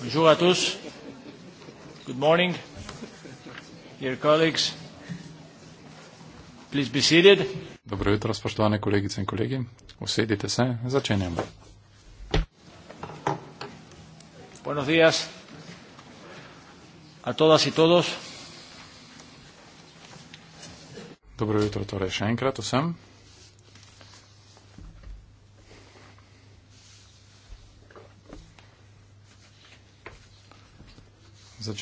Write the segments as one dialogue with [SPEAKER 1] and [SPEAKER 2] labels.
[SPEAKER 1] Bonjour à tous. Good morning, dear colleagues. Please be seated.
[SPEAKER 2] Dobro jutro, spoštovane kolegice in kolegi. Usedite se, začenjamo.
[SPEAKER 1] Buenos días
[SPEAKER 2] a todas y todos. Dobro jutro, torej še enkrat vsem.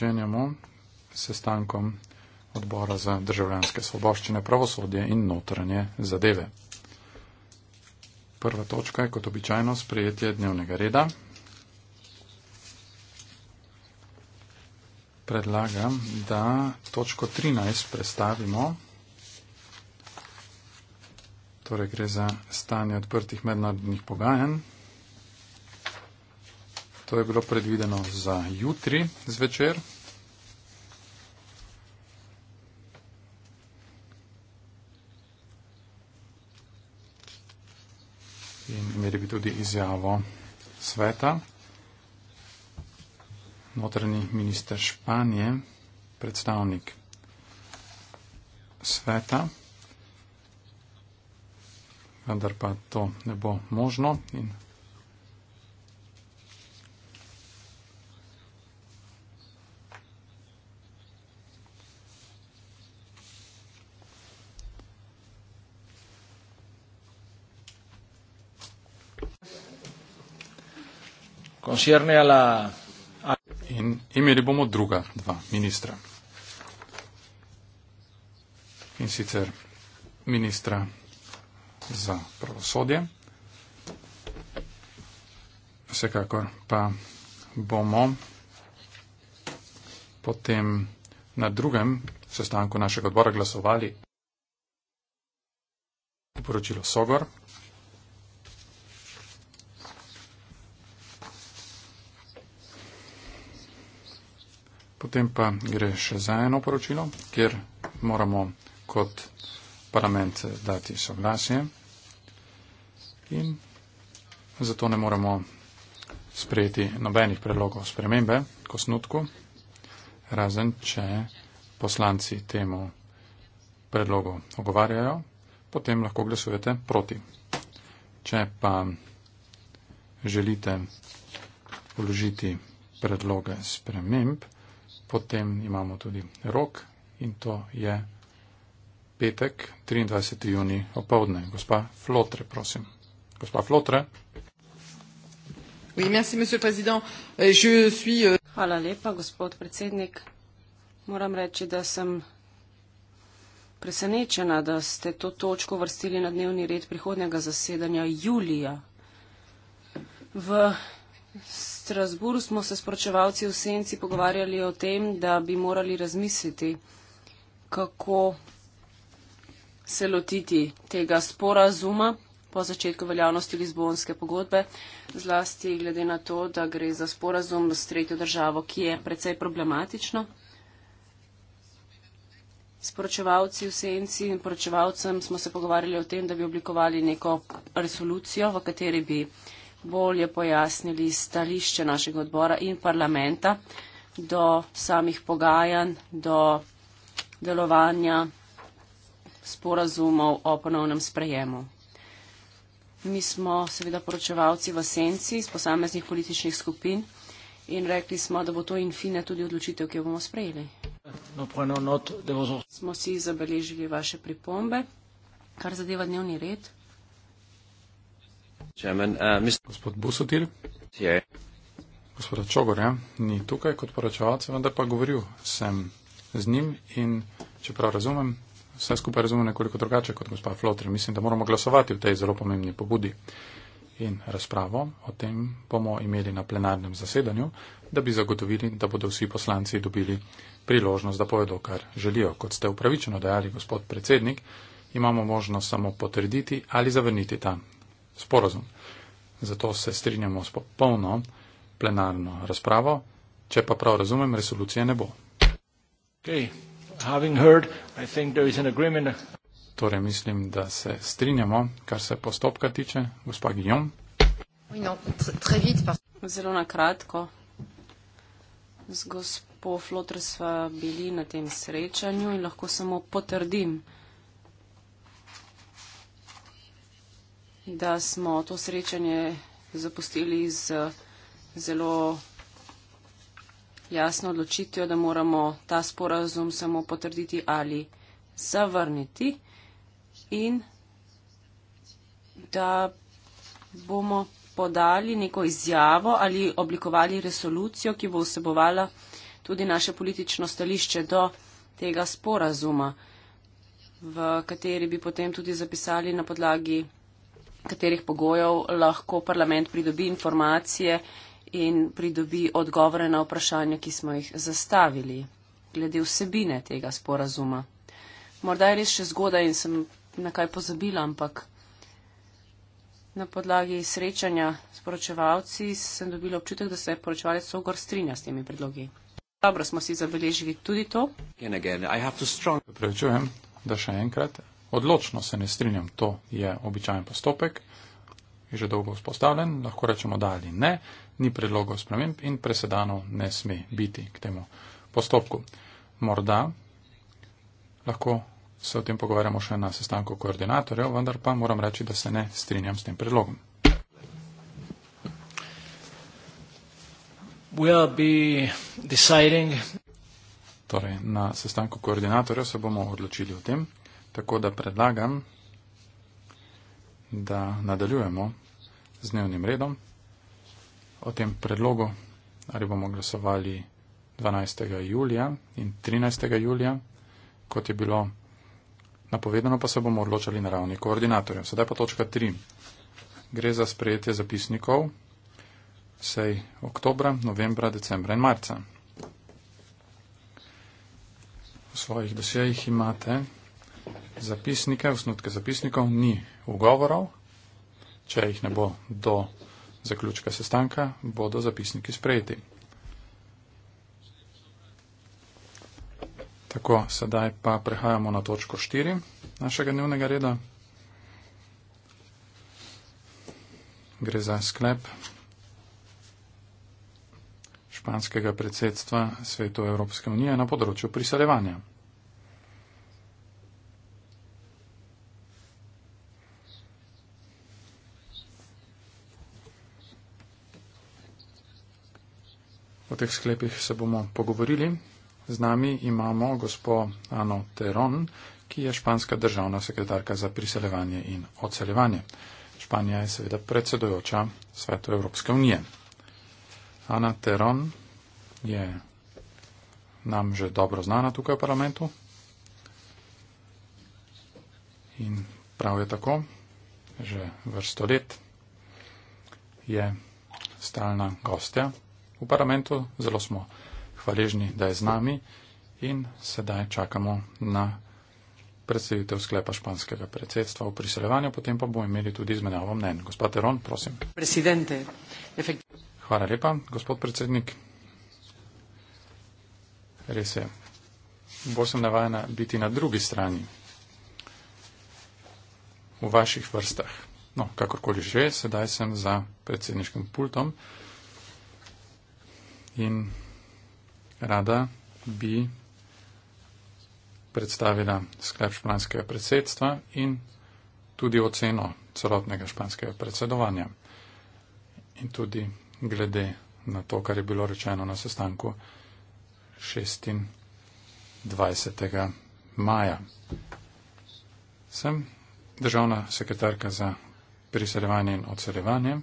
[SPEAKER 2] začenjamo sestankom odbora za državljanske svoboščine, pravosodje in notranje zadeve. Prva točka je kot običajno sprejetje dnevnega reda. Predlagam, da točko 13 predstavimo. Torej gre za stanje odprtih mednarodnih pogajanj. To je bilo predvideno za jutri zvečer. tudi izjavo sveta. Notrni minister Španije, predstavnik sveta, vendar pa to ne bo možno in concierne a la. A... In imeli bomo druga dva ministra. In sicer ministra za pravosodje. Vsekakor pa bomo potem na drugem sestanku našega odbora glasovali poročilo Sogor, Potem pa gre še za eno poročilo, kjer moramo kot parlament dati soglasje in zato ne moremo sprejeti nobenih predlogov spremembe k osnutku, razen če poslanci temu predlogu ogovarjajo, potem lahko glasujete proti. Če pa želite vložiti predloge sprememb, Potem imamo tudi rok in to je petek, 23. juni opovdne. Gospa Flotre, prosim. Gospa Flotre.
[SPEAKER 3] Oui, merci, euh, Je suis... Euh, Hvala lepa, gospod predsednik. Moram reči, da sem presenečena, da ste to točko vrstili na dnevni red prihodnega zasedanja julija. V Strasburu smo se s pročevalci v senci pogovarjali o tem, da bi morali razmisliti, kako se lotiti tega sporazuma po začetku veljavnosti Lizbonske pogodbe, zlasti glede na to, da gre za sporazum s tretjo državo, ki je precej problematično. S poročevalci v senci in poročevalcem smo se pogovarjali o tem, da bi oblikovali neko resolucijo, v kateri bi bolje pojasnili stališče našega odbora in parlamenta do samih pogajanj, do delovanja sporazumov o ponovnem sprejemu. Mi smo seveda poročevalci v senci iz posameznih političnih skupin in rekli smo, da bo to in fine tudi odločitev, ki jo bomo sprejeli. No, smo si zabeležili vaše pripombe, kar zadeva dnevni red.
[SPEAKER 2] Čemen, uh, mis... Gospod Busotir? Je. Gospod Čogor, ja, ni tukaj kot poročevalce, vendar pa govoril sem z njim in če prav razumem, vse skupaj razumem nekoliko drugače kot gospod Flotri. Mislim, da moramo glasovati v tej zelo pomembni pobudi. In razpravo o tem bomo imeli na plenarnem zasedanju, da bi zagotovili, da bodo vsi poslanci dobili priložnost, da povedo, kar želijo. Kot ste upravičeno dejali, gospod predsednik, imamo možnost samo potrditi ali zavrniti ta sporozum. Zato se strinjamo s popolno plenarno razpravo, če pa prav razumem, resolucije ne bo.
[SPEAKER 1] Okay. Heard,
[SPEAKER 2] torej mislim, da se strinjamo, kar se postopka tiče, gospa Gijom.
[SPEAKER 3] Zelo na kratko. Z gospo Flotr sva bili na tem srečanju in lahko samo potrdim, da smo to srečanje zapustili z zelo jasno odločitijo, da moramo ta sporazum samo potrditi ali zavrniti in da bomo podali neko izjavo ali oblikovali resolucijo, ki bo vsebovala tudi naše politično stališče do tega sporazuma, v kateri bi potem tudi zapisali na podlagi katerih pogojev lahko parlament pridobi informacije in pridobi odgovore na vprašanja, ki smo jih zastavili glede vsebine tega sporazuma. Morda je res še zgodaj in sem na kaj pozabila, ampak na podlagi srečanja s poročevalci sem dobila občutek, da se je poročevalec Sogor strinja s temi predlogi. Dobro smo si zabeležili tudi to.
[SPEAKER 2] Strong... Prevečujem, da še enkrat odločno se ne strinjam, to je običajen postopek, je že dolgo vzpostavljen, lahko rečemo da ali ne, ni predlogov sprememb in presedano ne sme biti k temu postopku. Morda lahko se o tem pogovarjamo še na sestanku koordinatorjev, vendar pa moram reči, da se ne strinjam s tem predlogom.
[SPEAKER 1] We'll
[SPEAKER 2] torej, na sestanku koordinatorjev se bomo odločili o tem. Tako da predlagam, da nadaljujemo z dnevnim redom o tem predlogu, ali bomo glasovali 12. julija in 13. julija, kot je bilo napovedano, pa se bomo odločali na ravni koordinatorjev. Sedaj pa točka 3. Gre za sprejetje zapisnikov sej oktobra, novembra, decembra in marca. V svojih dosjejih imate zapisnike, osnutke zapisnikov, ni ugovorov. Če jih ne bo do zaključka sestanka, bodo zapisniki sprejeti. Tako, sedaj pa prehajamo na točko 4 našega dnevnega reda. Gre za sklep španskega predsedstva svetu Evropske unije na področju priseljevanja. petih sklepih se bomo pogovorili. Z nami imamo gospo Ano Teron, ki je španska državna sekretarka za priseljevanje in odseljevanje. Španija je seveda predsedojoča svetu Evropske unije. Ana Teron je nam že dobro znana tukaj v parlamentu. In prav je tako, že vrsto let je stalna gostja v parlamentu, zelo smo hvaležni, da je z nami in sedaj čakamo na predstavitev sklepa španskega predsedstva v priseljevanju, potem pa bomo imeli tudi izmenjavo mnen. Gospod Teron, prosim. Hvala lepa, gospod predsednik. Res je, bolj sem navajena biti na drugi strani, v vaših vrstah. No, kakorkoli že, sedaj sem za predsedniškim pultom in rada bi predstavila sklep španskega predsedstva in tudi oceno celotnega španskega predsedovanja in tudi glede na to, kar je bilo rečeno na sestanku 26. maja. Sem državna sekretarka za priseljevanje in odseljevanje.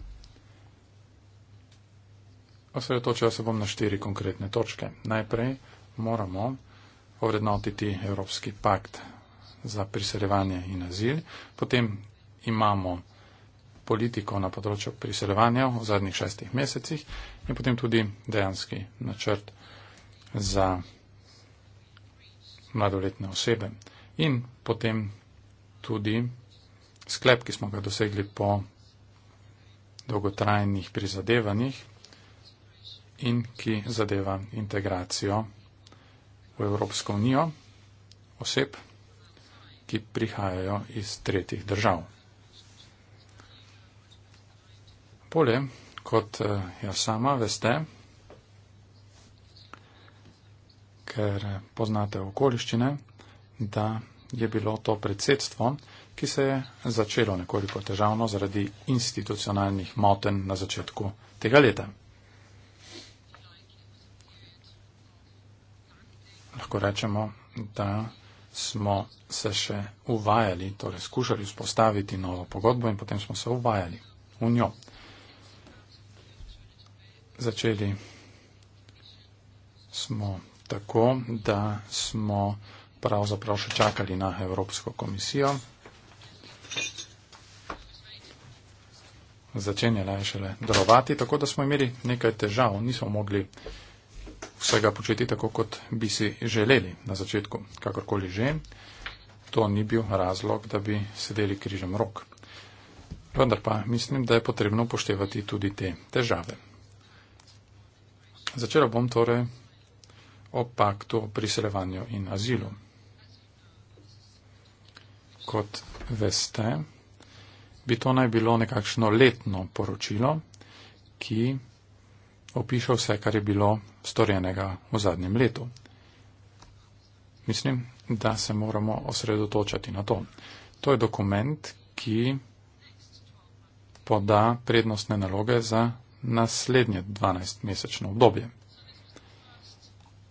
[SPEAKER 2] Osredotočila se bom na štiri konkretne točke. Najprej moramo ovrednotiti Evropski pakt za priseljevanje in azil. Potem imamo politiko na področju priseljevanja v zadnjih šestih mesecih in potem tudi dejanski načrt za mladoletne osebe. In potem tudi sklep, ki smo ga dosegli po dolgotrajnih prizadevanjih in ki zadeva integracijo v Evropsko unijo oseb, ki prihajajo iz tretjih držav. Bolje, kot eh, jaz sama veste, ker poznate okoliščine, da je bilo to predsedstvo, ki se je začelo nekoliko težavno zaradi institucionalnih moten na začetku tega leta. lahko rečemo, da smo se še uvajali, torej skušali vzpostaviti novo pogodbo in potem smo se uvajali v njo. Začeli smo tako, da smo pravzaprav še čakali na Evropsko komisijo. Začenjala je šele drovati, tako da smo imeli nekaj težav, nismo mogli vsega početi tako, kot bi si želeli na začetku. Kakorkoli že, to ni bil razlog, da bi sedeli križem rok. Vendar pa mislim, da je potrebno upoštevati tudi te težave. Začela bom torej o paktu o priseljevanju in azilu. Kot veste, bi to naj bilo nekakšno letno poročilo, ki opiše vse, kar je bilo storjenega v zadnjem letu. Mislim, da se moramo osredotočati na to. To je dokument, ki poda prednostne naloge za naslednje 12-mesečno obdobje.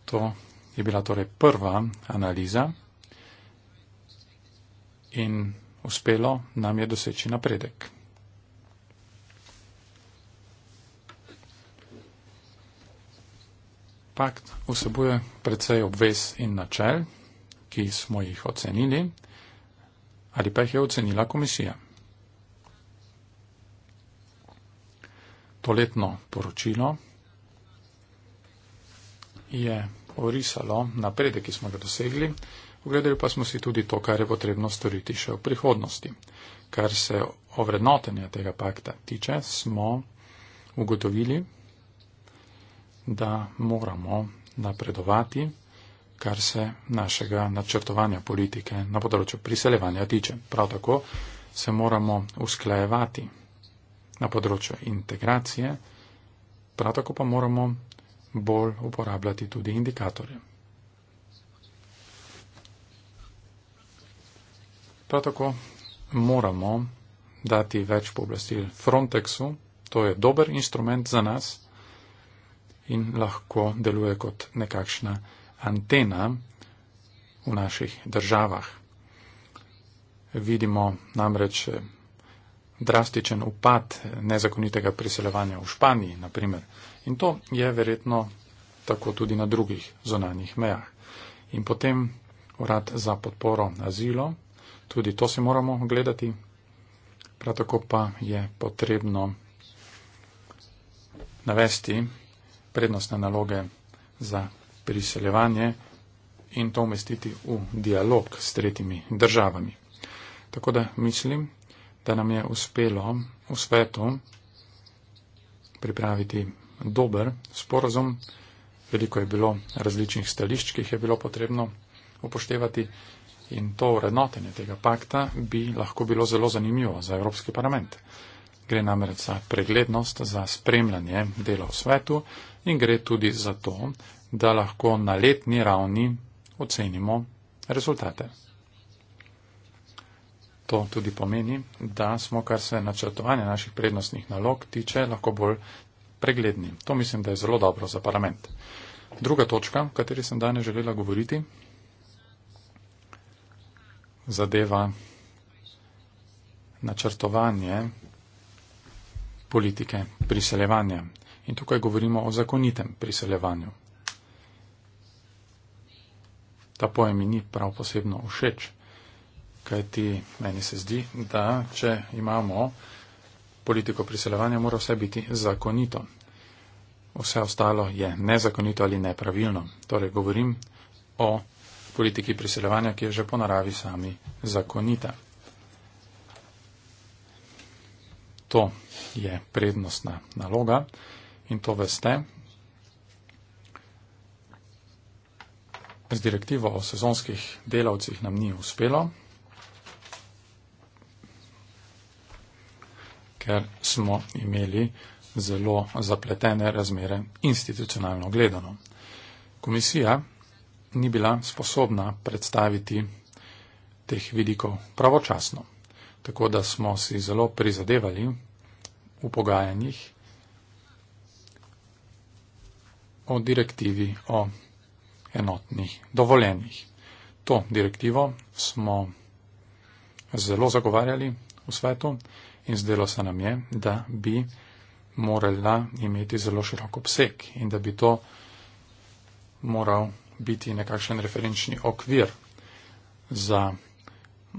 [SPEAKER 2] To je bila torej prva analiza in uspelo nam je doseči napredek. pakt vsebuje precej obvez in načel, ki smo jih ocenili ali pa jih je ocenila komisija. Poletno poročilo je orisalo napredek, ki smo ga dosegli, ogledali pa smo si tudi to, kar je potrebno storiti še v prihodnosti. Kar se ovrednotenja tega pakta tiče, smo ugotovili, da moramo napredovati, kar se našega načrtovanja politike na področju priseljevanja tiče. Prav tako se moramo usklajevati na področju integracije, prav tako pa moramo bolj uporabljati tudi indikatorje. Prav tako moramo dati več pooblastil Frontexu, to je dober instrument za nas, in lahko deluje kot nekakšna antena v naših državah. Vidimo namreč eh, drastičen upad nezakonitega priseljevanja v Španiji, naprimer. In to je verjetno tako tudi na drugih zonanih mejah. In potem urad za podporo azilo, tudi to si moramo gledati. Prav tako pa je potrebno navesti, prednostne naloge za priseljevanje in to umestiti v dialog s tretjimi državami. Tako da mislim, da nam je uspelo v svetu pripraviti dober sporozum. Veliko je bilo različnih stališč, ki jih je bilo potrebno upoštevati in to urednotenje tega pakta bi lahko bilo zelo zanimivo za Evropski parlament. Gre namreč za preglednost, za spremljanje dela v svetu, in gre tudi za to, da lahko na letni ravni ocenimo rezultate. To tudi pomeni, da smo, kar se načrtovanja naših prednostnih nalog tiče, lahko bolj pregledni. To mislim, da je zelo dobro za parlament. Druga točka, o kateri sem danes želela govoriti, zadeva načrtovanje politike priseljevanja in tukaj govorimo o zakonitem priseljevanju. Ta pojem mi ni prav posebno všeč, kajti meni se zdi, da če imamo politiko priseljevanja, mora vse biti zakonito. Vse ostalo je nezakonito ali nepravilno. Torej govorim o politiki priseljevanja, ki je že po naravi sami zakonita. To je prednostna naloga in to veste. Z direktivo o sezonskih delavcih nam ni uspelo, ker smo imeli zelo zapletene razmere institucionalno gledano. Komisija ni bila sposobna predstaviti teh vidikov pravočasno, tako da smo si zelo prizadevali v pogajanjih o direktivi o enotnih dovoljenjih. To direktivo smo zelo zagovarjali v svetu in zdelo se nam je, da bi morala imeti zelo širok obseg in da bi to moral biti nekakšen referenčni okvir za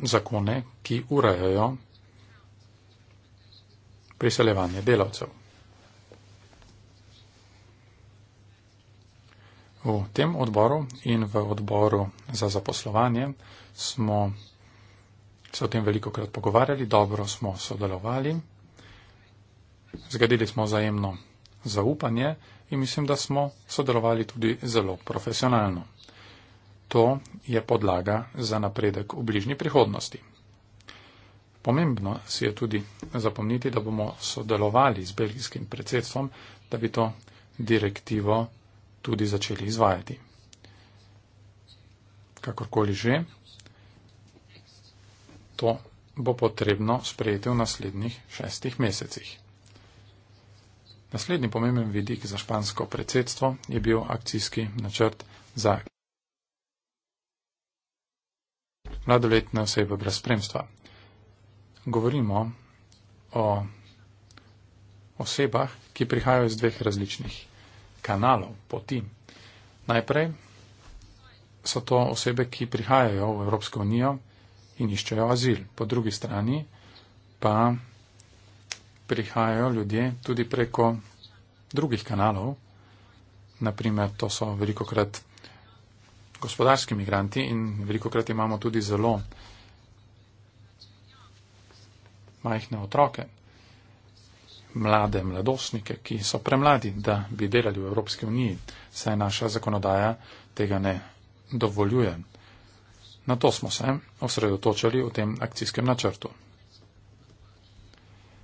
[SPEAKER 2] zakone, ki urejajo priseljevanje delavcev. V tem odboru in v odboru za zaposlovanje smo se o tem veliko krat pogovarjali, dobro smo sodelovali, zgradili smo vzajemno zaupanje in mislim, da smo sodelovali tudi zelo profesionalno. To je podlaga za napredek v bližnji prihodnosti. Pomembno si je tudi zapomniti, da bomo sodelovali z belgijskim predsedstvom, da bi to direktivo tudi začeli izvajati. Kakorkoli že, to bo potrebno sprejeti v naslednjih šestih mesecih. Naslednji pomemben vidik za špansko predsedstvo je bil akcijski načrt za mladoletne osebe brez spremstva. Govorimo o osebah, ki prihajajo iz dveh različnih kanalov, poti. Najprej so to osebe, ki prihajajo v Evropsko unijo in iščejo azil. Po drugi strani pa prihajajo ljudje tudi preko drugih kanalov. Naprimer, to so veliko krat gospodarski migranti in veliko krat imamo tudi zelo majhne otroke mlade mladostnike, ki so premladi, da bi delali v Evropski uniji, saj naša zakonodaja tega ne dovoljuje. Na to smo se osredotočali v tem akcijskem načrtu.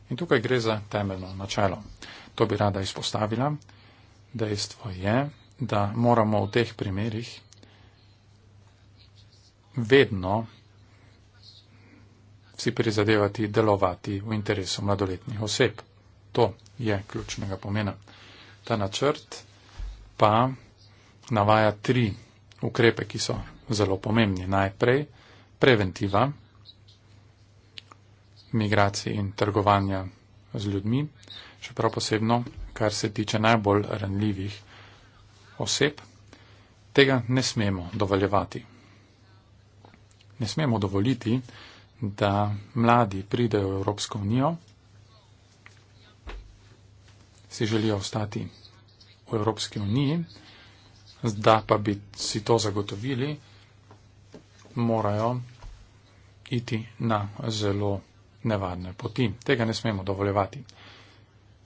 [SPEAKER 2] In tukaj gre za temeljno načelo. To bi rada izpostavila. Dejstvo je, da moramo v teh primerih vedno si prizadevati delovati v interesu mladoletnih oseb. To je ključnega pomena. Ta načrt pa navaja tri ukrepe, ki so zelo pomembni. Najprej preventiva migracij in trgovanja z ljudmi, še prav posebno, kar se tiče najbolj ranljivih oseb. Tega ne smemo dovoljevati. Ne smemo dovoliti, da mladi pridejo v Evropsko unijo si želijo ostati v Evropski uniji, da pa bi si to zagotovili, morajo iti na zelo nevarne poti. Tega ne smemo dovoljevati.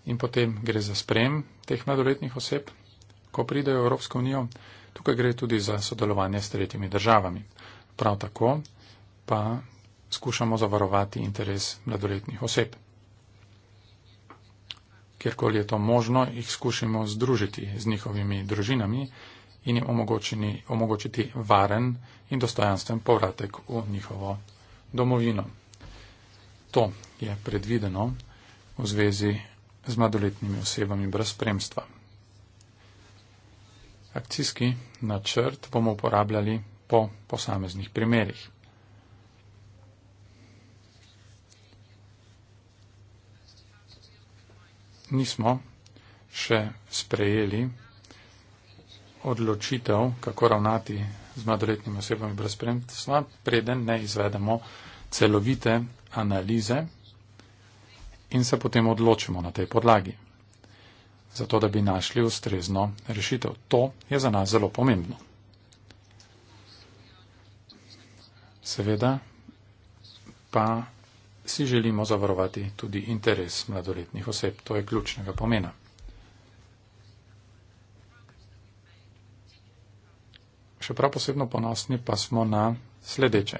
[SPEAKER 2] In potem gre za sprejem teh mladoletnih oseb, ko pridejo v Evropsko unijo. Tukaj gre tudi za sodelovanje s tretjimi državami. Prav tako pa skušamo zavarovati interes mladoletnih oseb kjerkoli je to možno, jih skušimo združiti z njihovimi družinami in jim omogočiti varen in dostojanstven povratek v njihovo domovino. To je predvideno v zvezi z mladoletnimi osebami brez spremstva. Akcijski načrt bomo uporabljali po posameznih primerjih. nismo še sprejeli odločitev, kako ravnati z mladoletnimi osebami brez spremstva, preden ne izvedemo celovite analize in se potem odločimo na tej podlagi, zato da bi našli ustrezno rešitev. To je za nas zelo pomembno. Seveda pa si želimo zavarovati tudi interes mladoletnih oseb. To je ključnega pomena. Še prav posebno ponosni pa smo na sledeče.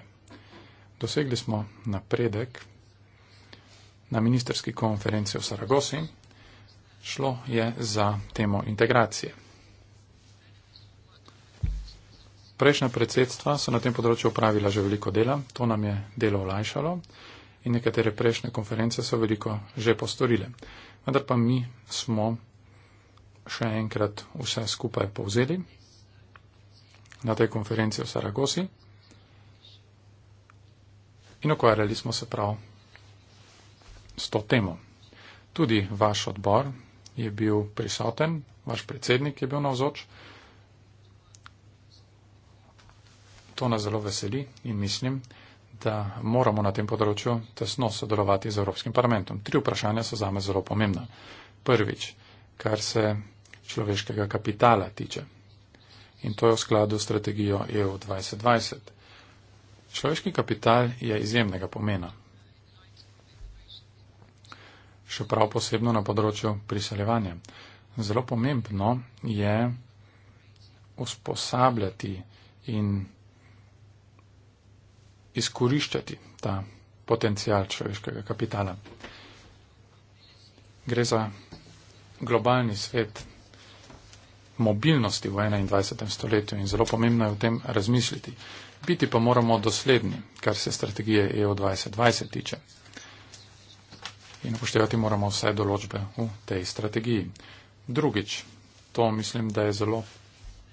[SPEAKER 2] Dosegli smo napredek na ministerski konferenci v Saragosi. Šlo je za temo integracije. Prejšnja predsedstva so na tem področju upravila že veliko dela. To nam je delo olajšalo in nekatere prejšnje konference so veliko že postorile. Vendar pa mi smo še enkrat vse skupaj povzeli na tej konferenci v Saragosi in okvarjali smo se prav s to temo. Tudi vaš odbor je bil prisoten, vaš predsednik je bil navzoč. To nas zelo veseli in mislim, da moramo na tem področju tesno sodelovati z Evropskim parlamentom. Tri vprašanja so zame zelo pomembna. Prvič, kar se človeškega kapitala tiče. In to je v skladu s strategijo EU 2020. Človeški kapital je izjemnega pomena. Še prav posebno na področju priseljevanja. Zelo pomembno je usposabljati in izkoriščati ta potencial človeškega kapitala. Gre za globalni svet mobilnosti v 21. stoletju in zelo pomembno je o tem razmisliti. Biti pa moramo dosledni, kar se strategije EU 2020 tiče. In upoštevati moramo vse določbe v tej strategiji. Drugič, to mislim, da je zelo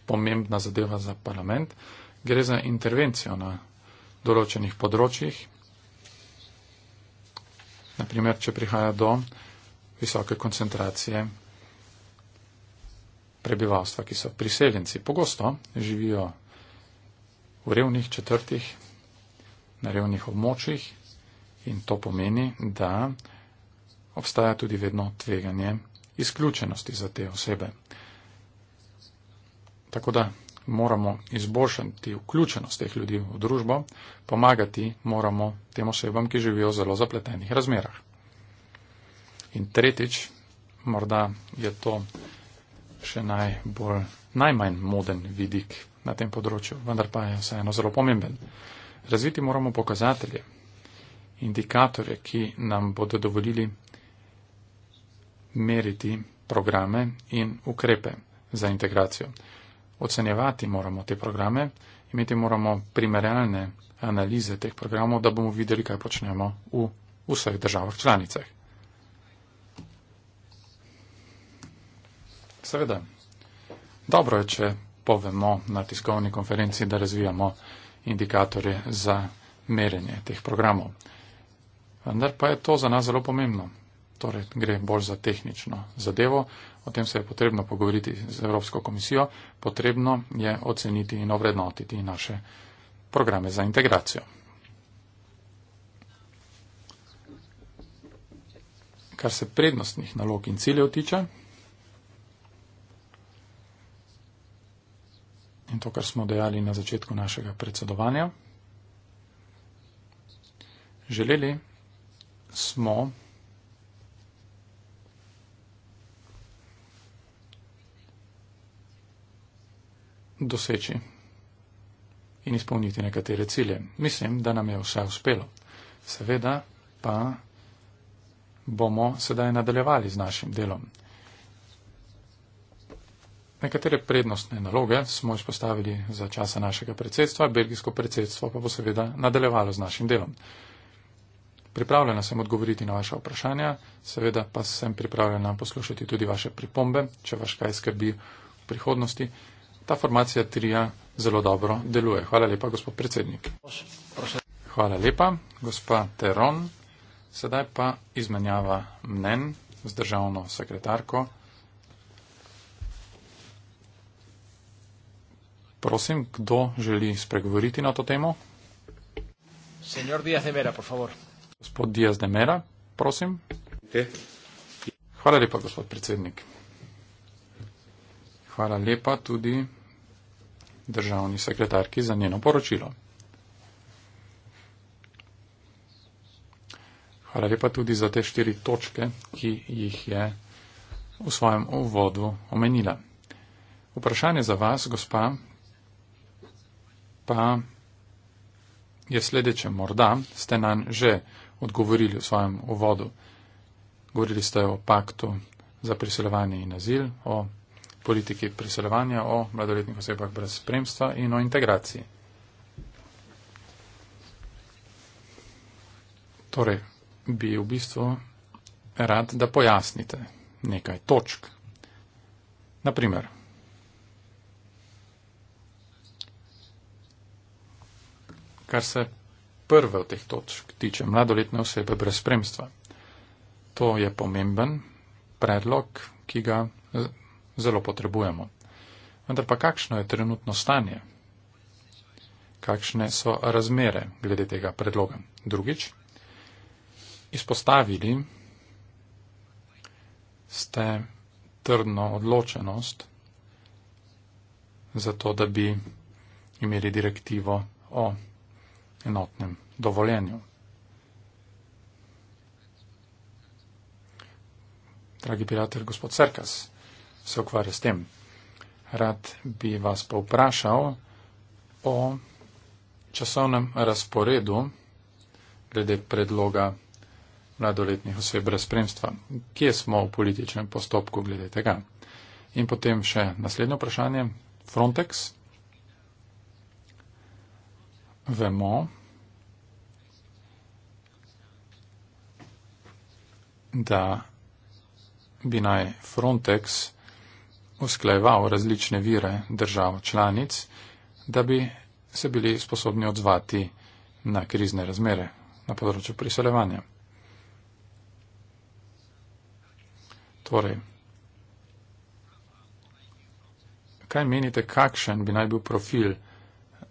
[SPEAKER 2] pomembna zadeva za parlament, gre za intervencijo na določenih področjih. Naprimer, če prihaja do visoke koncentracije prebivalstva, ki so priseljenci. Pogosto živijo v revnih četrtih, na revnih območjih in to pomeni, da obstaja tudi vedno tveganje izključenosti za te osebe. Tako da moramo izboljšati vključenost teh ljudi v družbo, pomagati moramo tem osebam, ki živijo v zelo zapletenih razmerah. In tretjič, morda je to še najbolj, najmanj moden vidik na tem področju, vendar pa je vseeno zelo pomemben. Razviti moramo pokazatelje, indikatorje, ki nam bodo dovolili meriti programe in ukrepe za integracijo ocenjevati moramo te programe, imeti moramo primerjalne analize teh programov, da bomo videli, kaj počnemo v vseh državah članicah. Seveda, dobro je, če povemo na tiskovni konferenci, da razvijamo indikatorje za merjenje teh programov. Vendar pa je to za nas zelo pomembno. Torej, gre bolj za tehnično zadevo, O tem se je potrebno pogovoriti z Evropsko komisijo, potrebno je oceniti in ovrednotiti naše programe za integracijo. Kar se prednostnih nalog in ciljev tiče, in to, kar smo dejali na začetku našega predsedovanja, želeli smo, doseči in izpolniti nekatere cilje. Mislim, da nam je vse uspelo. Seveda pa bomo sedaj nadaljevali z našim delom. Nekatere prednostne naloge smo izpostavili za časa našega predsedstva, belgijsko predsedstvo pa bo seveda nadaljevalo z našim delom. Pripravljena sem odgovoriti na vaše vprašanja, seveda pa sem pripravljena poslušati tudi vaše pripombe, če vaš kaj skrbi v prihodnosti ta formacija trija zelo dobro deluje. Hvala lepa, gospod predsednik. Hvala lepa, gospa Teron. Sedaj pa izmenjava mnen z državno sekretarko. Prosim, kdo želi spregovoriti na to temo?
[SPEAKER 1] Senor Díaz de Mera, por favor.
[SPEAKER 2] Gospod Díaz de Mera, prosim. Hvala lepa, gospod predsednik. Hvala lepa tudi državni sekretarki za njeno poročilo. Hvala lepa tudi za te štiri točke, ki jih je v svojem uvodu omenila. Vprašanje za vas, gospa, pa je sledeče. Morda ste nam že odgovorili v svojem uvodu. Govorili ste o paktu za priseljevanje in azil, o politiki priseljevanja, o mladoletnih osebah brez spremstva in o integraciji. Torej, bi v bistvu rad, da pojasnite nekaj točk. Naprimer, kar se prve od teh točk tiče, mladoletne osebe brez spremstva. To je pomemben predlog, ki ga zelo potrebujemo. Vendar pa kakšno je trenutno stanje? Kakšne so razmere glede tega predloga? Drugič, izpostavili ste trdno odločenost za to, da bi imeli direktivo o enotnem dovoljenju. Dragi pirater, gospod Cerkas, se ukvarja s tem. Rad bi vas pa vprašal o časovnem razporedu glede predloga mladoletnih oseb brez spremstva. Kje smo v političnem postopku glede tega? In potem še naslednje vprašanje. Frontex. Vemo, da bi naj Frontex usklajeval različne vire držav članic, da bi se bili sposobni odzvati na krizne razmere na področju priseljevanja. Torej, kaj menite, kakšen bi naj bil profil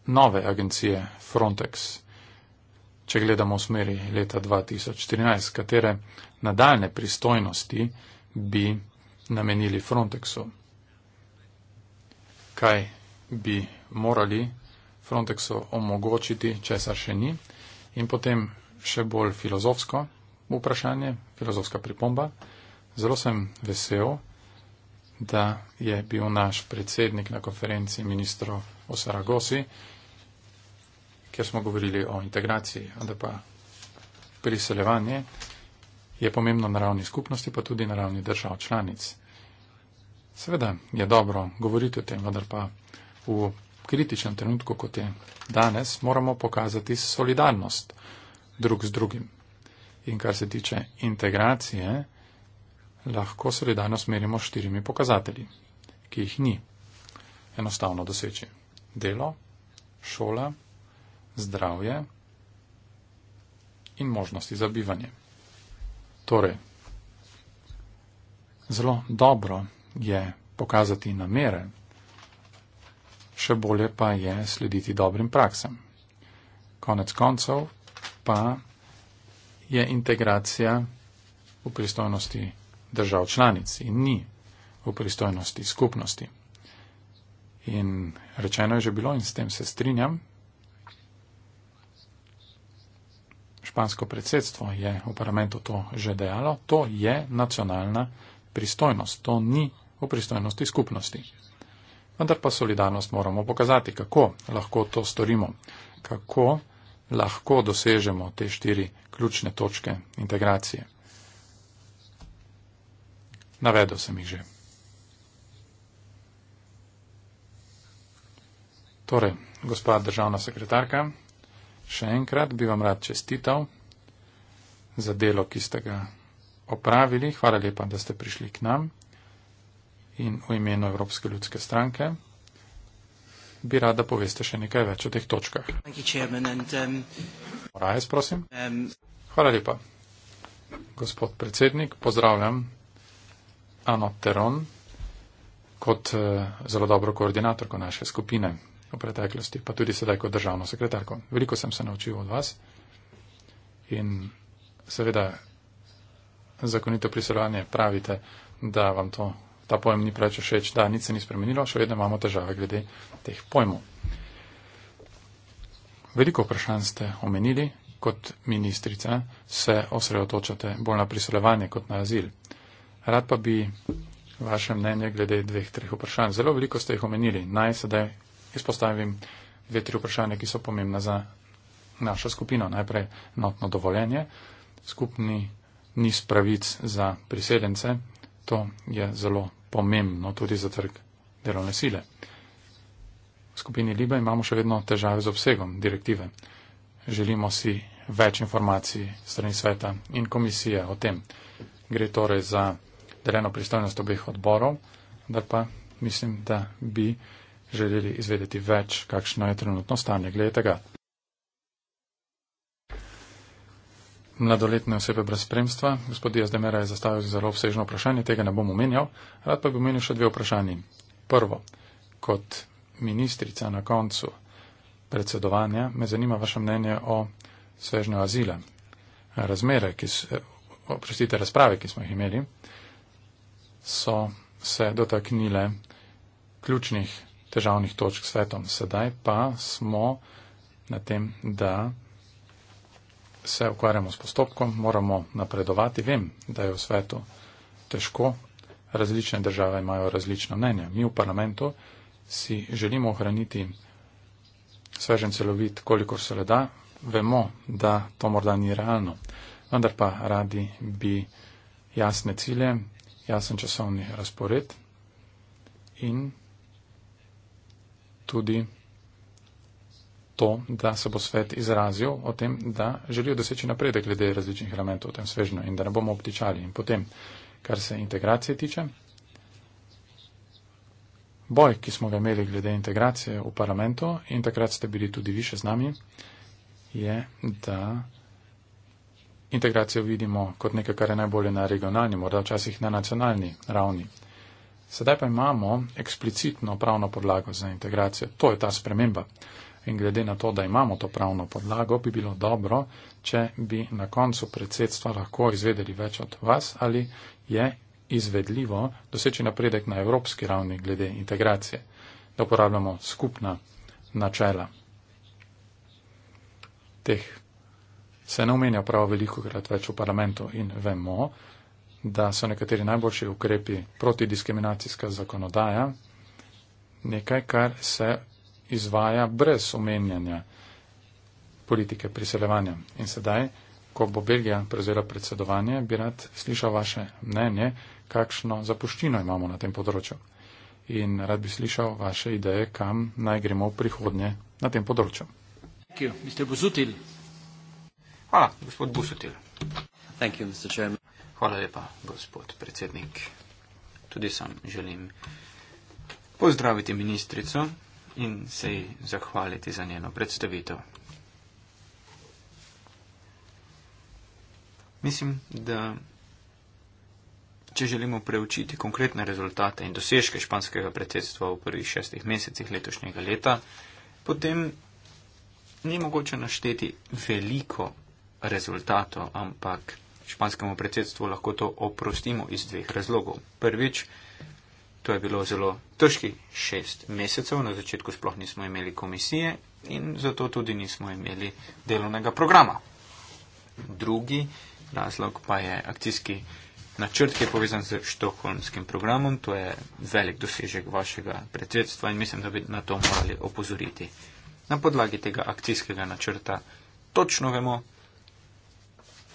[SPEAKER 2] nove agencije Frontex, če gledamo v smeri leta 2014, katere nadaljne pristojnosti bi namenili Frontexu? kaj bi morali Frontexu omogočiti, česar še ni. In potem še bolj filozofsko vprašanje, filozofska pripomba. Zelo sem vesel, da je bil naš predsednik na konferenci ministro Osaragosi, kjer smo govorili o integraciji, da pa priseljevanje je pomembno na ravni skupnosti, pa tudi na ravni držav članic. Seveda je dobro govoriti o tem, vendar pa v kritičnem trenutku, kot je danes, moramo pokazati solidarnost drug z drugim. In kar se tiče integracije, lahko solidarnost merimo štirimi pokazatelji, ki jih ni enostavno doseči. Delo, šola, zdravje in možnosti za bivanje. Torej, zelo dobro je pokazati namere, še bolje pa je slediti dobrim praksam. Konec koncev pa je integracija v pristojnosti držav članic in ni v pristojnosti skupnosti. In rečeno je že bilo in s tem se strinjam, špansko predsedstvo je v parlamentu to že dejalo, to je nacionalna pristojnost, to ni v pristojnosti skupnosti. Vendar pa solidarnost moramo pokazati, kako lahko to storimo, kako lahko dosežemo te štiri ključne točke integracije. Navedel sem jih že. Torej, gospa državna sekretarka, še enkrat bi vam rad čestital za delo, ki ste ga opravili. Hvala lepa, da ste prišli k nam in v imenu Evropske ljudske stranke bi rada poveste še nekaj več o teh točkah. Um, Morajes, prosim. Um, Hvala lepa. Gospod predsednik, pozdravljam Ano Teron kot eh, zelo dobro koordinatorko naše skupine v preteklosti, pa tudi sedaj kot državno sekretarko. Veliko sem se naučil od vas in seveda zakonito prisilovanje pravite, da vam to ta pojem ni preveč všeč, da nič se ni spremenilo, še vedno imamo težave glede teh pojmov. Veliko vprašanj ste omenili, kot ministrica se osredotočate bolj na priseljevanje kot na azil. Rad pa bi vaše mnenje glede dveh, treh vprašanj. Zelo veliko ste jih omenili. Naj sedaj izpostavim dve, tri vprašanja, ki so pomembna za našo skupino. Najprej notno dovoljenje, skupni niz pravic za priseljence, to je zelo pomembno tudi za trg delovne sile. V skupini Liba imamo še vedno težave z obsegom direktive. Želimo si več informacij strani sveta in komisije o tem. Gre torej za deleno pristojnost obeh odborov, da pa mislim, da bi želeli izvedeti več, kakšno je trenutno stanje. Glede tega. mladoletne osebe brez spremstva. Gospod Dias Demera je zastavil zelo obsežno vprašanje, tega ne bom omenjal. Rad pa bi omenil še dve vprašanji. Prvo, kot ministrica na koncu predsedovanja, me zanima vaše mnenje o svežnju azila. Razmere, ki so, eh, oprostite, razprave, ki smo jih imeli, so se dotaknile ključnih težavnih točk svetom. Sedaj pa smo na tem, da se ukvarjamo s postopkom, moramo napredovati. Vem, da je v svetu težko, različne države imajo različna mnenja. Mi v parlamentu si želimo ohraniti svežen celovit, kolikor se le da. Vemo, da to morda ni realno, vendar pa radi bi jasne cilje, jasen časovni razpored in tudi to, da se bo svet izrazil o tem, da želijo doseči napredek glede različnih elementov v tem svežnju in da ne bomo obtičali. In potem, kar se integracije tiče, boj, ki smo ga imeli glede integracije v parlamentu in takrat ste bili tudi vi še z nami, je, da integracijo vidimo kot nekaj, kar je najbolje na regionalni, morda včasih na nacionalni ravni. Sedaj pa imamo eksplicitno pravno podlago za integracijo. To je ta sprememba in glede na to, da imamo to pravno podlago, bi bilo dobro, če bi na koncu predsedstva lahko izvedeli več od vas, ali je izvedljivo doseči napredek na evropski ravni glede integracije, da uporabljamo skupna načela. Teh se ne omenja prav veliko krat več v parlamentu in vemo, da so nekateri najboljši ukrepi protidiskriminacijska zakonodaja, nekaj, kar se izvaja brez omenjanja politike priseljevanja. In sedaj, ko bo Belgija prevzela predsedovanje, bi rad slišal vaše mnenje, kakšno zapuščino imamo na tem področju. In rad bi slišal vaše ideje, kam naj gremo v prihodnje na tem področju.
[SPEAKER 4] Hvala, gospod Busutil. Hvala lepa, gospod predsednik. Tudi sam želim pozdraviti ministrico in se ji zahvaliti za njeno predstavitev. Mislim, da če želimo preučiti konkretne rezultate in dosežke španskega predsedstva v prvih šestih mesecih letošnjega leta, potem ni mogoče našteti veliko rezultatov, ampak španskemu predsedstvu lahko to oprostimo iz dveh razlogov. Prvič, To je bilo zelo težki šest mesecev, na začetku sploh nismo imeli komisije in zato tudi nismo imeli delovnega programa. Drugi razlog pa je akcijski načrt, ki je povezan z štokholmskim programom. To je velik dosežek vašega predsedstva in mislim, da bi na to morali opozoriti. Na podlagi tega akcijskega načrta točno vemo,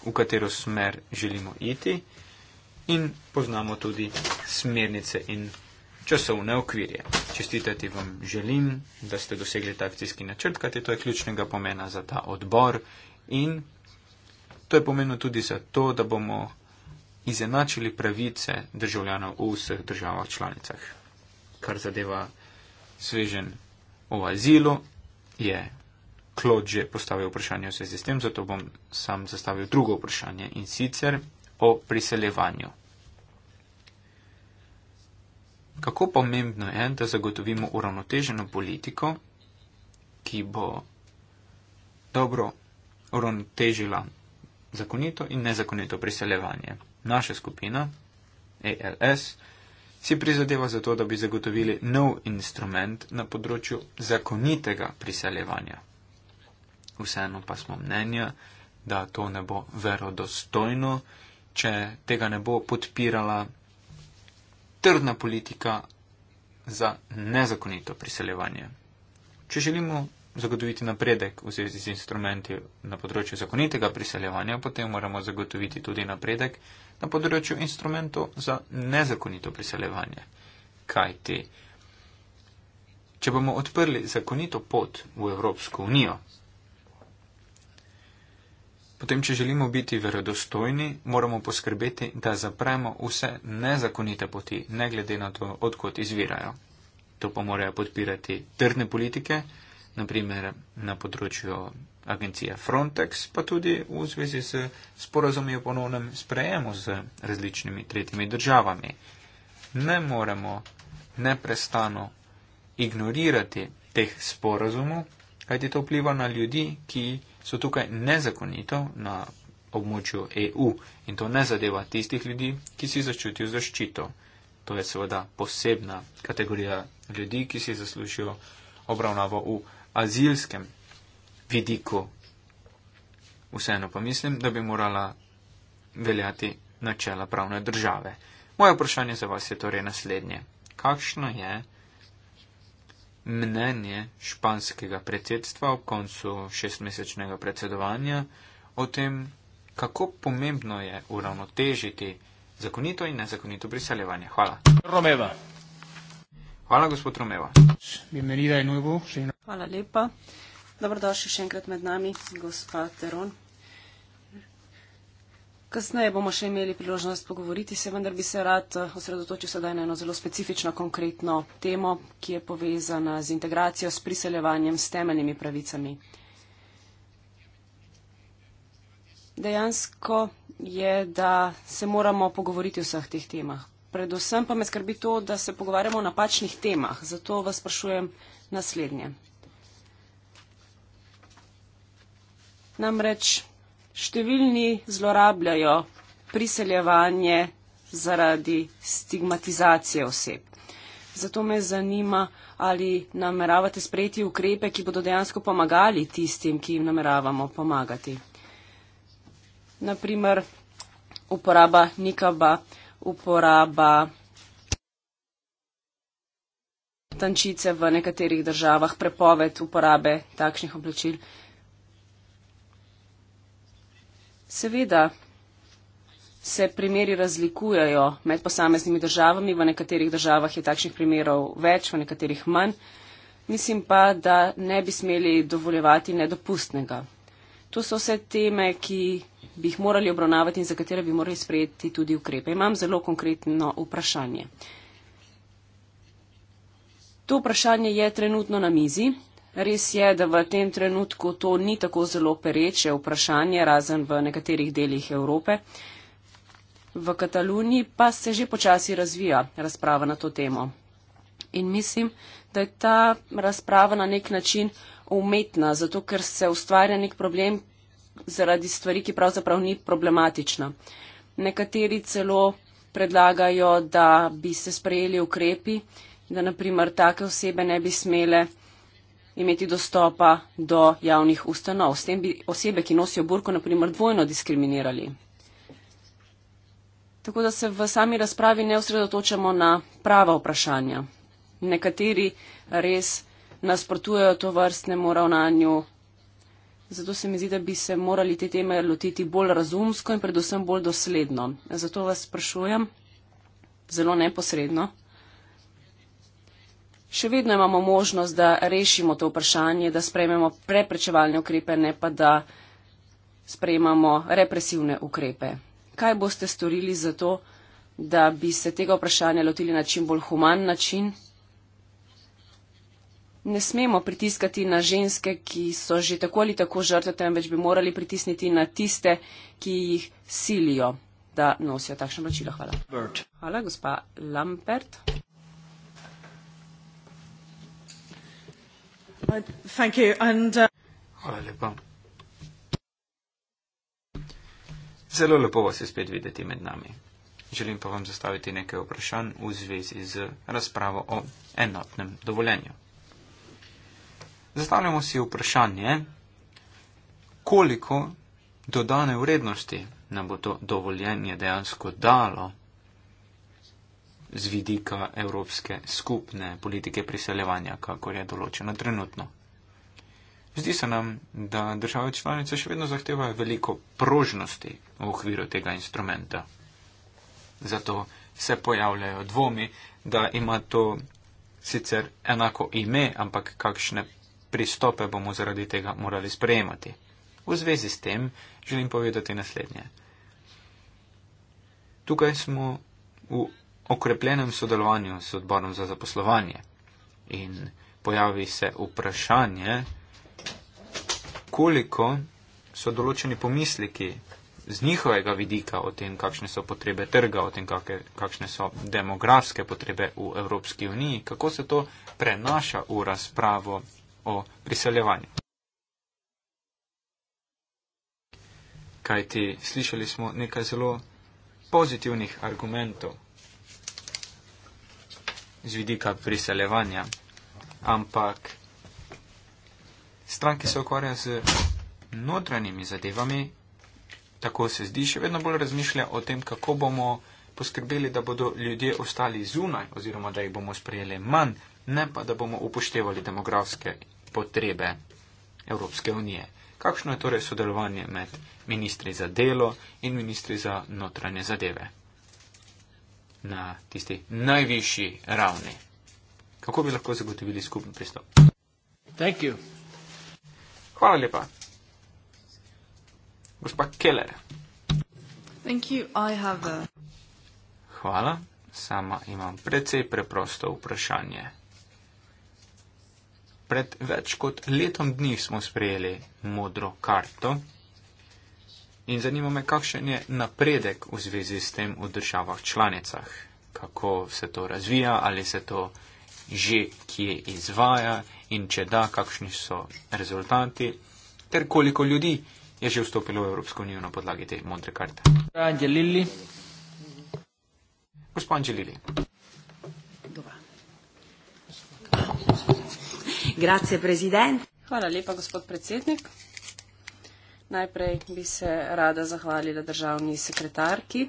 [SPEAKER 4] v katero smer želimo iti in poznamo tudi smernice in časovne okvirje. Čestitati vam želim, da ste dosegli ta akcijski načrt, kajti to je ključnega pomena za ta odbor in to je pomenilo tudi za to, da bomo izenačili pravice državljanov v vseh državah članicah. Kar zadeva svežen o azilu, je Klod že postavil vprašanje v zvezi s tem, zato bom sam zastavil drugo vprašanje in sicer o priseljevanju. Kako pomembno je, da zagotovimo uravnoteženo politiko, ki bo dobro uravnotežila zakonito in nezakonito priseljevanje. Naša skupina, ALS, si prizadeva za to, da bi zagotovili nov instrument na področju zakonitega priseljevanja. Vseeno pa smo mnenja, da to ne bo verodostojno če tega ne bo podpirala trdna politika za nezakonito priseljevanje. Če želimo zagotoviti napredek v zvezi z instrumenti na področju zakonitega priseljevanja, potem moramo zagotoviti tudi napredek na področju instrumentov za nezakonito priseljevanje. Kaj ti? Če bomo odprli zakonito pot v Evropsko unijo, potem, če želimo biti verodostojni, moramo poskrbeti, da zapremo vse nezakonite poti, ne glede na to, odkot izvirajo. To pa morajo podpirati trdne politike, naprimer na področju agencije Frontex, pa tudi v zvezi s sporazumijo ponovnem sprejemu z različnimi tretjimi državami. Ne moremo neprestano ignorirati teh sporazumov, kajti to vpliva na ljudi, ki jih so tukaj nezakonito na območju EU in to ne zadeva tistih ljudi, ki si začutijo zaščito. To je seveda posebna kategorija ljudi, ki si zaslužijo obravnavo v azilskem vidiku. Vseeno pa mislim, da bi morala veljati načela pravne države. Moje vprašanje za vas je torej naslednje. Kakšno je mnenje španskega predsedstva ob koncu šestmesečnega predsedovanja o tem, kako pomembno je uravnotežiti zakonito in nezakonito priseljevanje. Hvala. Romeva. Hvala, gospod Romeva.
[SPEAKER 3] Hvala lepa. Dobrodošli še enkrat med nami, gospod Teron. Kasneje bomo še imeli priložnost pogovoriti se, vendar bi se rad eh, osredotočil sedaj na eno zelo specifično, konkretno temo, ki je povezana z integracijo, s priseljevanjem, s temeljnimi pravicami. Dejansko je, da se moramo pogovoriti o vseh teh temah. Predvsem pa me skrbi to, da se pogovarjamo o napačnih temah. Zato vas sprašujem naslednje. Namreč številni zlorabljajo priseljevanje zaradi stigmatizacije oseb. Zato me zanima, ali nameravate sprejeti ukrepe, ki bodo dejansko pomagali tistim, ki jim nameravamo pomagati. Naprimer, uporaba nikaba, uporaba tančice v nekaterih državah, prepoved uporabe takšnih oblačil. Seveda se primeri razlikujejo med posameznimi državami, v nekaterih državah je takšnih primerov več, v nekaterih manj. Mislim pa, da ne bi smeli dovoljevati nedopustnega. To so vse teme, ki bi jih morali obravnavati in za katere bi morali sprejeti tudi ukrepe. Imam zelo konkretno vprašanje. To vprašanje je trenutno na mizi, Res je, da v tem trenutku to ni tako zelo pereče vprašanje, razen v nekaterih delih Evrope. V Kataluniji pa se že počasi razvija razprava na to temo. In mislim, da je ta razprava na nek način umetna, zato ker se ustvarja nek problem zaradi stvari, ki pravzaprav ni problematična. Nekateri celo predlagajo, da bi se sprejeli ukrepi, da naprimer take osebe ne bi smele imeti dostopa do javnih ustanov. S tem bi osebe, ki nosijo burko, naprimer dvojno diskriminirali. Tako da se v sami razpravi ne osredotočamo na prava vprašanja. Nekateri res nasprotujejo to vrstnemu ravnanju. Zato se mi zdi, da bi se morali te teme lotiti bolj razumsko in predvsem bolj dosledno. Zato vas sprašujem, zelo neposredno, Še vedno imamo možnost, da rešimo to vprašanje, da sprememo preprečevalne ukrepe, ne pa da sprememo represivne ukrepe. Kaj boste storili za to, da bi se tega vprašanja lotili na čim bolj human način? Ne smemo pritiskati na ženske, ki so že tako ali tako žrtve, temveč bi morali pritisniti na tiste, ki jih silijo, da nosijo takšno plačilo. Hvala. Hvala, gospa Lampert. Thank you. And, uh...
[SPEAKER 4] Hvala lepa. Zelo lepo vas je spet videti med nami. Želim pa vam zastaviti nekaj vprašanj v zvezi z razpravo o enotnem dovoljenju. Zastavljamo si vprašanje, koliko dodane vrednosti nam bo to dovoljenje dejansko dalo z vidika evropske skupne politike priseljevanja, kakor je določeno trenutno. Zdi se nam, da države članice še vedno zahtevajo veliko prožnosti v okviru tega instrumenta. Zato se pojavljajo dvomi, da ima to sicer enako ime, ampak kakšne pristope bomo zaradi tega morali sprejemati. V zvezi s tem želim povedati naslednje. Tukaj smo v okrepljenem sodelovanju s odborom za zaposlovanje. In pojavi se vprašanje, koliko so določeni pomisliki z njihovega vidika o tem, kakšne so potrebe trga, o tem, kakre, kakšne so demografske potrebe v Evropski uniji, kako se to prenaša v razpravo o priseljevanju. Kajti slišali smo nekaj zelo pozitivnih argumentov z vidika priseljevanja, ampak stranke se ukvarjajo z notranjimi zadevami, tako se zdi, še vedno bolj razmišlja o tem, kako bomo poskrbeli, da bodo ljudje ostali zunaj oziroma da jih bomo sprejeli manj, ne pa da bomo upoštevali demografske potrebe Evropske unije. Kakšno je torej sodelovanje med ministri za delo in ministri za notranje zadeve? na tisti najvišji ravni. Kako bi lahko zagotovili skupni pristop? Thank you. Hvala lepa. Gospa Keller.
[SPEAKER 1] Thank you. I have a...
[SPEAKER 4] Hvala. Sama imam precej preprosto vprašanje. Pred več kot letom dni smo sprejeli modro karto In zanima me, kakšen je napredek v zvezi s tem v državah članicah? Kako se to razvija, ali se to že kje izvaja in če da, kakšni so rezultati, ter koliko ljudi je že vstopilo v Evropsko unijo na podlagi te modre karte. Anđelili. Gospod Anđelili.
[SPEAKER 3] Grazie, Hvala lepa, gospod predsednik. Najprej bi se rada zahvalila državni sekretarki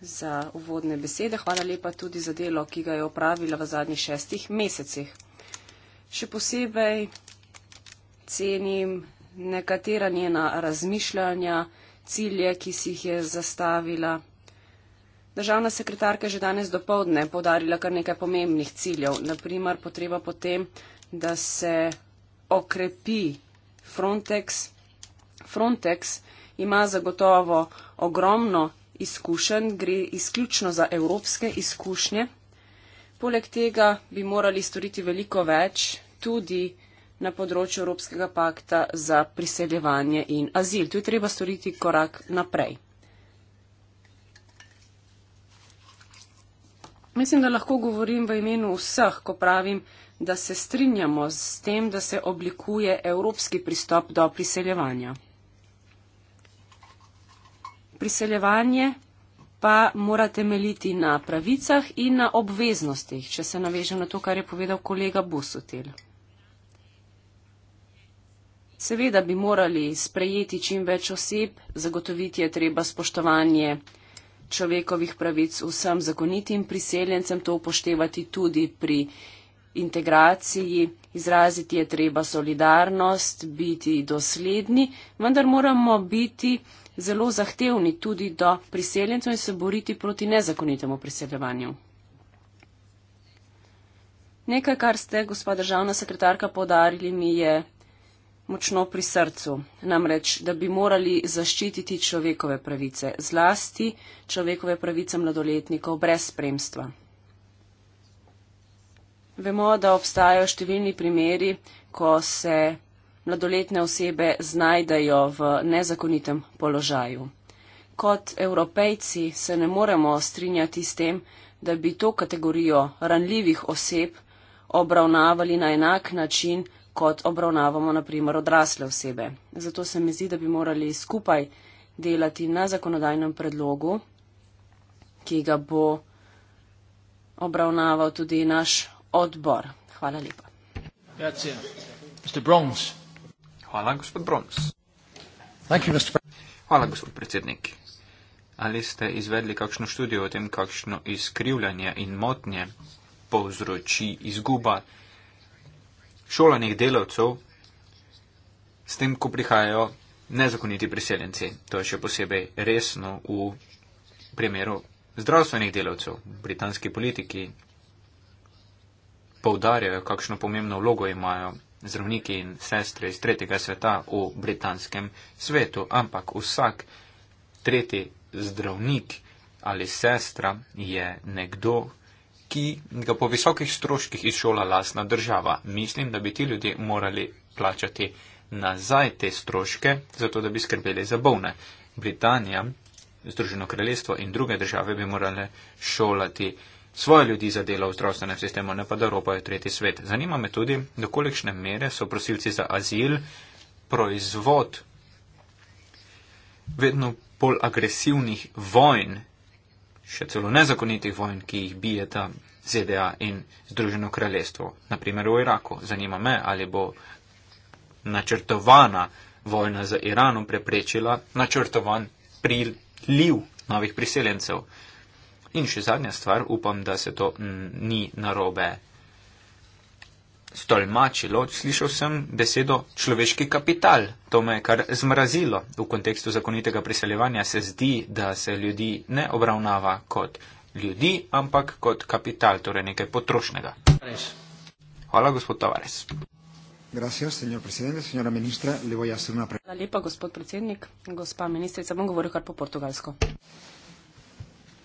[SPEAKER 3] za uvodne besede. Hvala lepa tudi za delo, ki ga je opravila v zadnjih šestih mesecih. Še posebej cenim nekatera njena razmišljanja, cilje, ki si jih je zastavila. Državna sekretarka je že danes dopovdne podarila kar nekaj pomembnih ciljev. Naprimer, potreba potem, da se okrepi Frontex Frontex ima zagotovo ogromno izkušenj, gre izključno za evropske izkušnje. Poleg tega bi morali storiti veliko več tudi na področju Evropskega pakta za priseljevanje in azil. Tu je treba storiti korak naprej. Mislim, da lahko govorim v imenu vseh, ko pravim, da se strinjamo s tem, da se oblikuje evropski pristop do priseljevanja priseljevanje pa mora temeljiti na pravicah in na obveznostih, če se navežem na to, kar je povedal kolega Busutil. Seveda bi morali sprejeti čim več oseb, zagotoviti je treba spoštovanje človekovih pravic vsem zakonitim priseljencem, to upoštevati tudi pri integraciji, izraziti je treba solidarnost, biti dosledni, vendar moramo biti zelo zahtevni tudi do priseljencev in se boriti proti nezakonitemu priseljevanju. Nekaj, kar ste, gospa državna sekretarka, podarili mi je močno pri srcu, namreč, da bi morali zaščititi človekove pravice, zlasti človekove pravice mladoletnikov brez spremstva. Vemo, da obstajajo številni primeri, ko se mladoletne osebe znajdejo v nezakonitem položaju. Kot evropejci se ne moremo strinjati s tem, da bi to kategorijo ranljivih oseb obravnavali na enak način, kot obravnavamo naprimer odrasle osebe. Zato se mi zdi, da bi morali skupaj delati na zakonodajnem predlogu, ki ga bo obravnaval tudi naš odbor. Hvala lepa. Grazie. Mr.
[SPEAKER 1] Bronze.
[SPEAKER 4] Hvala, gospod Brons. Hvala, gospod predsednik. Ali ste izvedli kakšno študijo o tem, kakšno izkrivljanje in motnje povzroči izguba šolanih delavcev s tem, ko prihajajo nezakoniti priseljenci? To je še posebej resno v primeru zdravstvenih delavcev. Britanski politiki poudarjajo, kakšno pomembno vlogo imajo zdravniki in sestre iz tretjega sveta v britanskem svetu, ampak vsak tretji zdravnik ali sestra je nekdo, ki ga po visokih stroških izšola lasna država. Mislim, da bi ti ljudje morali plačati nazaj te stroške, zato da bi skrbeli za bolne. Britanija, Združeno kraljestvo in druge države bi morale šolati svoje ljudi za delo v zdravstvenem sistemu, ne pa da Evropa je tretji svet. Zanima me tudi, do kolikšne mere so prosilci za azil proizvod vedno bolj agresivnih vojn, še celo nezakonitih vojn, ki jih bijeta ZDA in Združeno kraljestvo, naprimer v Iraku. Zanima me, ali bo načrtovana vojna za Iranom preprečila načrtovan priliv novih priseljencev. In še zadnja stvar, upam, da se to mm, ni narobe stolmačilo. Slišal sem besedo človeški kapital. To me je kar zmrazilo. V kontekstu zakonitega priseljevanja se zdi, da se ljudi ne obravnava kot ljudi, ampak kot kapital, torej nekaj potrošnega. Hvala, gospod Tavares. Gracias, señor presidente, señora ministra. Le voy a hacer una pregunta.
[SPEAKER 3] Hvala lepa, gospod predsednik. Gospa ministrica, bom govoril kar po portugalsko.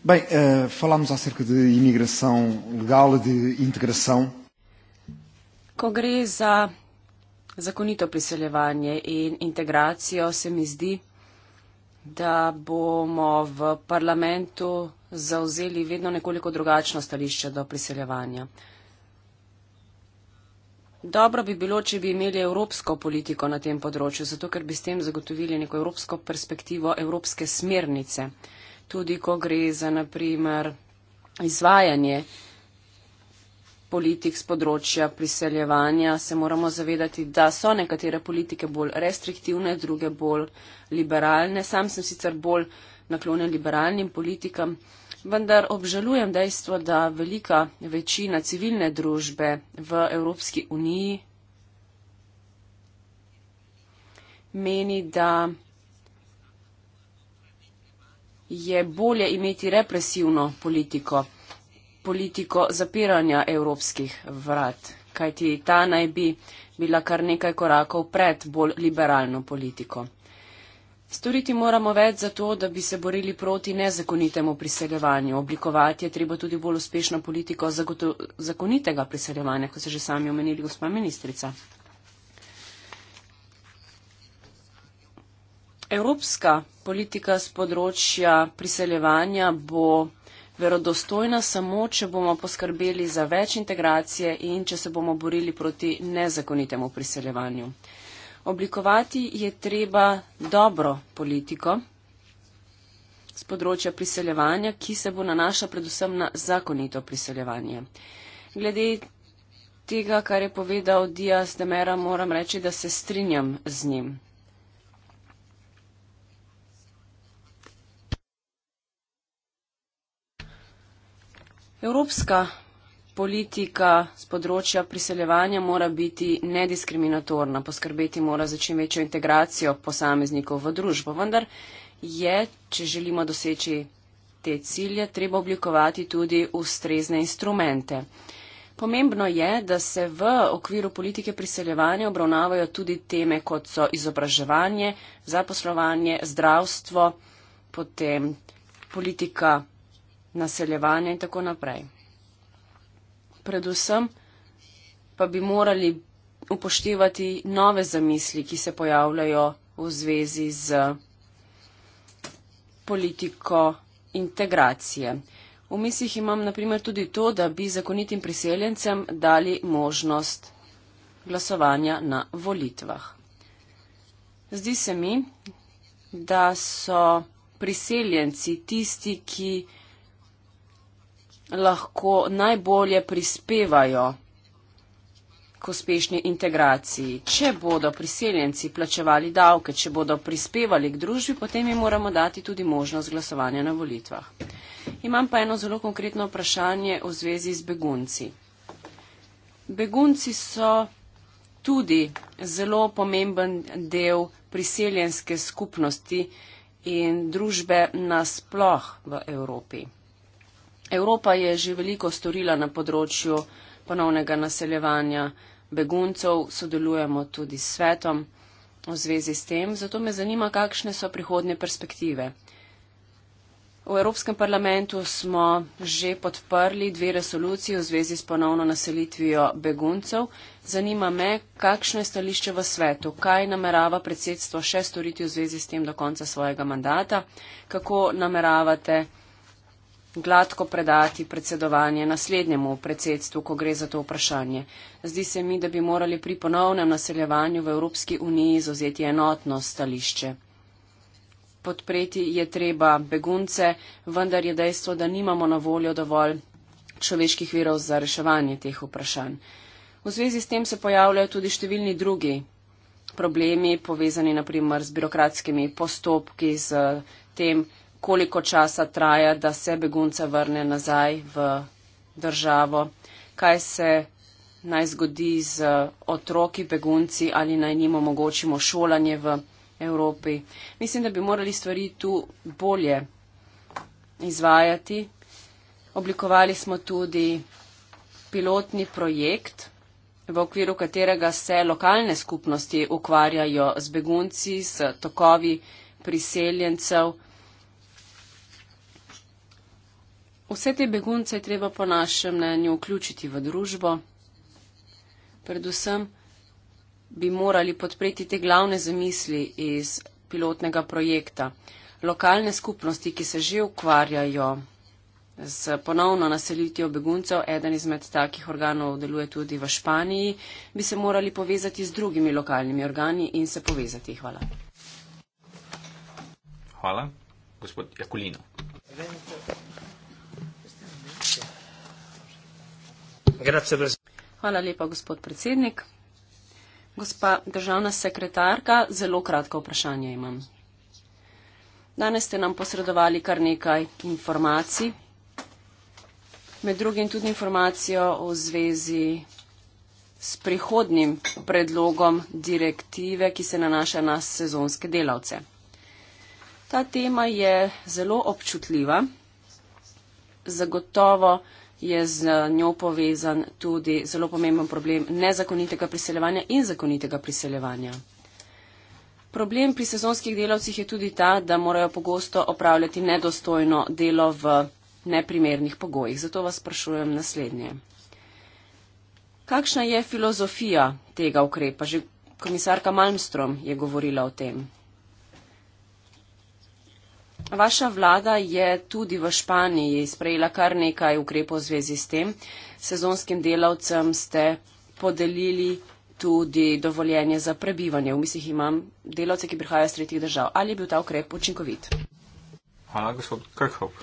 [SPEAKER 4] Bem, uh, falámos acerca de imigração legal e de
[SPEAKER 1] integração.
[SPEAKER 3] Congresa. Zakonito priseljevanje in integracijo se mi zdi, da bomo v parlamentu zauzeli vedno nekoliko drugačno stališče do priseljevanja. Dobro bi bilo, če bi imeli evropsko politiko na tem področju, zato ker bi s tem zagotovili neko evropsko perspektivo, evropske smernice. Uh, tudi ko gre za naprimer izvajanje politik z področja priseljevanja, se moramo zavedati, da so nekatere politike bolj restriktivne, druge bolj liberalne. Sam sem sicer bolj naklonjen liberalnim politikam, vendar obžalujem dejstvo, da velika večina civilne družbe v Evropski uniji meni, da je bolje imeti represivno politiko, politiko zapiranja evropskih vrat, kajti ta naj bi bila kar nekaj korakov pred bolj liberalno politiko. Storiti moramo več za to, da bi se borili proti nezakonitemu priseljevanju. Oblikovati je treba tudi bolj uspešno politiko zakonitega priseljevanja, kot ste že sami omenili, gospa ministrica. Evropska politika z področja priseljevanja bo verodostojna samo, če bomo poskrbeli za več integracije in če se bomo borili proti nezakonitemu priseljevanju. Oblikovati je treba dobro politiko z področja priseljevanja, ki se bo nanaša predvsem na zakonito priseljevanje. Glede tega, kar je povedal Dias Demera, moram reči, da se strinjam z njim. Evropska politika z področja priseljevanja mora biti nediskriminatorna, poskrbeti mora za čim večjo integracijo posameznikov v družbo, vendar je, če želimo doseči te cilje, treba oblikovati tudi ustrezne instrumente. Pomembno je, da se v okviru politike priseljevanja obravnavajo tudi teme, kot so izobraževanje, zaposlovanje, zdravstvo, potem politika naseljevanja in tako naprej. Predvsem pa bi morali upoštevati nove zamisli, ki se pojavljajo v zvezi z politiko integracije. V mislih imam naprimer tudi to, da bi zakonitim priseljencem dali možnost glasovanja na volitvah. Zdi se mi, da so priseljenci tisti, ki lahko najbolje prispevajo k uspešni integraciji. Če bodo priseljenci plačevali davke, če bodo prispevali k družbi, potem jim moramo dati tudi možnost glasovanja na volitvah. Imam pa eno zelo konkretno vprašanje v zvezi z begunci. Begunci so tudi zelo pomemben del priseljenske skupnosti in družbe nasploh v Evropi. Evropa je že veliko storila na področju ponovnega naseljevanja beguncev, sodelujemo tudi s svetom v zvezi s tem, zato me zanima, kakšne so prihodne perspektive. V Evropskem parlamentu smo že podprli dve resoluciji v zvezi s ponovno naselitvijo beguncev. Zanima me, kakšno je stališče v svetu, kaj namerava predsedstvo še storiti v zvezi s tem do konca svojega mandata, kako nameravate gladko predati predsedovanje naslednjemu predsedstvu, ko gre za to vprašanje. Zdi se mi, da bi morali pri ponovnem naseljevanju v Evropski uniji zauzeti enotno stališče. Podpreti je treba begunce, vendar je dejstvo, da nimamo na voljo dovolj človeških virov za reševanje teh vprašanj. V zvezi s tem se pojavljajo tudi številni drugi problemi, povezani naprimer z birokratskimi postopki, z tem, koliko časa traja, da se begunca vrne nazaj v državo, kaj se naj zgodi z eh, otroki begunci ali naj njim omogočimo šolanje v Evropi. Mislim, da bi morali stvari tu bolje izvajati. Oblikovali smo tudi pilotni projekt, v okviru katerega se lokalne skupnosti ukvarjajo z begunci, s tokovi priseljencev. Vse te begunce je treba po našem mnenju vključiti v družbo. Predvsem bi morali podpreti te glavne zamisli iz pilotnega projekta. Lokalne skupnosti, ki se že ukvarjajo z ponovno naselitijo beguncev, eden izmed takih organov deluje tudi v Španiji, bi se morali povezati z drugimi lokalnimi organi in se povezati. Hvala.
[SPEAKER 4] Hvala, gospod Jakulino. Zdaj,
[SPEAKER 3] Hvala lepa, gospod predsednik. Gospa državna sekretarka, zelo kratko vprašanje imam. Danes ste nam posredovali kar nekaj informacij, med drugim tudi informacijo o zvezi s prihodnim predlogom direktive, ki se nanaša na sezonske delavce. Ta tema je zelo občutljiva. Zagotovo je z njo povezan tudi zelo pomemben problem nezakonitega priseljevanja in zakonitega priseljevanja. Problem pri sezonskih delavcih je tudi ta, da morajo pogosto opravljati nedostojno delo v neprimernih pogojih. Zato vas sprašujem naslednje. Kakšna je filozofija tega ukrepa? Že komisarka Malmstrom je govorila o tem. Vaša vlada je tudi v Španiji sprejela kar nekaj ukrepov v zvezi s tem. Sezonskim delavcem ste podelili tudi dovoljenje za prebivanje. V mislih imam delavce, ki prihajajo iz tretjih držav. Ali je bil ta ukrep učinkovit?
[SPEAKER 4] Hvala, gospod Krhop.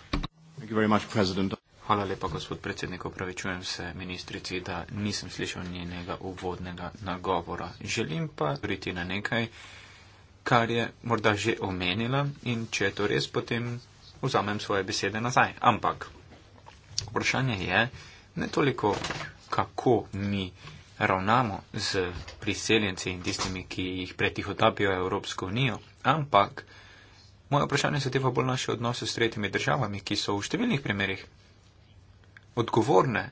[SPEAKER 4] Hvala lepa, gospod predsednik. Opravičujem se ministrici, da nisem slišal njenega uvodnega nagovora. Želim pa priti na nekaj kar je morda že omenila in če je to res, potem vzamem svoje besede nazaj. Ampak vprašanje je ne toliko, kako mi ravnamo z priseljenci in tistimi, ki jih pretihotapijo Evropsko unijo, ampak moje vprašanje se teva bolj naše odnose s tretjimi državami, ki so v številnih primerjih odgovorne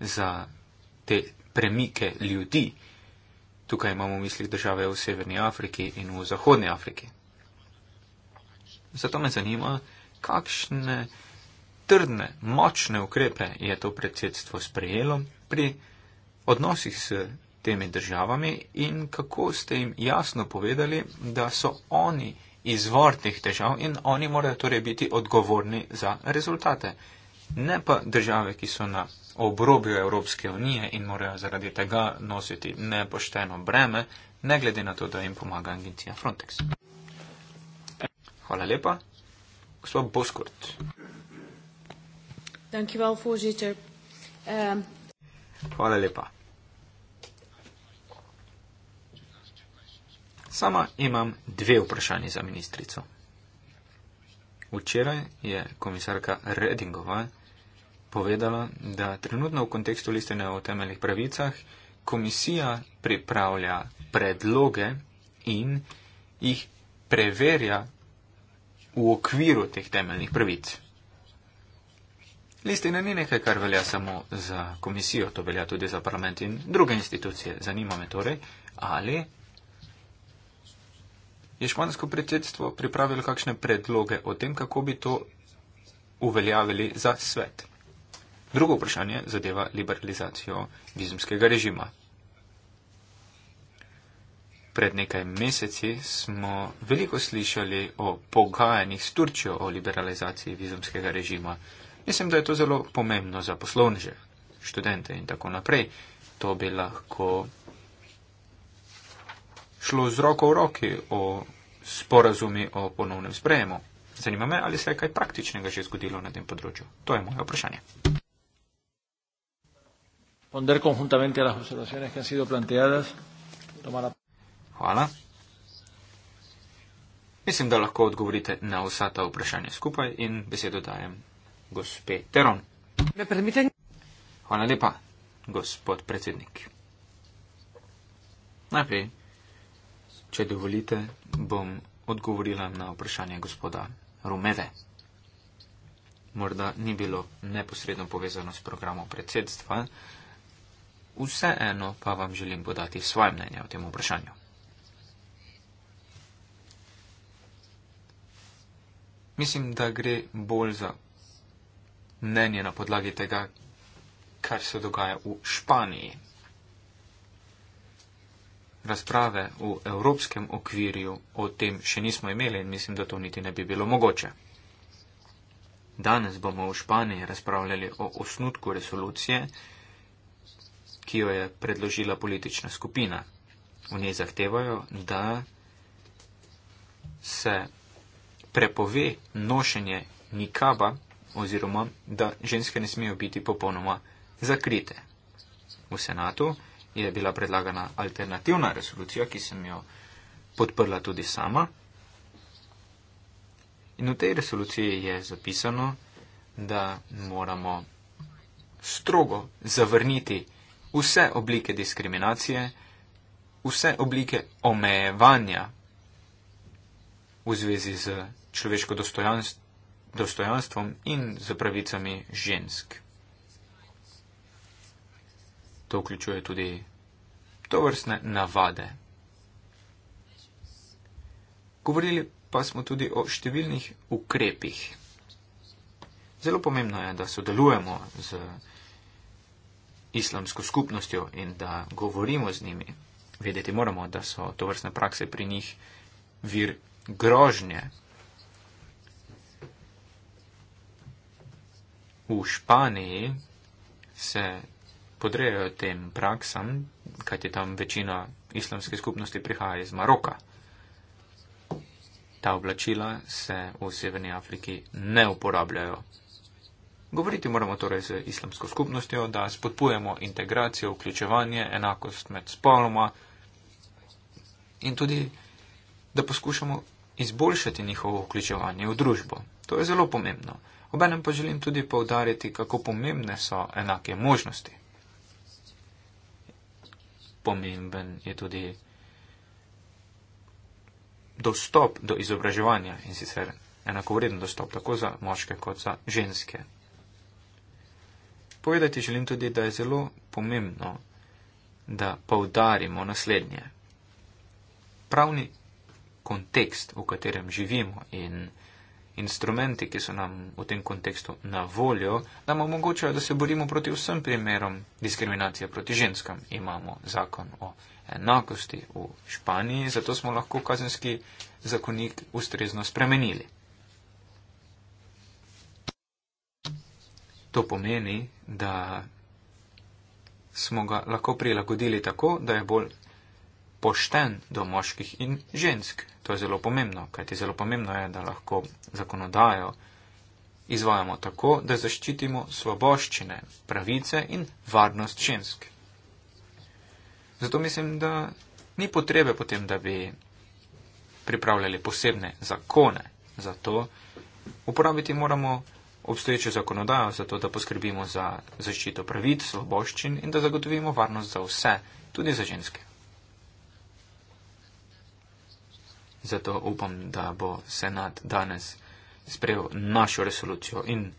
[SPEAKER 4] za te premike ljudi. Tukaj imamo v mislih države v Severni Afriki in v Zahodni Afriki. Zato me zanima, kakšne trdne, močne ukrepe je to predsedstvo sprejelo pri odnosih s temi državami in kako ste jim jasno povedali, da so oni izvor teh težav in oni morajo torej biti odgovorni za rezultate, ne pa države, ki so na obrobju Evropske unije in morajo zaradi tega nositi nepošteno breme, ne glede na to, da jim pomaga agencija Frontex. Hvala lepa. Gospod Boskurt.
[SPEAKER 3] Well, um... Ehm,
[SPEAKER 4] Hvala lepa. Sama imam dve vprašanje za ministrico. Včeraj je komisarka Redingova povedala, da trenutno v kontekstu listine o temeljnih pravicah komisija pripravlja predloge in jih preverja v okviru teh temeljnih pravic. Listina ni nekaj, kar velja samo za komisijo, to velja tudi za parlament in druge institucije. Zanima me torej, ali je špansko predsedstvo pripravilo kakšne predloge o tem, kako bi to uveljavili za svet. Drugo vprašanje zadeva liberalizacijo vizumskega režima. Pred nekaj meseci smo veliko slišali o pogajanjih s Turčijo o liberalizaciji vizumskega režima. Mislim, da je to zelo pomembno za poslovneže, študente in tako naprej. To bi lahko šlo z roko v roki o sporazumi o ponovnem sprejemu. Zanima me, ali se je kaj praktičnega že zgodilo na tem področju. To je moje vprašanje
[SPEAKER 1] responder conjuntamente a las observaciones que han sido planteadas. Tomar la... Hvala.
[SPEAKER 4] Mislim, da lahko odgovorite na vsa ta vprašanja skupaj in besedo dajem gospe Teron. Hvala lepa, gospod predsednik. Najprej, če dovolite, bom odgovorila na vprašanje gospoda Rumeve. Morda ni bilo neposredno povezano s programom predsedstva, Vseeno pa vam želim podati svoje mnenje o tem vprašanju. Mislim, da gre bolj za mnenje na podlagi tega, kar se dogaja v Španiji. Razprave v evropskem okvirju o tem še nismo imeli in mislim, da to niti ne bi bilo mogoče. Danes bomo v Španiji razpravljali o osnutku resolucije, ki jo je predložila politična skupina. V njej zahtevajo, da se prepove nošenje nikaba oziroma da ženske ne smejo biti popolnoma zakrite. V senatu je bila predlagana alternativna resolucija, ki sem jo podprla tudi sama. In v tej resoluciji je zapisano, da moramo strogo zavrniti vse oblike diskriminacije, vse oblike omejevanja v zvezi z človeško dostojanstv, dostojanstvom in z pravicami žensk. To vključuje tudi to vrstne navade. Govorili pa smo tudi o številnih ukrepih. Zelo pomembno je, da sodelujemo z islamsko skupnostjo in da govorimo z njimi. Vedeti moramo, da so to vrstne prakse pri njih vir grožnje. V Španiji se podrejajo tem praksam, kajti tam večina islamske skupnosti prihaja iz Maroka. Ta oblačila se v Severni Afriki ne uporabljajo. Govoriti moramo torej z islamsko skupnostjo, da spodbujamo integracijo, vključevanje, enakost med spoloma in tudi, da poskušamo izboljšati njihovo vključevanje v družbo. To je zelo pomembno. Obenem pa želim tudi povdariti, kako pomembne so enake možnosti. Pomemben je tudi dostop do izobraževanja in sicer enakovreden dostop tako za moške kot za ženske. Povedati želim tudi, da je zelo pomembno, da povdarimo naslednje. Pravni kontekst, v katerem živimo in instrumenti, ki so nam v tem kontekstu na voljo, nam omogočajo, da se borimo proti vsem primerom diskriminacije proti ženskam. Imamo zakon o enakosti v Španiji, zato smo lahko kazenski zakonik ustrezno spremenili. To pomeni, da smo ga lahko prilagodili tako, da je bolj pošten do moških in žensk. To je zelo pomembno, kajti zelo pomembno je, da lahko zakonodajo izvajamo tako, da zaščitimo svoboščine, pravice in varnost žensk. Zato mislim, da ni potrebe potem, da bi pripravljali posebne zakone. Zato uporabiti moramo obstoječo zakonodajo, zato da poskrbimo za zaščito pravic, sloboščin in da zagotovimo varnost za vse, tudi za ženske. Zato upam, da bo senat danes sprejel našo resolucijo in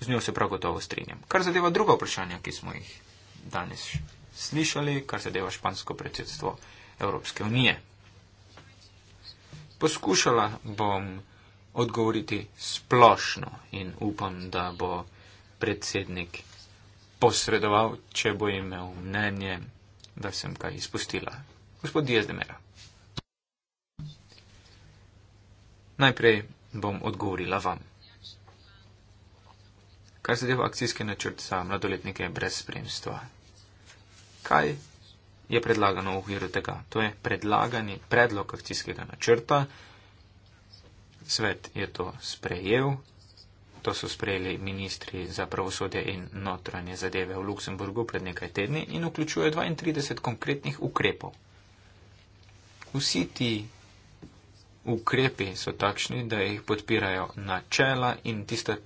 [SPEAKER 4] z njo se prav gotovo strinjam. Kar zadeva druga vprašanja, ki smo jih danes slišali, kar zadeva špansko predsedstvo Evropske unije. Poskušala bom odgovoriti splošno in upam, da bo predsednik posredoval, če bo imel mnenje, da sem kaj izpustila. Gospod Diezdemera. Najprej bom odgovorila vam. Kar se deva akcijski načrt za mladoletnike brez spremstva. Kaj je predlagano v okviru tega? To je predlagani predlog akcijskega načrta, svet je to sprejel. To so sprejeli ministri za pravosodje in notranje zadeve v Luksemburgu pred nekaj tedni in vključuje 32 konkretnih ukrepov. Vsi ti ukrepi so takšni, da jih podpirajo načela in tiste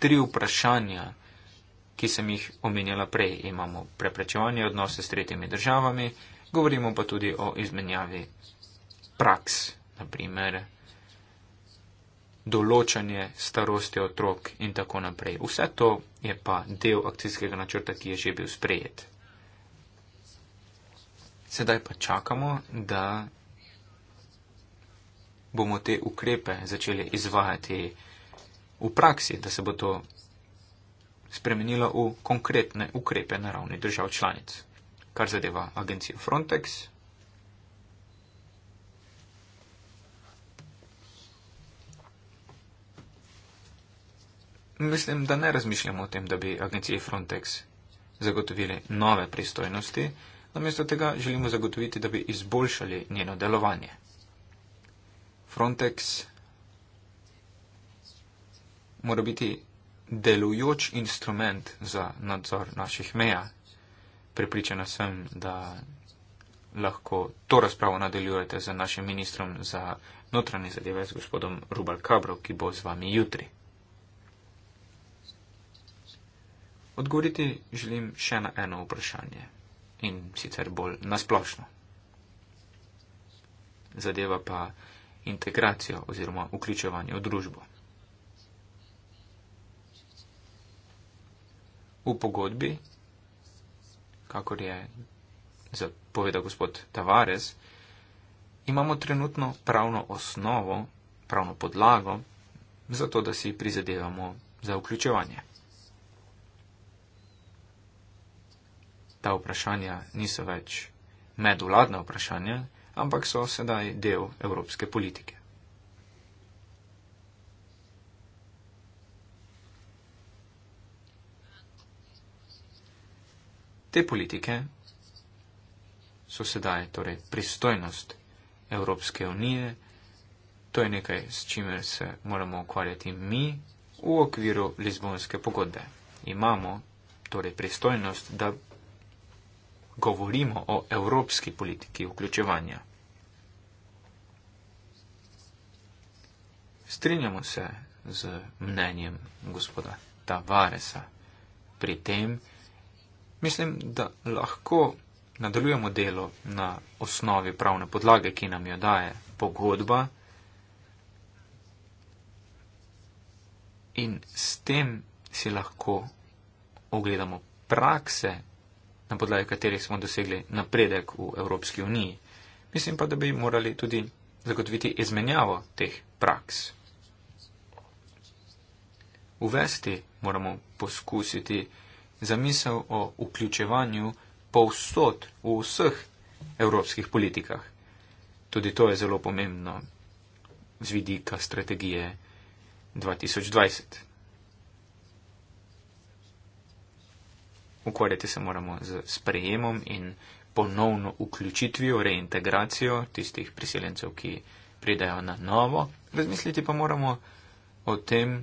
[SPEAKER 4] tri vprašanja, ki sem jih omenjala prej. Imamo preprečevanje odnose s tretjimi državami, govorimo pa tudi o izmenjavi praks, naprimer določanje starosti otrok in tako naprej. Vse to je pa del akcijskega načrta, ki je že bil sprejet. Sedaj pa čakamo, da bomo te ukrepe začeli izvajati v praksi, da se bo to spremenilo v konkretne ukrepe na ravni držav članic. Kar zadeva agencijo Frontex, Mislim, da ne razmišljamo o tem, da bi agenciji Frontex zagotovili nove pristojnosti, namesto tega želimo zagotoviti, da bi izboljšali njeno delovanje. Frontex mora biti delujoč instrument za nadzor naših meja. Pripričana sem, da lahko to razpravo nadaljujete z našim ministrom za notranje zadeve, z gospodom Rubal Kabro, ki bo z vami jutri. Odgovoriti želim še na eno vprašanje in sicer bolj nasplošno. Zadeva pa integracijo oziroma vključevanje v družbo. V pogodbi, kakor je povedal gospod Tavares, imamo trenutno pravno osnovo, pravno podlago, zato da si prizadevamo za vključevanje. ta vprašanja niso več medvladna vprašanja, ampak so sedaj del evropske politike. Te politike so sedaj torej pristojnost Evropske unije, to je nekaj, s čimer se moramo ukvarjati mi v okviru Lizbonske pogodbe. Imamo torej pristojnost, da govorimo o evropski politiki vključevanja. Strinjamo se z mnenjem gospoda Tavaresa pri tem, mislim, da lahko nadaljujemo delo na osnovi pravne podlage, ki nam jo daje pogodba in s tem si lahko ogledamo prakse na podlagi katerih smo dosegli napredek v Evropski uniji. Mislim pa, da bi morali tudi zagotoviti izmenjavo teh praks. Uvesti moramo poskusiti zamisel o vključevanju povsod v vseh evropskih politikah. Tudi to je zelo pomembno z vidika strategije 2020. ukvarjati se moramo z sprejemom in ponovno vključitvijo, reintegracijo tistih priseljencev, ki pridajo na novo. Razmisliti pa moramo o tem,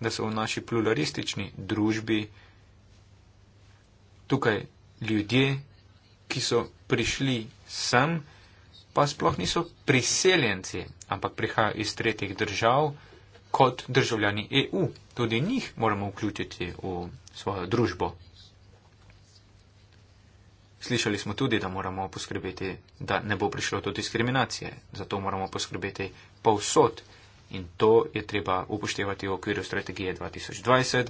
[SPEAKER 4] da so v naši pluralistični družbi tukaj ljudje, ki so prišli sem, pa sploh niso priseljenci, ampak prihajajo iz tretjih držav kot državljani EU. Tudi njih moramo vključiti v svojo družbo. Slišali smo tudi, da moramo poskrbeti, da ne bo prišlo do diskriminacije, zato moramo poskrbeti povsod in to je treba upoštevati v okviru strategije 2020.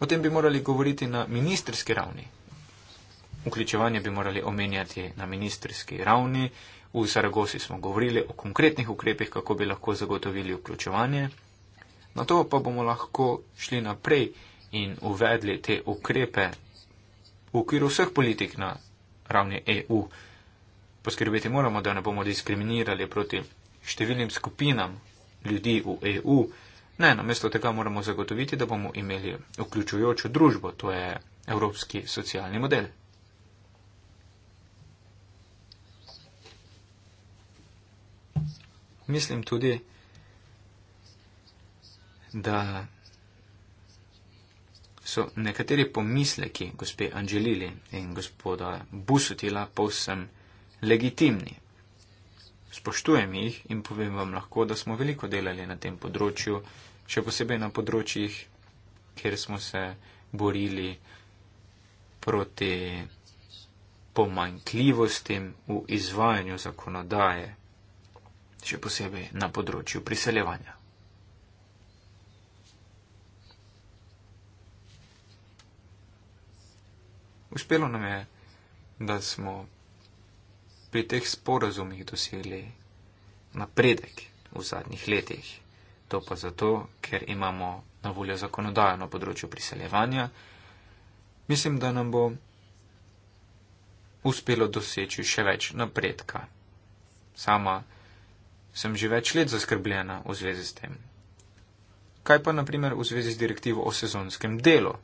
[SPEAKER 4] O tem bi morali govoriti na ministerski ravni. Vključevanje bi morali omenjati na ministerski ravni. V Saragosi smo govorili o konkretnih ukrepih, kako bi lahko zagotovili vključevanje. Na to pa bomo lahko šli naprej in uvedli te ukrepe v okviru vseh politik na ravni EU. Poskrbeti moramo, da ne bomo diskriminirali proti številnim skupinam ljudi v EU. Ne, namesto tega moramo zagotoviti, da bomo imeli vključujočo družbo, to je evropski socialni model. Mislim tudi, da so nekateri pomisleki gospe Anželili in gospoda Busutila povsem legitimni. Spoštujem jih in povem vam lahko, da smo veliko delali na tem področju, še posebej na področjih, kjer smo se borili proti pomanjkljivostim v izvajanju zakonodaje, še posebej na področju priseljevanja. Uspelo nam je, da smo pri teh sporazumih dosegli napredek v zadnjih letih. To pa zato, ker imamo na voljo zakonodajo na področju priseljevanja. Mislim, da nam bo uspelo doseči še več napredka. Sama sem že več let zaskrbljena v zvezi s tem. Kaj pa naprimer v zvezi z direktivo o sezonskem delu,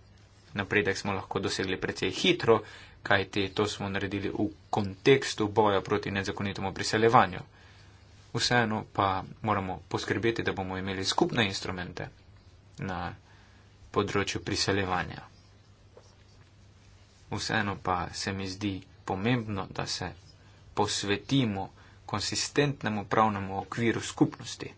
[SPEAKER 4] napredek smo lahko dosegli precej hitro, kajti to smo naredili v kontekstu boja proti nezakonitemu priseljevanju. Vseeno pa moramo poskrbeti, da bomo imeli skupne instrumente na področju priseljevanja. Vseeno pa se mi zdi pomembno, da se posvetimo konsistentnemu pravnemu okviru skupnosti.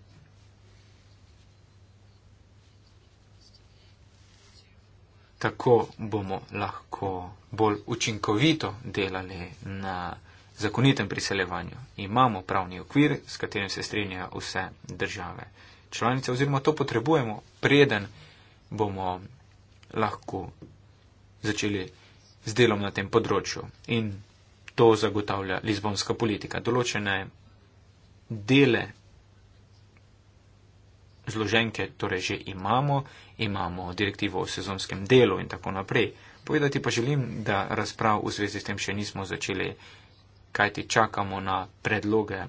[SPEAKER 4] tako bomo lahko bolj učinkovito delali na zakonitem priseljevanju. Imamo pravni okvir, s katerim se strinjajo vse države članice, oziroma to potrebujemo, preden bomo lahko začeli z delom na tem področju. In to zagotavlja Lizbonska politika. Določene dele zloženke torej že imamo, imamo direktivo o sezonskem delu in tako naprej. Povedati pa želim, da razprav v zvezi s tem še nismo začeli, kajti čakamo na predloge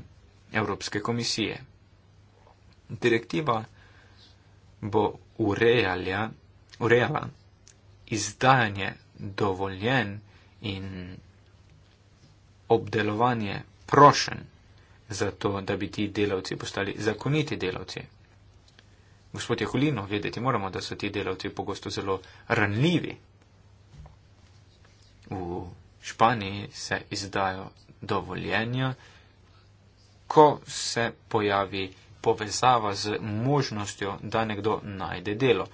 [SPEAKER 4] Evropske komisije. Direktiva bo urejala, urejala izdajanje dovoljen in obdelovanje prošen za to, da bi ti delavci postali zakoniti delavci gospod Jehulino, vedeti moramo, da so ti delavci pogosto zelo ranljivi. V Španiji se izdajo dovoljenja, ko se pojavi povezava z možnostjo, da nekdo najde delo.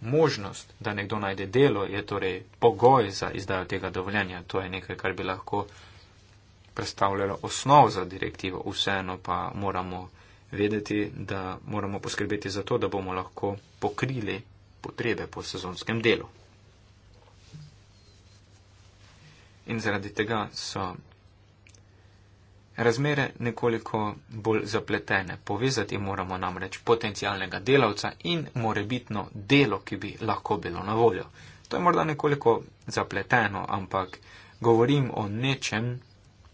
[SPEAKER 4] Možnost, da nekdo najde delo, je torej pogoj za izdajo tega dovoljenja. To je nekaj, kar bi lahko predstavljalo osnov za direktivo. Vseeno pa moramo vedeti, da moramo poskrbeti za to, da bomo lahko pokrili potrebe po sezonskem delu. In zaradi tega so razmere nekoliko bolj zapletene. Povezati moramo namreč potencijalnega delavca in morebitno delo, ki bi lahko bilo na voljo. To je morda nekoliko zapleteno, ampak govorim o nečem,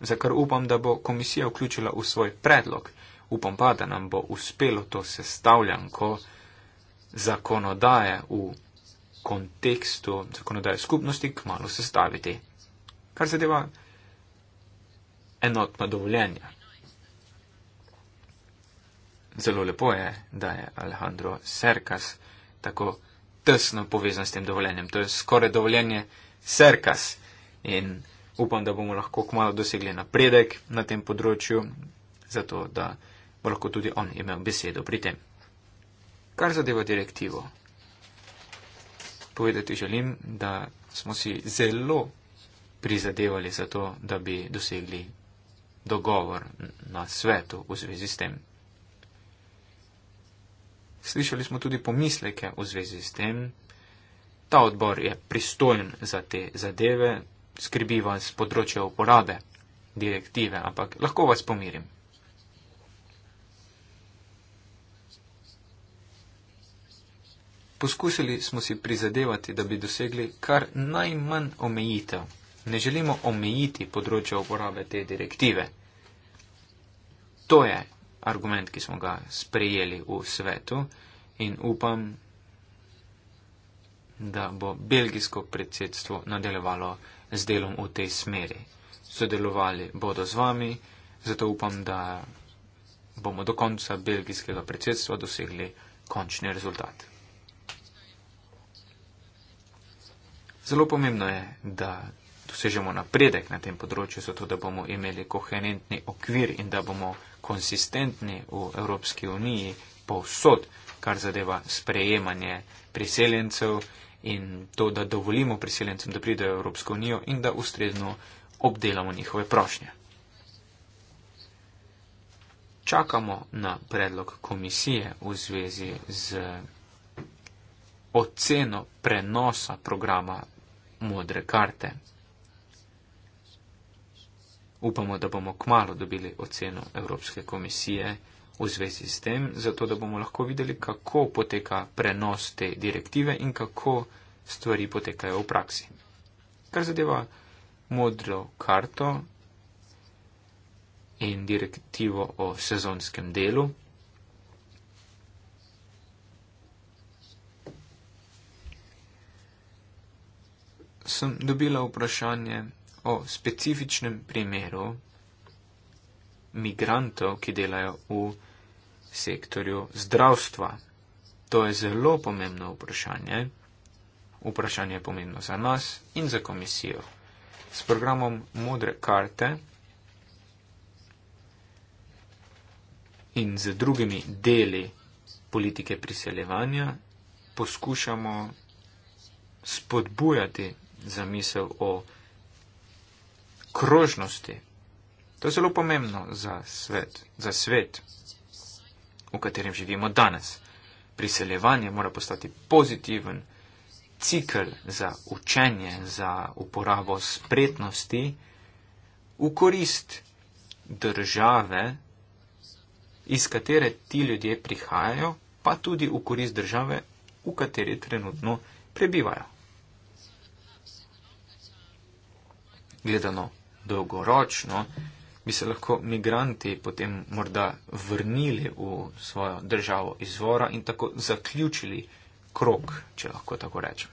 [SPEAKER 4] za kar upam, da bo komisija vključila v svoj predlog upam pa, da nam bo uspelo to sestavljanko zakonodaje v kontekstu zakonodaje skupnosti k malu sestaviti. Kar zadeva enotno dovoljenje. Zelo lepo je, da je Alejandro Serkas tako tesno povezan s tem dovoljenjem. To je skoraj dovoljenje Serkas in upam, da bomo lahko kmalo dosegli napredek na tem področju, zato da bo lahko tudi on imel besedo pri tem. Kar zadeva direktivo, povedati želim, da smo si zelo prizadevali za to, da bi dosegli dogovor na svetu v zvezi s tem. Slišali smo tudi pomisleke v zvezi s tem. Ta odbor je pristojen za te zadeve, skrbi vas področje uporabe direktive, ampak lahko vas pomirim. Poskušali smo si prizadevati, da bi dosegli kar najmanj omejitev. Ne želimo omejiti področja uporabe te direktive. To je argument, ki smo ga sprejeli v svetu in upam, da bo belgijsko predsedstvo nadaljevalo z delom v tej smeri. Sodelovali bodo z vami, zato upam, da bomo do konca belgijskega predsedstva dosegli končni rezultat. Zelo pomembno je, da dosežemo napredek na tem področju, zato da bomo imeli koherentni okvir in da bomo konsistentni v Evropski uniji povsod, kar zadeva sprejemanje priseljencev in to, da dovolimo priseljencem, da pridejo v Evropsko unijo in da ustrezno obdelamo njihove prošnje. Čakamo na predlog komisije v zvezi z oceno prenosa programa modre karte. Upamo, da bomo kmalo dobili oceno Evropske komisije v zvezi s tem, zato da bomo lahko videli, kako poteka prenos te direktive in kako stvari potekajo v praksi. Kar zadeva modro karto in direktivo o sezonskem delu, sem dobila vprašanje o specifičnem primeru migrantov, ki delajo v sektorju zdravstva. To je zelo pomembno vprašanje. Vprašanje je pomembno za nas in za komisijo. S programom Modre karte in z drugimi deli politike priseljevanja poskušamo spodbujati zamisel o krožnosti. To je zelo pomembno za svet, za svet, v katerem živimo danes. Priseljevanje mora postati pozitiven cikl za učenje, za uporabo spretnosti v korist države, iz katere ti ljudje prihajajo, pa tudi v korist države, v kateri trenutno prebivajo. gledano dolgoročno, bi se lahko migranti potem morda vrnili v svojo državo izvora in tako zaključili krok, če lahko tako rečem.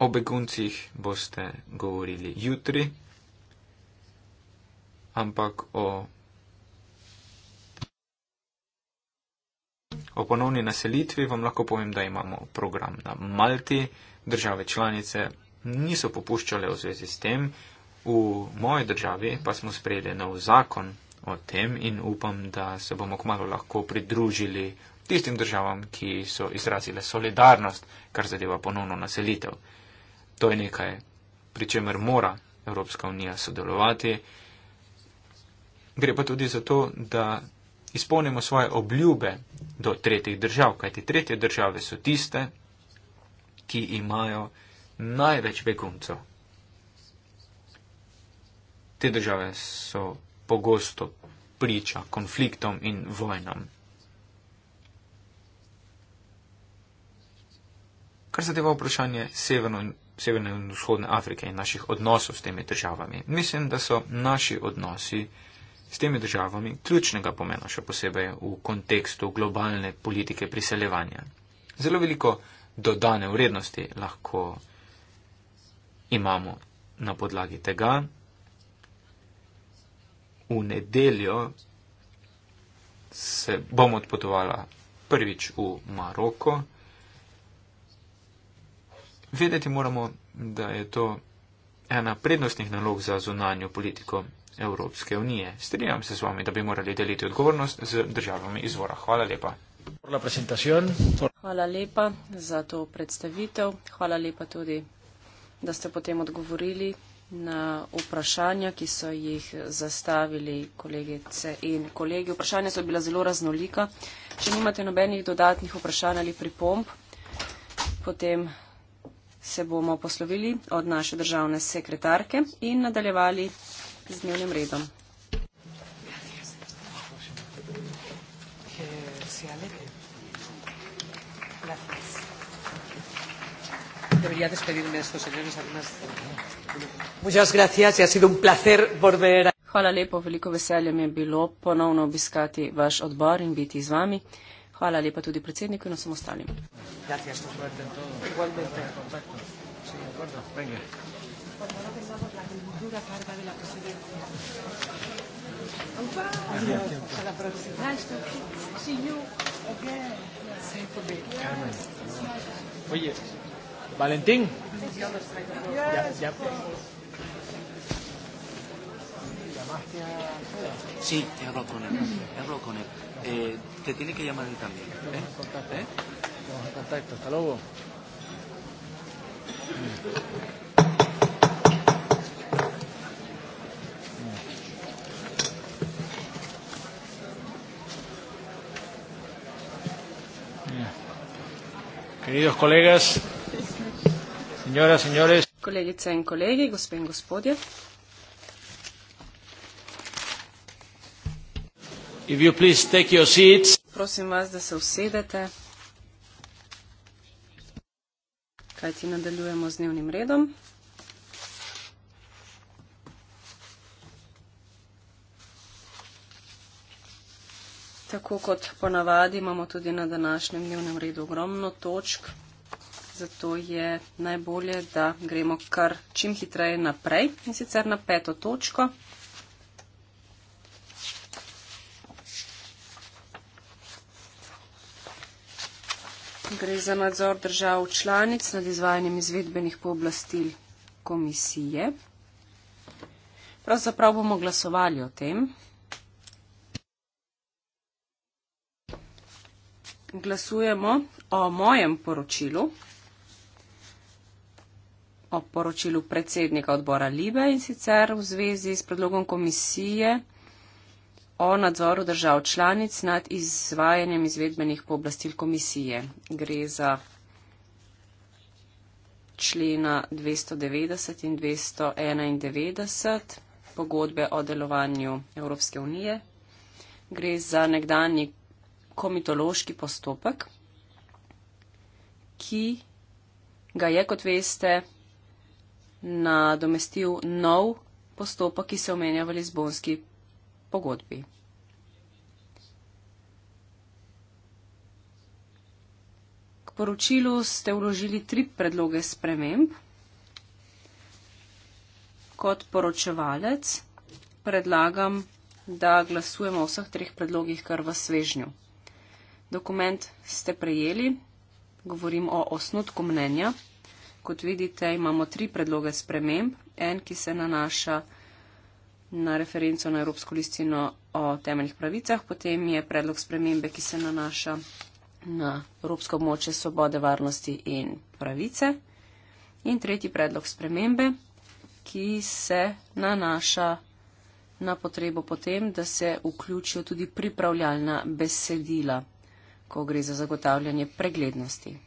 [SPEAKER 4] O beguncih boste govorili jutri, ampak o, o ponovni naselitvi vam lahko povem, da imamo program na Malti, države članice niso popuščale v zvezi s tem. V moji državi pa smo sprejeli nov zakon o tem in upam, da se bomo kmalo lahko pridružili tistim državam, ki so izrazile solidarnost, kar zadeva ponovno naselitev. To je nekaj, pri čemer mora Evropska unija sodelovati. Gre pa tudi za to, da izpolnimo svoje obljube do tretjih držav, kajti tretje države so tiste, ki imajo največ beguncev. Te države so pogosto priča konfliktom in vojnam. Kar zadeva vprašanje severno, severne in vzhodne Afrike in naših odnosov s temi državami, mislim, da so naši odnosi s temi državami ključnega pomena, še posebej v kontekstu globalne politike priseljevanja. Zelo veliko dodane vrednosti lahko imamo na podlagi tega v nedeljo se bom odpotovala prvič v Maroko. Vedeti moramo, da je to ena prednostnih nalog za zunanjo politiko Evropske unije. Strinjam se z vami, da bi morali deliti odgovornost z državami izvora. Hvala lepa.
[SPEAKER 3] Hvala lepa za to predstavitev. Hvala lepa tudi da ste potem odgovorili na vprašanja, ki so jih zastavili kolegice in kolegi. Vprašanja so bila zelo raznolika. Če nimate nobenih dodatnih vprašanj ali pripomb, potem se bomo poslovili od naše državne sekretarke in nadaljevali z dnevnim redom. ya despedirme a estos señores. Además, muchas gracias y ha sido un placer volver a. Hvala lepo, veliko veselje mi je bilo ponovno obiskati vaš odbor in biti z vami. Hvala lepa tudi predsedniku in vsem ostalim.
[SPEAKER 1] Gracias, Valentín. Sí, he hablado con él. He hablado con él. Eh, te tiene que llamar él también. ¿eh? Vamos ¿eh? en contacto. Hasta luego. Queridos colegas, Signora, signore.
[SPEAKER 3] Kolegice in kolegi, gospe in gospodje.
[SPEAKER 1] If you please take your seats.
[SPEAKER 3] Prosim vas, da se usedete, kaj ti nadaljujemo z dnevnim redom. Tako kot ponavadi imamo tudi na današnjem dnevnem redu ogromno točk, zato je najbolje, da gremo kar čim hitreje naprej in sicer na peto točko. Gre za nadzor držav članic nad izvajanjem izvedbenih pooblastil komisije. Pravzaprav bomo glasovali o tem. Glasujemo o mojem poročilu o poročilu predsednika odbora Libe in sicer v zvezi s predlogom komisije o nadzoru držav članic nad izvajanjem izvedbenih pooblastil komisije. Gre za člena 290 in 291 pogodbe o delovanju Evropske unije. Gre za nekdani komitološki postopek, ki ga je, kot veste, nadomestil nov postopek, ki se omenja v Lizbonski pogodbi. K poročilu ste vložili tri predloge sprememb. Kot poročevalec predlagam, da glasujemo o vseh treh predlogih kar v svežnju. Dokument ste prejeli, govorim o osnutku mnenja. Kot vidite, imamo tri predloge sprememb. En, ki se nanaša na referenco na Evropsko listino o temeljnih pravicah, potem je predlog spremembe, ki se nanaša na Evropsko območje svobode, varnosti in pravice. In tretji predlog spremembe, ki se nanaša na potrebo potem, da se vključijo tudi pripravljalna besedila, ko gre za zagotavljanje preglednosti.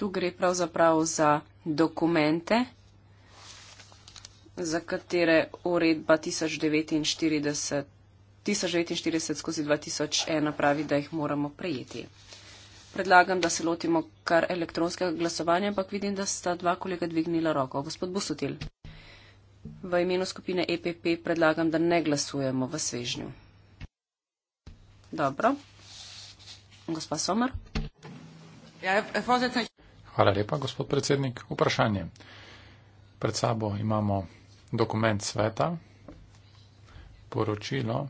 [SPEAKER 3] tu gre pravzaprav za dokumente, za katere uredba 1049-2001 pravi, da jih moramo prejeti. Predlagam, da se lotimo kar elektronskega glasovanja, ampak vidim, da sta dva kolega dvignila roko. Gospod Busutil, v imenu skupine EPP predlagam, da ne glasujemo v svežnju. Dobro. Gospa Somer. Ja, ja
[SPEAKER 2] Hvala lepa, gospod predsednik. Vprašanje. Pred sabo imamo dokument sveta, poročilo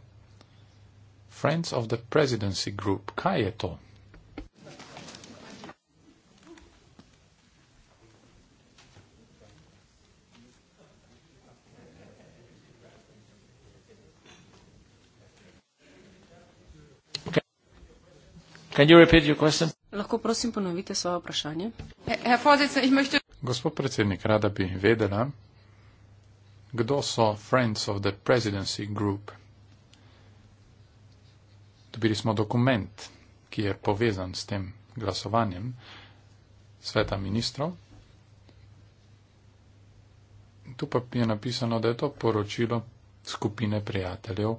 [SPEAKER 2] Friends of the Presidency Group. Kaj je to? Can you repeat your question?
[SPEAKER 3] Lahko prosim ponovite svoje vprašanje?
[SPEAKER 2] Gospod predsednik, rada bi vedela, kdo so Friends of the Presidency Group. Dobili smo dokument, ki je povezan s tem glasovanjem sveta ministrov. Tu pa je napisano, da je to poročilo skupine prijateljev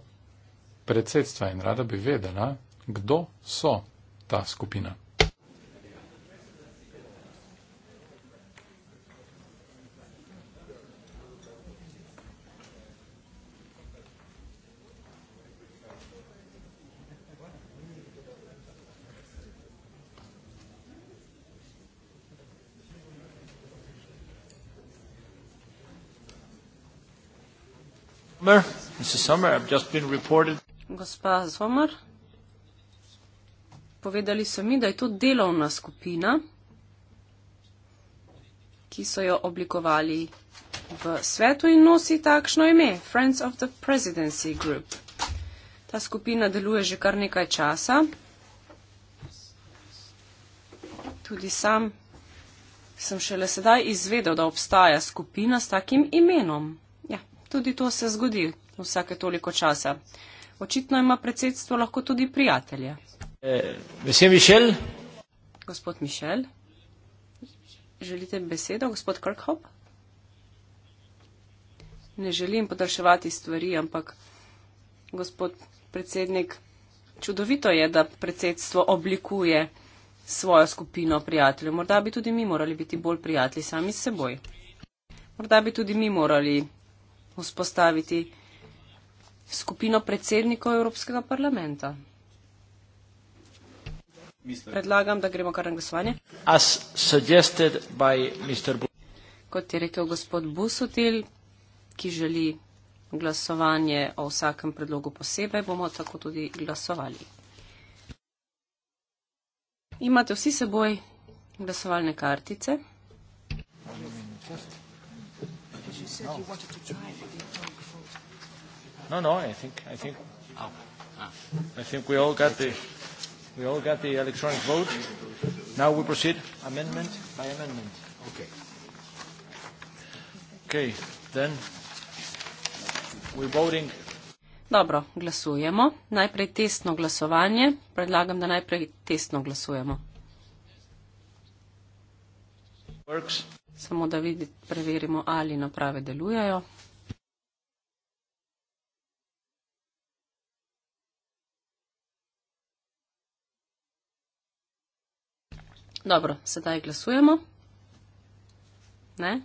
[SPEAKER 2] predsedstva in rada bi vedela, kdo so ta skupina.
[SPEAKER 1] Sommer, Mrs. Sommer, I've just been reported.
[SPEAKER 3] Gospa Sommer, povedali so mi, da je to delovna skupina, ki so jo oblikovali v svetu in nosi takšno ime, Friends of the Presidency Group. Ta skupina deluje že kar nekaj časa. Tudi sam sem šele sedaj izvedel, da obstaja skupina s takim imenom tudi to se zgodi vsake toliko časa. Očitno ima predsedstvo lahko tudi prijatelje.
[SPEAKER 4] Vesel eh, Mišel.
[SPEAKER 3] Gospod Mišel, želite besedo, gospod Krkhop? Ne želim podaljševati stvari, ampak gospod predsednik, čudovito je, da predsedstvo oblikuje svojo skupino prijateljev. Morda bi tudi mi morali biti bolj prijatelji sami s seboj. Morda bi tudi mi morali vzpostaviti skupino predsednikov Evropskega parlamenta. Predlagam, da gremo kar na glasovanje. Kot je rekel gospod Busutil, ki želi glasovanje o vsakem predlogu posebej, bomo tako tudi glasovali. Imate vsi seboj glasovalne kartice?
[SPEAKER 1] Hvala said no. you wanted to try with the atomic fault. No, no, I think, I think, oh. I think we all got the, we all got the electronic vote. Now we proceed
[SPEAKER 3] amendment by amendment. Okay.
[SPEAKER 1] Okay, then
[SPEAKER 2] we're voting.
[SPEAKER 3] Dobro, glasujemo. Najprej testno glasovanje. Predlagam, da najprej testno glasujemo. Works samo da vidi, preverimo, ali naprave delujejo. Dobro, sedaj glasujemo. Ne?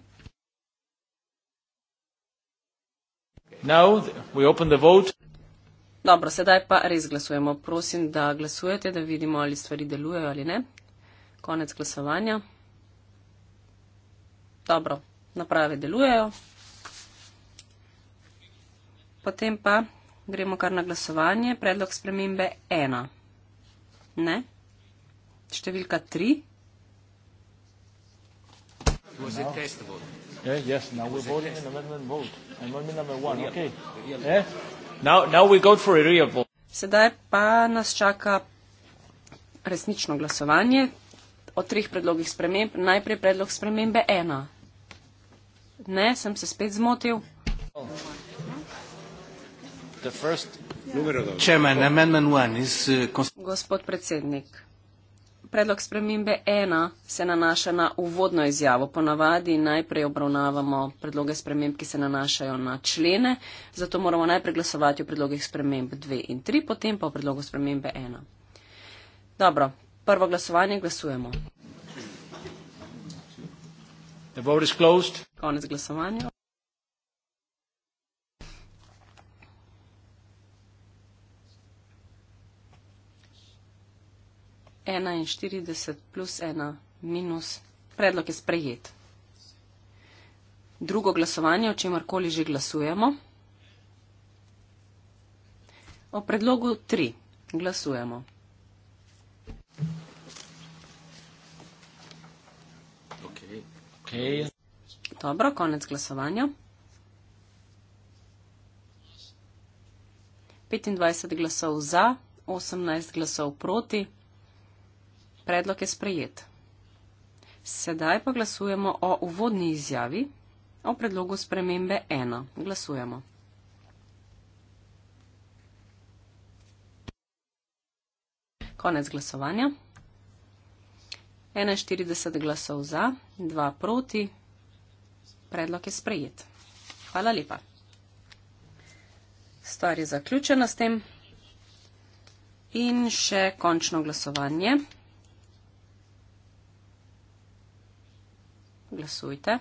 [SPEAKER 1] Now we open the vote.
[SPEAKER 3] Dobro, sedaj pa res glasujemo. Prosim, da glasujete, da vidimo, ali stvari delujejo ali ne. Konec glasovanja. Dobro, naprave delujejo. Potem pa gremo kar na glasovanje. Predlog spremembe 1. Ne? Številka 3. No. Sedaj pa nas čaka resnično glasovanje o treh predlogih sprememb. Najprej predlog spremembe 1. Ne, sem se spet zmotil. Uh, Gospod predsednik, predlog spremembe ena se nanaša na uvodno izjavo. Ponavadi najprej obravnavamo predloge sprememb, ki se nanašajo na člene, zato moramo najprej glasovati o predlogih sprememb dve in tri, potem pa o predlogu spremembe ena. Dobro, prvo glasovanje glasujemo. The vote is closed. Konec glasovanja. Enainštirideset plus ena minus. Predlog je sprejet. Drugo glasovanje, o čemarkoli že glasujemo. O predlogu tri glasujemo. Okay. Dobro, konec glasovanja. 25 glasov za, 18 glasov proti. Predlog je sprejet. Sedaj pa glasujemo o uvodni izjavi, o predlogu spremembe 1. Glasujemo. Konec glasovanja. 41 glasov za, 2 proti. Predlog je sprejet. Hvala lepa. Stvar je zaključena s tem. In še končno glasovanje. Glasujte.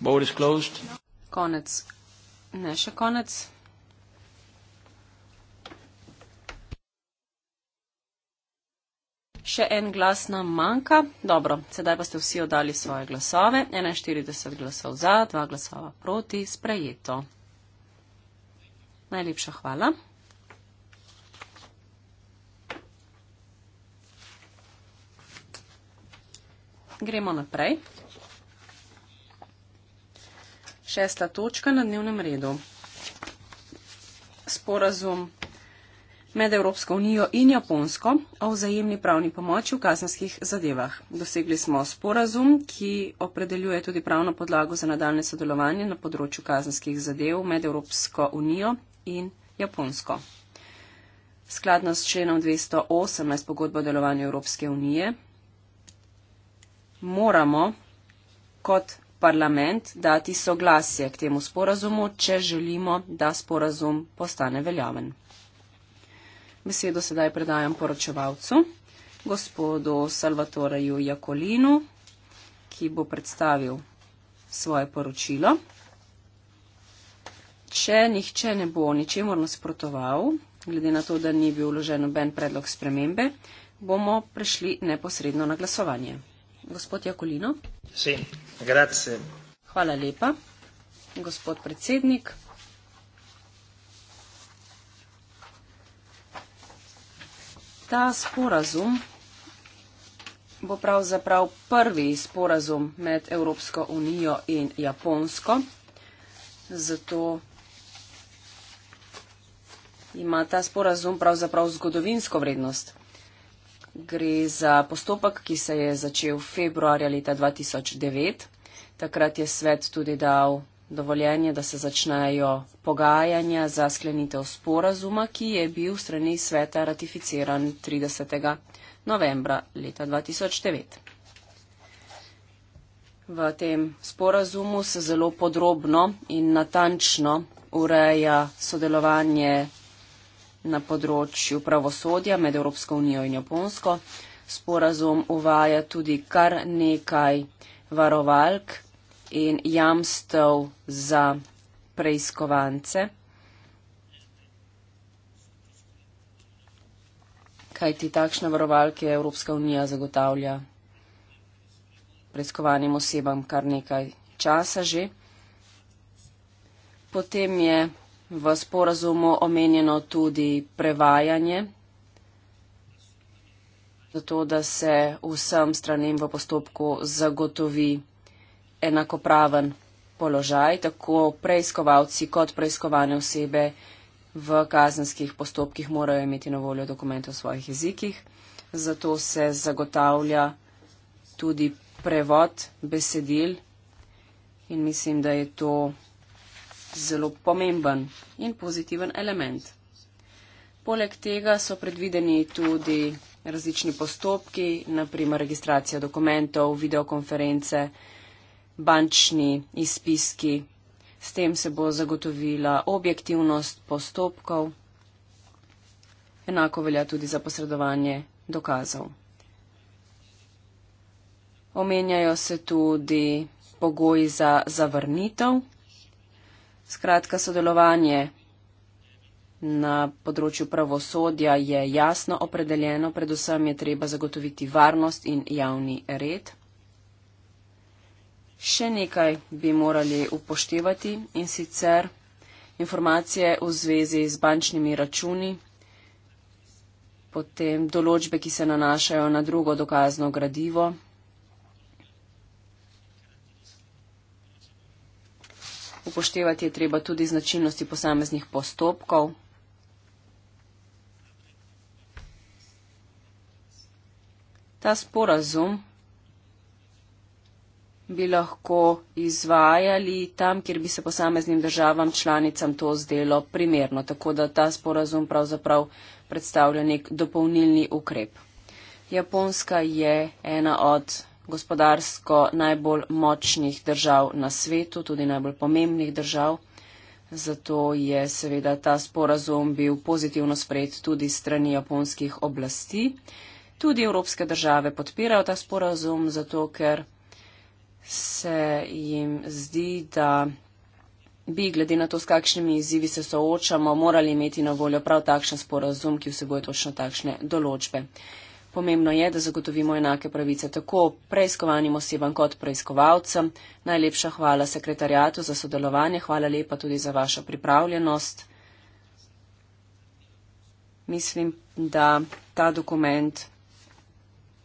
[SPEAKER 3] Board is closed. Konec. Ne še konec. še en glas nam manjka. Dobro, sedaj pa ste vsi oddali svoje glasove. 41 glasov za, 2 glasova proti, sprejeto. Najlepša hvala. Gremo naprej. Šesta točka na dnevnem redu. Sporazum med Evropsko unijo in Japonsko o vzajemni pravni pomoči v kazenskih zadevah. Dosegli smo sporazum, ki opredeljuje tudi pravno podlago za nadaljne sodelovanje na področju kazenskih zadev med Evropsko unijo in Japonsko. Skladno s členom 218 pogodbo o delovanju Evropske unije moramo kot parlament dati soglasje k temu sporazumu, če želimo, da sporazum postane veljaven. Besedo sedaj predajam poročevalcu, gospodu Salvatoreju Jakolinu, ki bo predstavil svoje poročilo. Če nihče ne bo ničemu nasprotoval, glede na to, da ni bil vložen noben predlog spremembe, bomo prešli neposredno na glasovanje. Gospod Jakolino. Si, Hvala lepa, gospod predsednik. ta sporazum bo pravzaprav prvi sporazum med Evropsko unijo in Japonsko. Zato ima ta sporazum pravzaprav zgodovinsko vrednost. Gre za postopek, ki se je začel februarja leta 2009. Takrat je svet tudi dal dovoljenje, da se začnejo pogajanja za sklenitev sporazuma, ki je bil strani sveta ratificiran 30. novembra leta 2009. V tem sporazumu se zelo podrobno in natančno ureja sodelovanje na področju pravosodja med Evropsko unijo in Japonsko. Sporazum uvaja tudi kar nekaj varovalk in jamstev za preiskovance. Kaj ti takšne varovalke Evropska unija zagotavlja preiskovanim osebam kar nekaj časa že. Potem je v sporazumu omenjeno tudi prevajanje, zato da se vsem stranem v postopku zagotovi enakopraven položaj, tako preiskovalci kot preiskovane osebe v kazenskih postopkih morajo imeti na voljo dokumente v svojih jezikih. Zato se zagotavlja tudi prevod besedil in mislim, da je to zelo pomemben in pozitiven element. Poleg tega so predvideni tudi različni postopki, naprimer registracija dokumentov, videokonference, bančni izpiski. S tem se bo zagotovila objektivnost postopkov, enako velja tudi za posredovanje dokazov. Omenjajo se tudi pogoji za zavrnitev, skratka sodelovanje na področju pravosodja je jasno opredeljeno, predvsem je treba zagotoviti varnost in javni red. Še nekaj bi morali upoštevati in sicer informacije v zvezi z bančnimi računi, potem določbe, ki se nanašajo na drugo dokazno gradivo. Upoštevati je treba tudi značilnosti posameznih postopkov. Ta sporazum bi lahko izvajali tam, kjer bi se posameznim državam članicam to zdelo primerno. Tako da ta sporazum pravzaprav predstavlja nek dopolnilni ukrep. Japonska je ena od gospodarsko najbolj močnih držav na svetu, tudi najbolj pomembnih držav. Zato je seveda ta sporazum bil pozitivno sprejet tudi strani japonskih oblasti. Tudi evropske države podpirajo ta sporazum, zato ker se jim zdi, da bi glede na to, s kakšnimi izzivi se soočamo, morali imeti na voljo prav takšen sporazum, ki vsebuje točno takšne določbe. Pomembno je, da zagotovimo enake pravice tako preiskovanim osebam kot preiskovalcem. Najlepša hvala sekretarjatu za sodelovanje, hvala lepa tudi za vašo pripravljenost. Mislim, da ta dokument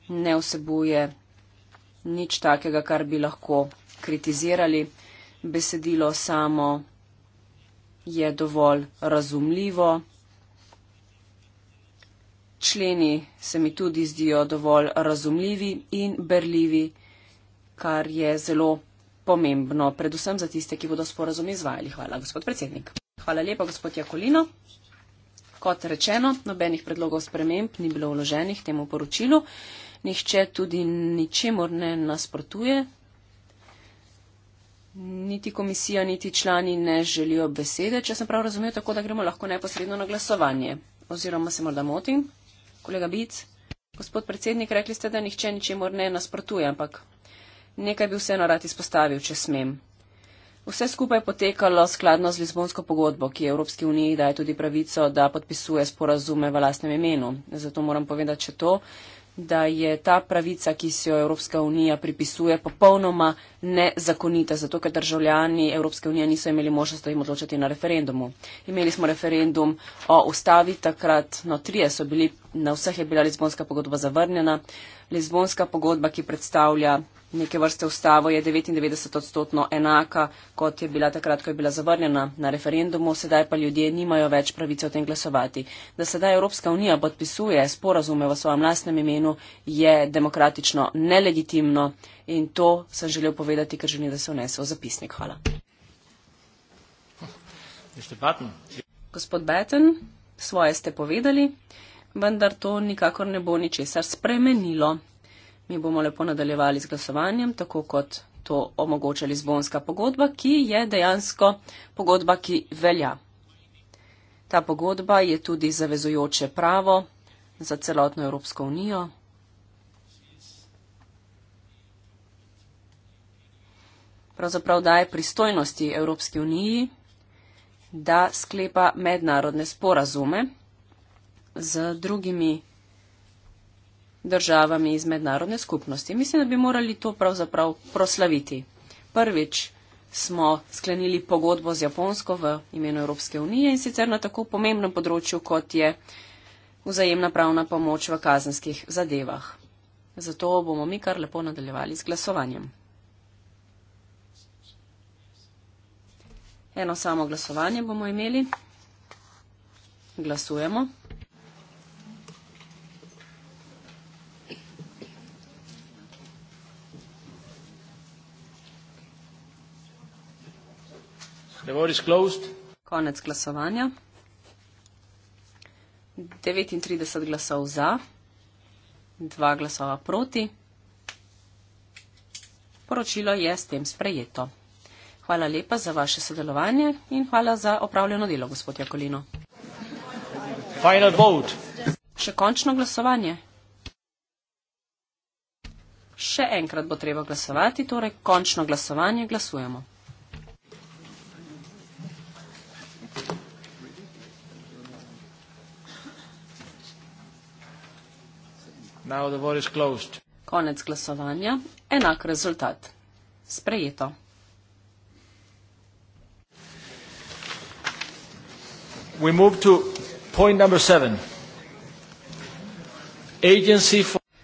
[SPEAKER 3] ne vsebuje nič takega, kar bi lahko kritizirali. Besedilo samo je dovolj razumljivo. Členi se mi tudi zdijo dovolj razumljivi in berljivi, kar je zelo pomembno, predvsem za tiste, ki bodo sporazum izvajali. Hvala, gospod predsednik. Hvala lepa, gospod Jakolino. Kot rečeno, nobenih predlogov sprememb ni bilo vloženih temu poročilu nihče tudi ničemor ne nasprotuje. Niti komisija, niti člani ne želijo besede, če sem prav razumel, tako da gremo lahko neposredno na glasovanje. Oziroma se morda motim. Kolega Bic, gospod predsednik, rekli ste, da nihče ničemor ne nasprotuje, ampak nekaj bi vseeno rad izpostavil, če smem. Vse skupaj je potekalo skladno z Lizbonsko pogodbo, ki Evropski uniji daje tudi pravico, da podpisuje sporazume v lastnem imenu. Zato moram povedati, če to da je ta pravica, ki se jo Evropska unija pripisuje, popolnoma nezakonita, zato ker državljani Evropske unije niso imeli možnost, da jim odločati na referendumu. Imeli smo referendum o ustavi, takrat no, trije so bili na vseh je bila Lizbonska pogodba zavrnjena. Lizbonska pogodba, ki predstavlja neke vrste ustavo, je 99 odstotno enaka, kot je bila takrat, ko je bila zavrnjena na referendumu, sedaj pa ljudje nimajo več pravice o tem glasovati. Da sedaj Evropska unija podpisuje sporazume v svojem lastnem imenu, je demokratično nelegitimno in to sem želel povedati, ker želim, da se vnese v zapisnik. Hvala. Gospod Batten, svoje ste povedali vendar to nikakor ne bo ničesar spremenilo. Mi bomo lepo nadaljevali z glasovanjem, tako kot to omogoča Lizbonska pogodba, ki je dejansko pogodba, ki velja. Ta pogodba je tudi zavezujoče pravo za celotno Evropsko unijo. Pravzaprav daje pristojnosti Evropski uniji, da sklepa mednarodne sporazume z drugimi državami iz mednarodne skupnosti. Mislim, da bi morali to pravzaprav proslaviti. Prvič smo sklenili pogodbo z Japonsko v imenu Evropske unije in sicer na tako pomembnem področju, kot je vzajemna pravna pomoč v kazenskih zadevah. Zato bomo mi kar lepo nadaljevali z glasovanjem. Eno samo glasovanje bomo imeli. Glasujemo. Konec glasovanja. 39 glasov za, 2 glasova proti. Poročilo je s tem sprejeto. Hvala lepa za vaše sodelovanje in hvala za opravljeno delo, gospod Jakolino. Final vote. Še končno glasovanje. Še enkrat bo treba glasovati, torej končno glasovanje glasujemo. Konec glasovanja, enak rezultat. Sprejeto.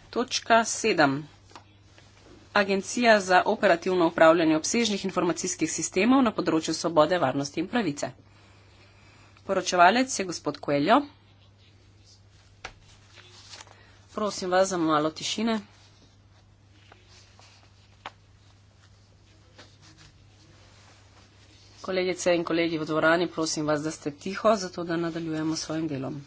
[SPEAKER 3] Točka sedem. Agencija za operativno upravljanje obsežnih informacijskih sistemov na področju svobode, varnosti in pravice. Poročevalec je gospod Koeljo. Prosim vas za malo tišine. Kolegice in kolegi v dvorani, prosim vas, da ste tiho, zato da nadaljujemo s svojim delom.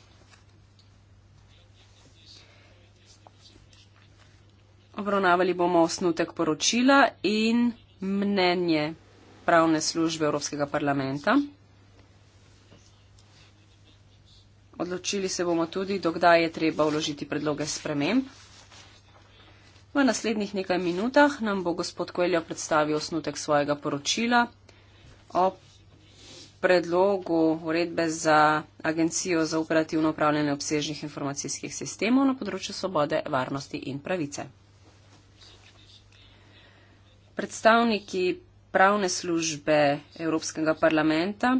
[SPEAKER 3] Obravnavali bomo osnutek poročila in mnenje pravne službe Evropskega parlamenta. Odločili se bomo tudi, dokdaj je treba vložiti predloge sprememb. V naslednjih nekaj minutah nam bo gospod Koeljo predstavil osnutek svojega poročila o predlogu uredbe za Agencijo za operativno upravljanje obsežnih informacijskih sistemov na področju svobode, varnosti in pravice. Predstavniki pravne službe Evropskega parlamenta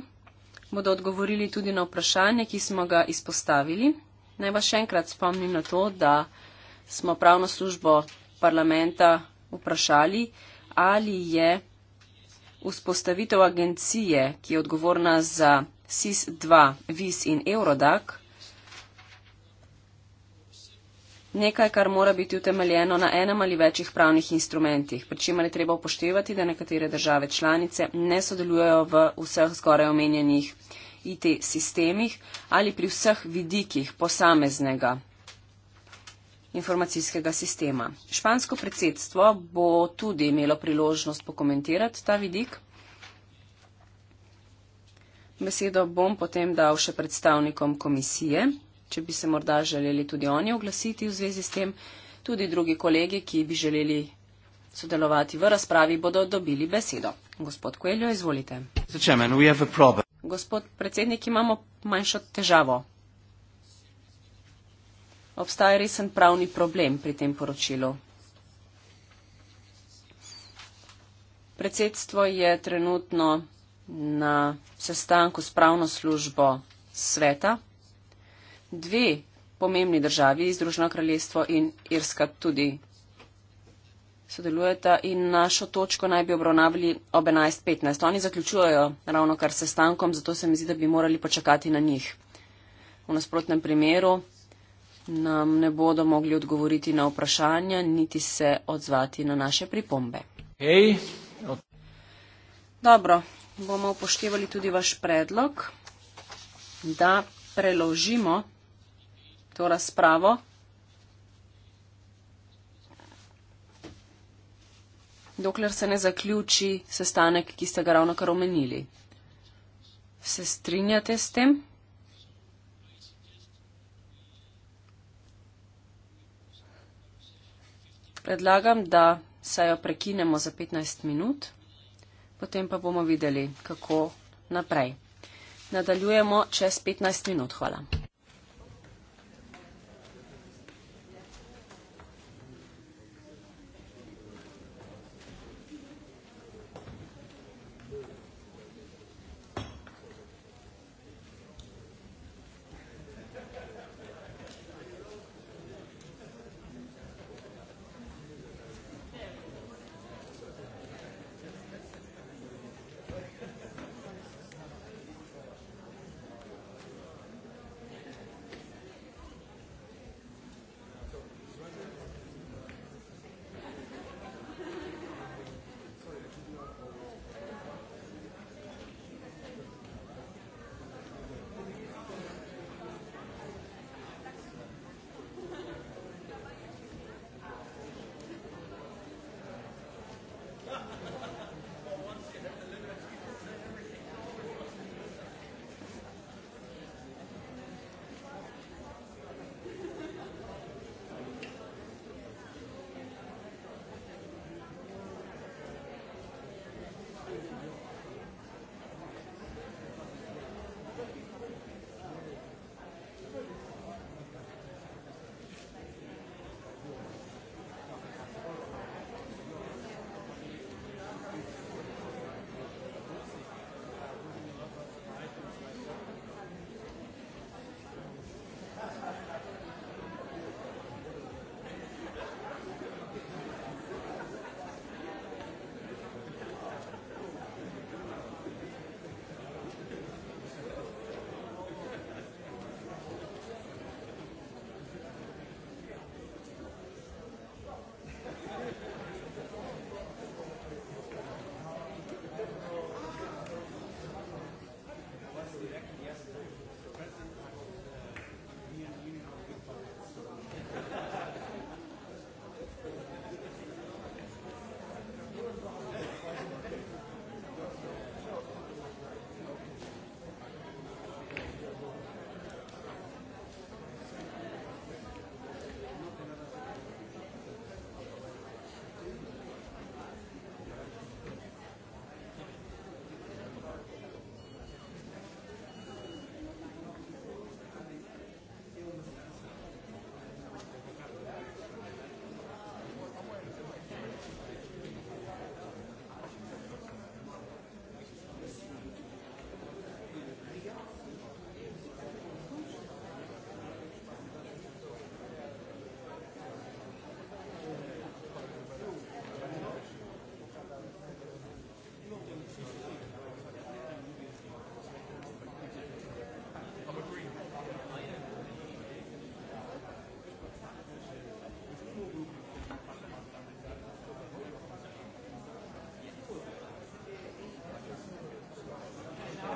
[SPEAKER 3] bodo odgovorili tudi na vprašanje, ki smo ga izpostavili. Naj vas še enkrat spomnim na to, da smo pravno službo parlamenta vprašali, ali je vzpostavitev agencije, ki je odgovorna za SIS-2, VIS in Eurodac, nekaj, kar mora biti utemeljeno na enem ali večjih pravnih instrumentih, pri čemer je treba upoštevati, da nekatere države članice ne sodelujejo v vseh zgoraj omenjenih IT sistemih ali pri vseh vidikih posameznega informacijskega sistema. Špansko predsedstvo bo tudi imelo priložnost pokomentirati ta vidik. Besedo bom potem dal še predstavnikom komisije če bi se morda želeli tudi oni oglasiti v zvezi s tem. Tudi drugi kolegi, ki bi želeli sodelovati v razpravi, bodo dobili besedo. Gospod Koeljo, izvolite. Gospod predsednik, imamo manjšo težavo. Obstaja resen pravni problem pri tem poročilu. Predsedstvo je trenutno na sestanku s pravno službo sveta dve pomembni državi, Združeno kraljestvo in Irska tudi sodelujeta in našo točko naj bi obravnavali ob 11.15. Oni zaključujejo ravno kar se stankom, zato se mi zdi, da bi morali počakati na njih. V nasprotnem primeru nam ne bodo mogli odgovoriti na vprašanja, niti se odzvati na naše pripombe. Hey. Dobro, bomo upoštevali tudi vaš predlog, da preložimo to razpravo. Dokler se ne zaključi sestanek, ki ste ga ravno kar omenili. Se strinjate s tem? Predlagam, da sejo prekinemo za 15 minut, potem pa bomo videli, kako naprej. Nadaljujemo čez 15 minut. Hvala.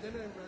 [SPEAKER 3] tener una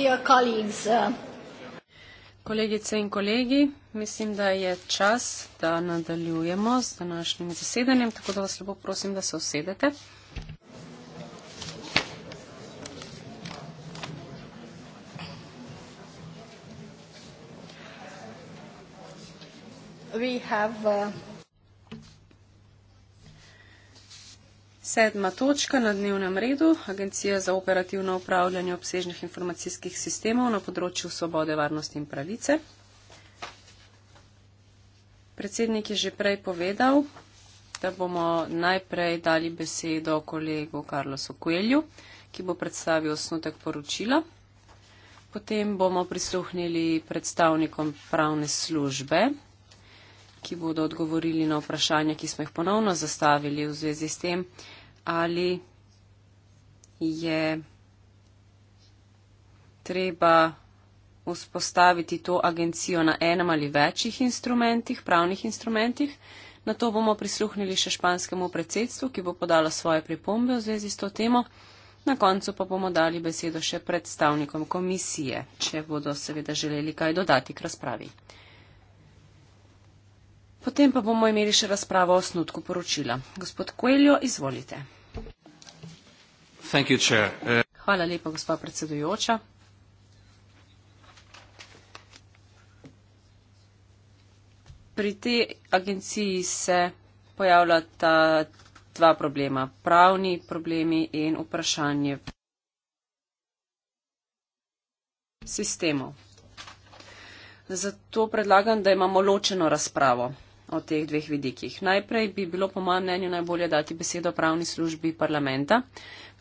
[SPEAKER 3] dear colleagues. Uh, Kolegice in kolegi, mislim, da je čas, da nadaljujemo z današnjim zasedanjem, tako da vas lepo prosim, da se usedete. We have uh, Sedma točka na dnevnem redu. Agencija za operativno upravljanje obsežnih informacijskih sistemov na področju svobode, varnosti in pravice. Predsednik je že prej povedal, da bomo najprej dali besedo kolegu Karlosu Kuelju, ki bo predstavil osnutek poročila. Potem bomo prisluhnili predstavnikom pravne službe ki bodo odgovorili na vprašanja, ki smo jih ponovno zastavili v zvezi s tem, ali je treba vzpostaviti to agencijo na enem ali večjih instrumentih, pravnih instrumentih. Na to bomo prisluhnili še španskemu predsedstvu, ki bo podala svoje pripombe v zvezi s to temo. Na koncu pa bomo dali besedo še predstavnikom komisije, če bodo seveda želeli kaj dodati k razpravi. Potem pa bomo imeli še razpravo o osnutku poročila. Gospod Koeljo, izvolite.
[SPEAKER 2] Uh,
[SPEAKER 3] Hvala lepa, gospa predsedujoča. Pri tej agenciji se pojavlja ta dva problema. Pravni problemi in vprašanje sistemov. Zato predlagam, da imamo ločeno razpravo o teh dveh vidikih. Najprej bi bilo po mojem mnenju najbolje dati besedo pravni službi parlamenta,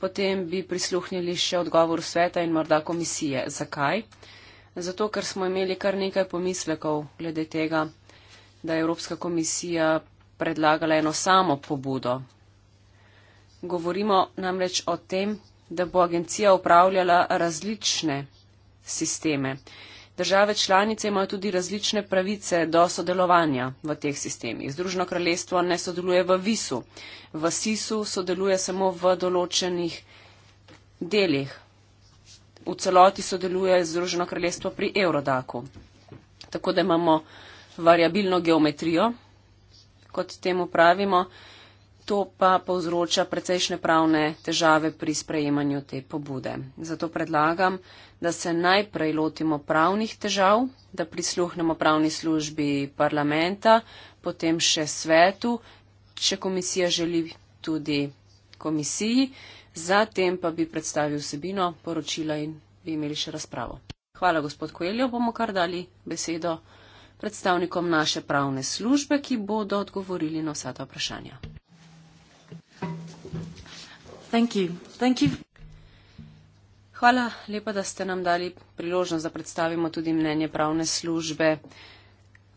[SPEAKER 3] potem bi prisluhnili še odgovor sveta in morda komisije. Zakaj? Zato, ker smo imeli kar nekaj pomislekov glede tega, da je Evropska komisija predlagala eno samo pobudo. Govorimo namreč o tem, da bo agencija upravljala različne sisteme. Države članice imajo tudi različne pravice do sodelovanja v teh sistemih. Združeno kraljestvo ne sodeluje v VIS-u. V SIS-u sodeluje samo v določenih delih. V celoti sodeluje Združeno kraljestvo pri Eurodaku. Tako da imamo variabilno geometrijo, kot temu pravimo to pa povzroča precejšnje pravne težave pri sprejemanju te pobude. Zato predlagam, da se najprej lotimo pravnih težav, da prisluhnemo pravni službi parlamenta, potem še svetu, če komisija želi tudi komisiji, zatem pa bi predstavil vsebino poročila in bi imeli še razpravo. Hvala, gospod Koeljo, bomo kar dali besedo predstavnikom naše pravne službe, ki bodo odgovorili na vsa ta vprašanja. Thank you. Thank you. Hvala lepa, da ste nam dali priložnost, da predstavimo tudi mnenje pravne službe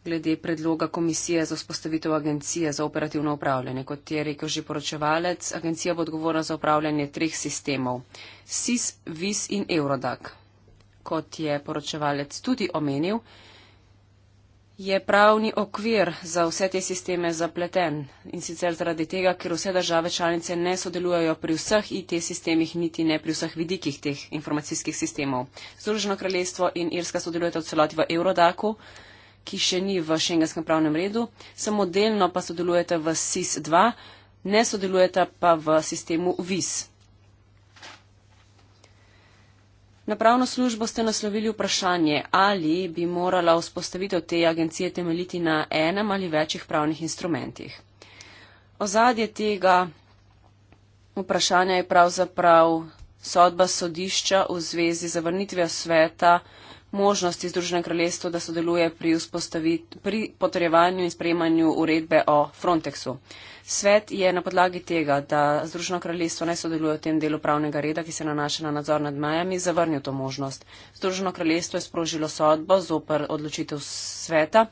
[SPEAKER 3] glede predloga komisije za vzpostavitev agencije za operativno upravljanje. Kot je rekel že poročevalec, agencija bo odgovorna za upravljanje treh sistemov SIS, VIS in Eurodac. Kot je poročevalec tudi omenil, je pravni okvir za vse te sisteme zapleten in sicer zaradi tega, ker vse države članice ne sodelujejo pri vseh IT sistemih, niti ne pri vseh vidikih teh informacijskih sistemov. Združeno kraljestvo in Irska sodelujeta v celoti v Eurodaku, ki še ni v šengenskem pravnem redu, samo delno pa sodelujeta v SIS-2, ne sodelujeta pa v sistemu VIS. Na pravno službo ste naslovili vprašanje, ali bi morala vzpostavitev te agencije temeljiti na enem ali večjih pravnih instrumentih. Ozadje tega vprašanja je pravzaprav sodba sodišča v zvezi z zavrnitvijo sveta možnosti Združene kraljestvo, da sodeluje pri, pri potrjevanju in sprejemanju uredbe o Frontexu. Svet je na podlagi tega, da Združeno kraljestvo ne sodeluje v tem delu pravnega reda, ki se nanaša na nadzor nad majami, zavrnil to možnost. Združeno kraljestvo je sprožilo sodbo zoper odločitev sveta,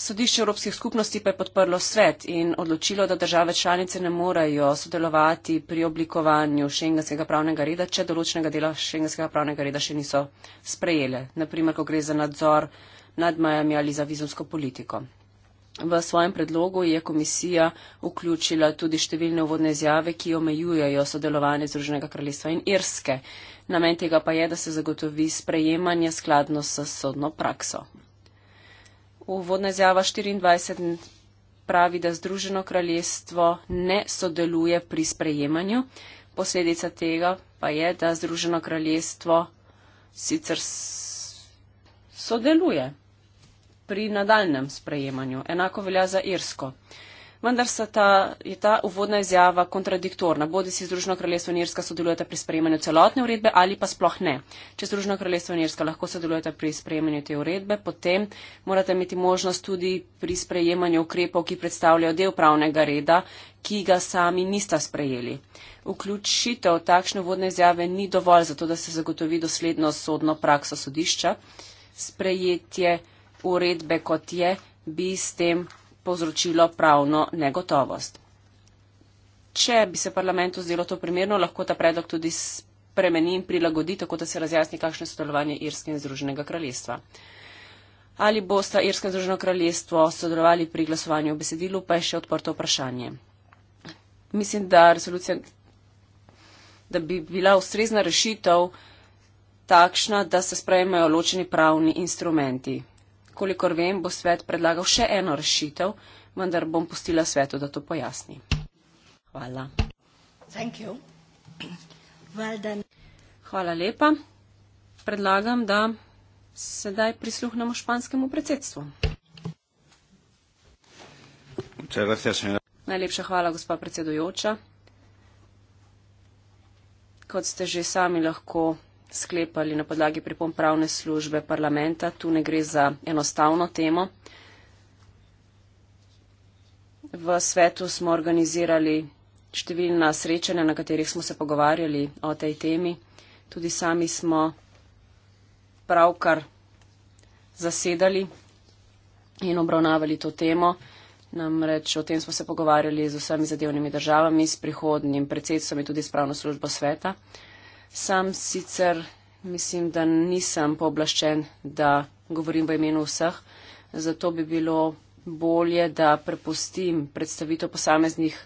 [SPEAKER 3] Sodišče Evropskih skupnosti pa je podprlo svet in odločilo, da države članice ne morejo sodelovati pri oblikovanju šengenskega pravnega reda, če določnega dela šengenskega pravnega reda še niso sprejele, naprimer, ko gre za nadzor nad majami ali za vizumsko politiko. V svojem predlogu je komisija vključila tudi številne uvodne izjave, ki omejujejo sodelovanje Združenega kraljestva in Irske. Namen tega pa je, da se zagotovi sprejemanje skladno s sodno prakso uvodna izjava 24 pravi, da Združeno kraljestvo ne sodeluje pri sprejemanju. Posledica tega pa je, da Združeno kraljestvo sicer sodeluje pri nadaljnem sprejemanju. Enako velja za Irsko. Uh, vendar ta, je ta uvodna izjava kontradiktorna. Bodi si Združeno kraljestvo in Irska sodelujete pri sprejemanju celotne uredbe ali pa sploh ne. Če Združeno kraljestvo in Irska lahko sodelujete pri sprejemanju te uredbe, potem morate imeti možnost tudi pri sprejemanju ukrepov, ki predstavljajo del pravnega reda, ki ga sami nista sprejeli. Vključitev takšne uvodne izjave ni dovolj za to, da se zagotovi dosledno sodno prakso sodišča. Sprejetje uredbe kot je bi s tem povzročilo pravno negotovost. Če bi se parlamentu zdelo to primerno, lahko ta predlog tudi spremeni in prilagodi, tako da se razjasni, kakšno je sodelovanje Irske in Združenega kraljestva. Ali boste Irske in Združeno kraljestvo sodelovali pri glasovanju v besedilu, pa je še odprto vprašanje. Mislim, da resolucija, da bi bila ustrezna rešitev takšna, da se sprejmejo ločeni pravni instrumenti. Kolikor vem, bo svet predlagal še eno rešitev, vendar bom pustila svetu, da to pojasni. Hvala. Well Hvala lepa. Predlagam, da sedaj prisluhnemo španskemu predsedstvu. Najlepša hvala, gospa predsedujoča. Kot ste že sami lahko sklepali na podlagi pripom pravne službe parlamenta. Tu ne gre za enostavno temo. V svetu smo organizirali številna srečanja, na katerih smo se pogovarjali o tej temi. Tudi sami smo pravkar zasedali in obravnavali to temo. Namreč o tem smo se pogovarjali z vsemi zadevnimi državami, s prihodnim predsedstvom in tudi s pravno službo sveta. Sam sicer mislim, da nisem pooblaščen, da govorim v imenu vseh, zato bi bilo bolje, da prepustim predstavitev posameznih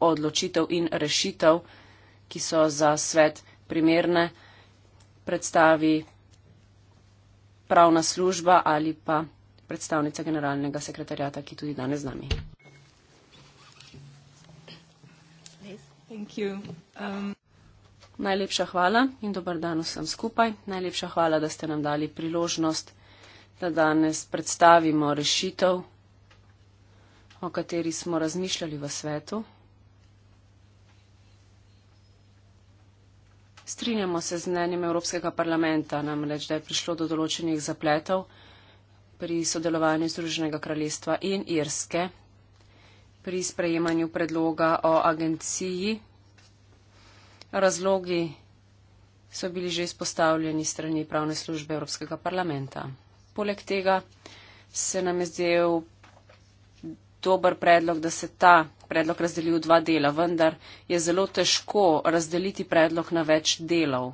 [SPEAKER 3] odločitev in rešitev, ki so za svet primerne, predstavi pravna služba ali pa predstavnica generalnega sekretarjata, ki tudi danes z nami. Thank you. Um... Najlepša hvala in dobar dan vsem skupaj. Najlepša hvala, da ste nam dali priložnost, da danes predstavimo rešitev, o kateri smo razmišljali v svetu. Strinjamo se z mnenjem Evropskega parlamenta, namreč, da je prišlo do določenih zapletov pri sodelovanju Združenega kraljestva in Irske pri sprejemanju predloga o agenciji razlogi so bili že izpostavljeni strani pravne službe Evropskega parlamenta. Poleg tega se nam je zdel dober predlog, da se ta predlog razdeli v dva dela, vendar je zelo težko razdeliti predlog na več delov.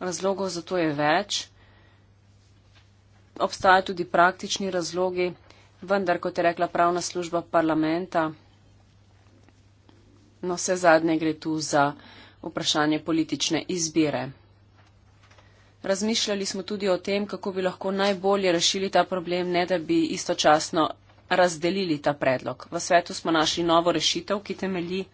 [SPEAKER 3] Razlogov za to je več. Obstajajo tudi praktični razlogi, vendar, kot je rekla pravna služba parlamenta, na no, vse zadnje gre tu za vprašanje politične izbire. Razmišljali smo tudi o tem, kako bi lahko najbolje rešili ta problem, ne da bi istočasno razdelili ta predlog. V svetu smo našli novo rešitev, ki temelji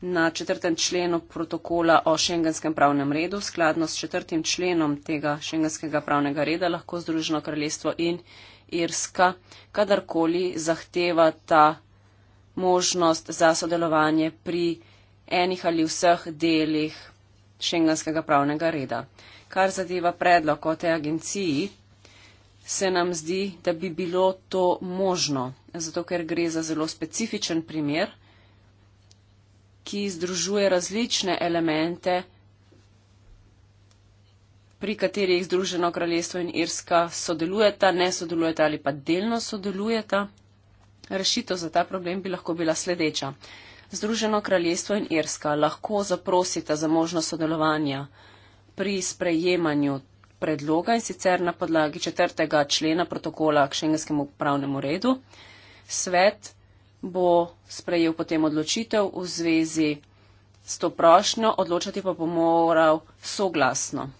[SPEAKER 3] na četrtem členu protokola o šengenskem pravnem redu. Skladno s četrtim členom tega šengenskega pravnega reda lahko Združeno kraljestvo in Irska kadarkoli zahteva ta možnost za sodelovanje pri enih ali vseh delih šengenskega pravnega reda. Kar zadeva predlog o tej agenciji, se nam zdi, da bi bilo to možno, zato ker gre za zelo specifičen primer, ki združuje različne elemente, pri katerih Združeno kraljestvo in Irska sodelujeta, ne sodelujeta ali pa delno sodelujeta. Rešitev za ta problem bi lahko bila sledeča. Združeno kraljestvo in Irska lahko zaprosita za možnost sodelovanja pri sprejemanju predloga in sicer na podlagi četrtega člena protokola k šengenskemu pravnemu redu. Svet bo sprejel potem odločitev v zvezi s to prošnjo, odločati pa bo moral soglasno.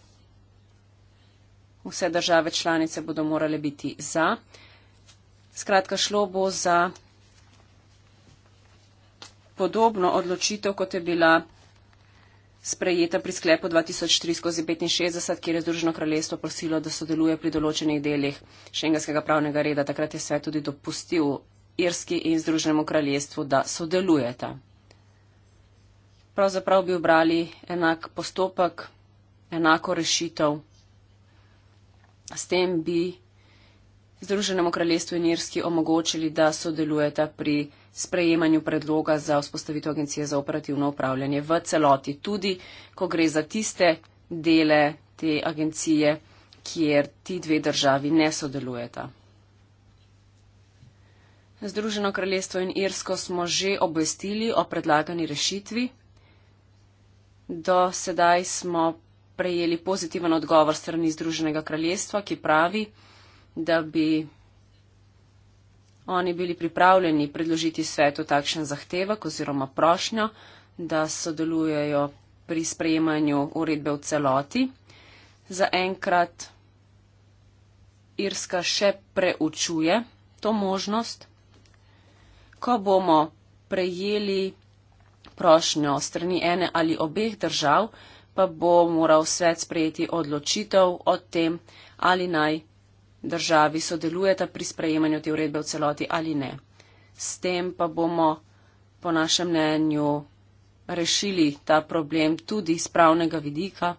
[SPEAKER 3] Vse države članice bodo morale biti za. Skratka, šlo bo za podobno odločitev, kot je bila sprejeta pri sklepu 2003-65, kjer je Združeno kraljestvo prosilo, da sodeluje pri določenih delih šengenskega pravnega reda. Takrat je svet tudi dopustil Irski in Združenemu kraljestvu, da sodelujeta. Pravzaprav bi obrali enak postopek, enako rešitev. S tem bi Združenemu kraljestvu in Irski omogočili, da sodelujeta pri sprejemanju predloga za vzpostavitev agencije za operativno upravljanje v celoti, tudi ko gre za tiste dele te agencije, kjer ti dve državi ne sodelujeta. Združeno kraljestvo in Irsko smo že obvestili o predlagani rešitvi. Do sedaj smo prejeli pozitiven odgovor strani Združenega kraljestva, ki pravi, da da bi oni bili pripravljeni predložiti svetu takšen zahtevek oziroma prošnjo, da sodelujejo pri sprejemanju uredbe v celoti. Za enkrat Irska še preučuje to možnost. Ko bomo prejeli prošnjo strani ene ali obeh držav, pa bo moral svet sprejeti odločitev o tem, ali naj državi sodelujeta pri sprejemanju te uredbe v celoti ali ne. S tem pa bomo, po našem mnenju, rešili ta problem tudi iz pravnega vidika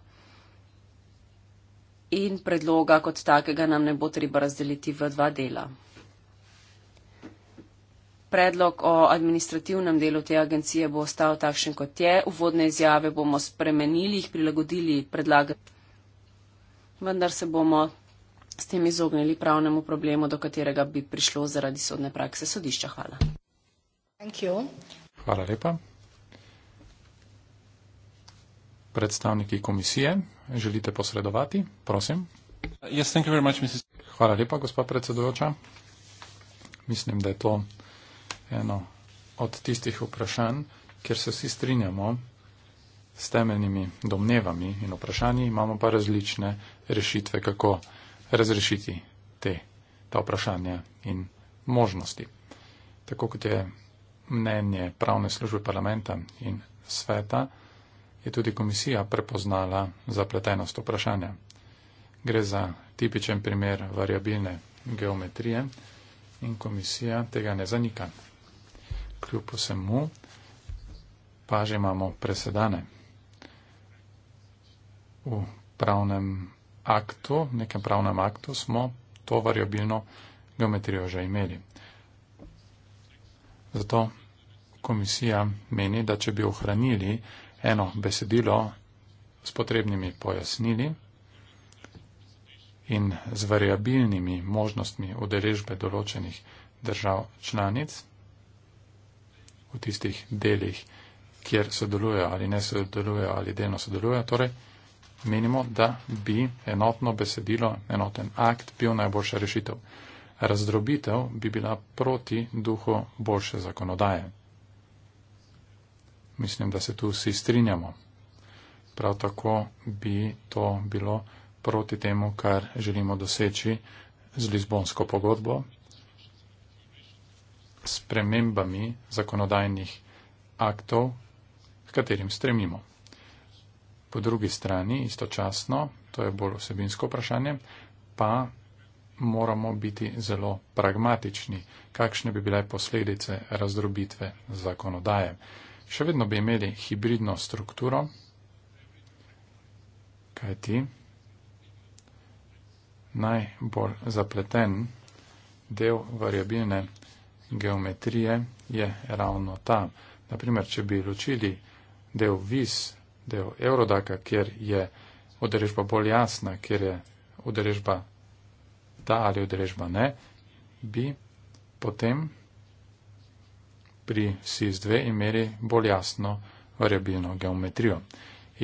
[SPEAKER 3] in predloga kot takega nam ne bo treba razdeliti v dva dela. Predlog o administrativnem delu te agencije bo ostal takšen, kot je. Uvodne izjave bomo spremenili, jih prilagodili predlagati. Vendar se bomo s tem izognili pravnemu problemu, do katerega bi prišlo zaradi sodne prakse sodišča. Hvala.
[SPEAKER 2] Hvala lepa. Predstavniki komisije, želite posredovati? Prosim. Yes, much, Hvala lepa, gospod predsedujoča. Mislim, da je to eno od tistih vprašanj, kjer se vsi strinjamo s temeljnimi domnevami in vprašanji, imamo pa različne rešitve, kako razrešiti te, ta vprašanja in možnosti. Tako kot je mnenje pravne službe parlamenta in sveta, je tudi komisija prepoznala zapletenost vprašanja. Gre za tipičen primer variabilne geometrije in komisija tega ne zanika. Kljub vsemu pa že imamo presedane v pravnem aktu, nekem pravnem aktu, smo to variabilno geometrijo že imeli. Zato komisija meni, da če bi ohranili eno besedilo s potrebnimi pojasnili in z variabilnimi možnostmi udeležbe določenih držav članic v tistih delih, kjer sodelujejo ali ne sodelujejo ali delno sodelujejo, torej menimo, da bi enotno besedilo, enoten akt bil najboljša rešitev. Razdrobitev bi bila proti duhu boljše zakonodaje. Mislim, da se tu vsi strinjamo. Prav tako bi to bilo proti temu, kar želimo doseči z Lizbonsko pogodbo, s premembami zakonodajnih aktov, h katerim stremimo. Po drugi strani, istočasno, to je bolj osebinsko vprašanje, pa moramo biti zelo pragmatični, kakšne bi bile posledice razdrobitve zakonodaje. Še vedno bi imeli hibridno strukturo, kajti najbolj zapleten del variabilne geometrije je ravno ta. Naprimer, če bi ločili del vis del Eurodaka, kjer je odrežba bolj jasna, kjer je odrežba da ali odrežba ne, bi potem pri SIS-2 imeli bolj jasno variabilno geometrijo.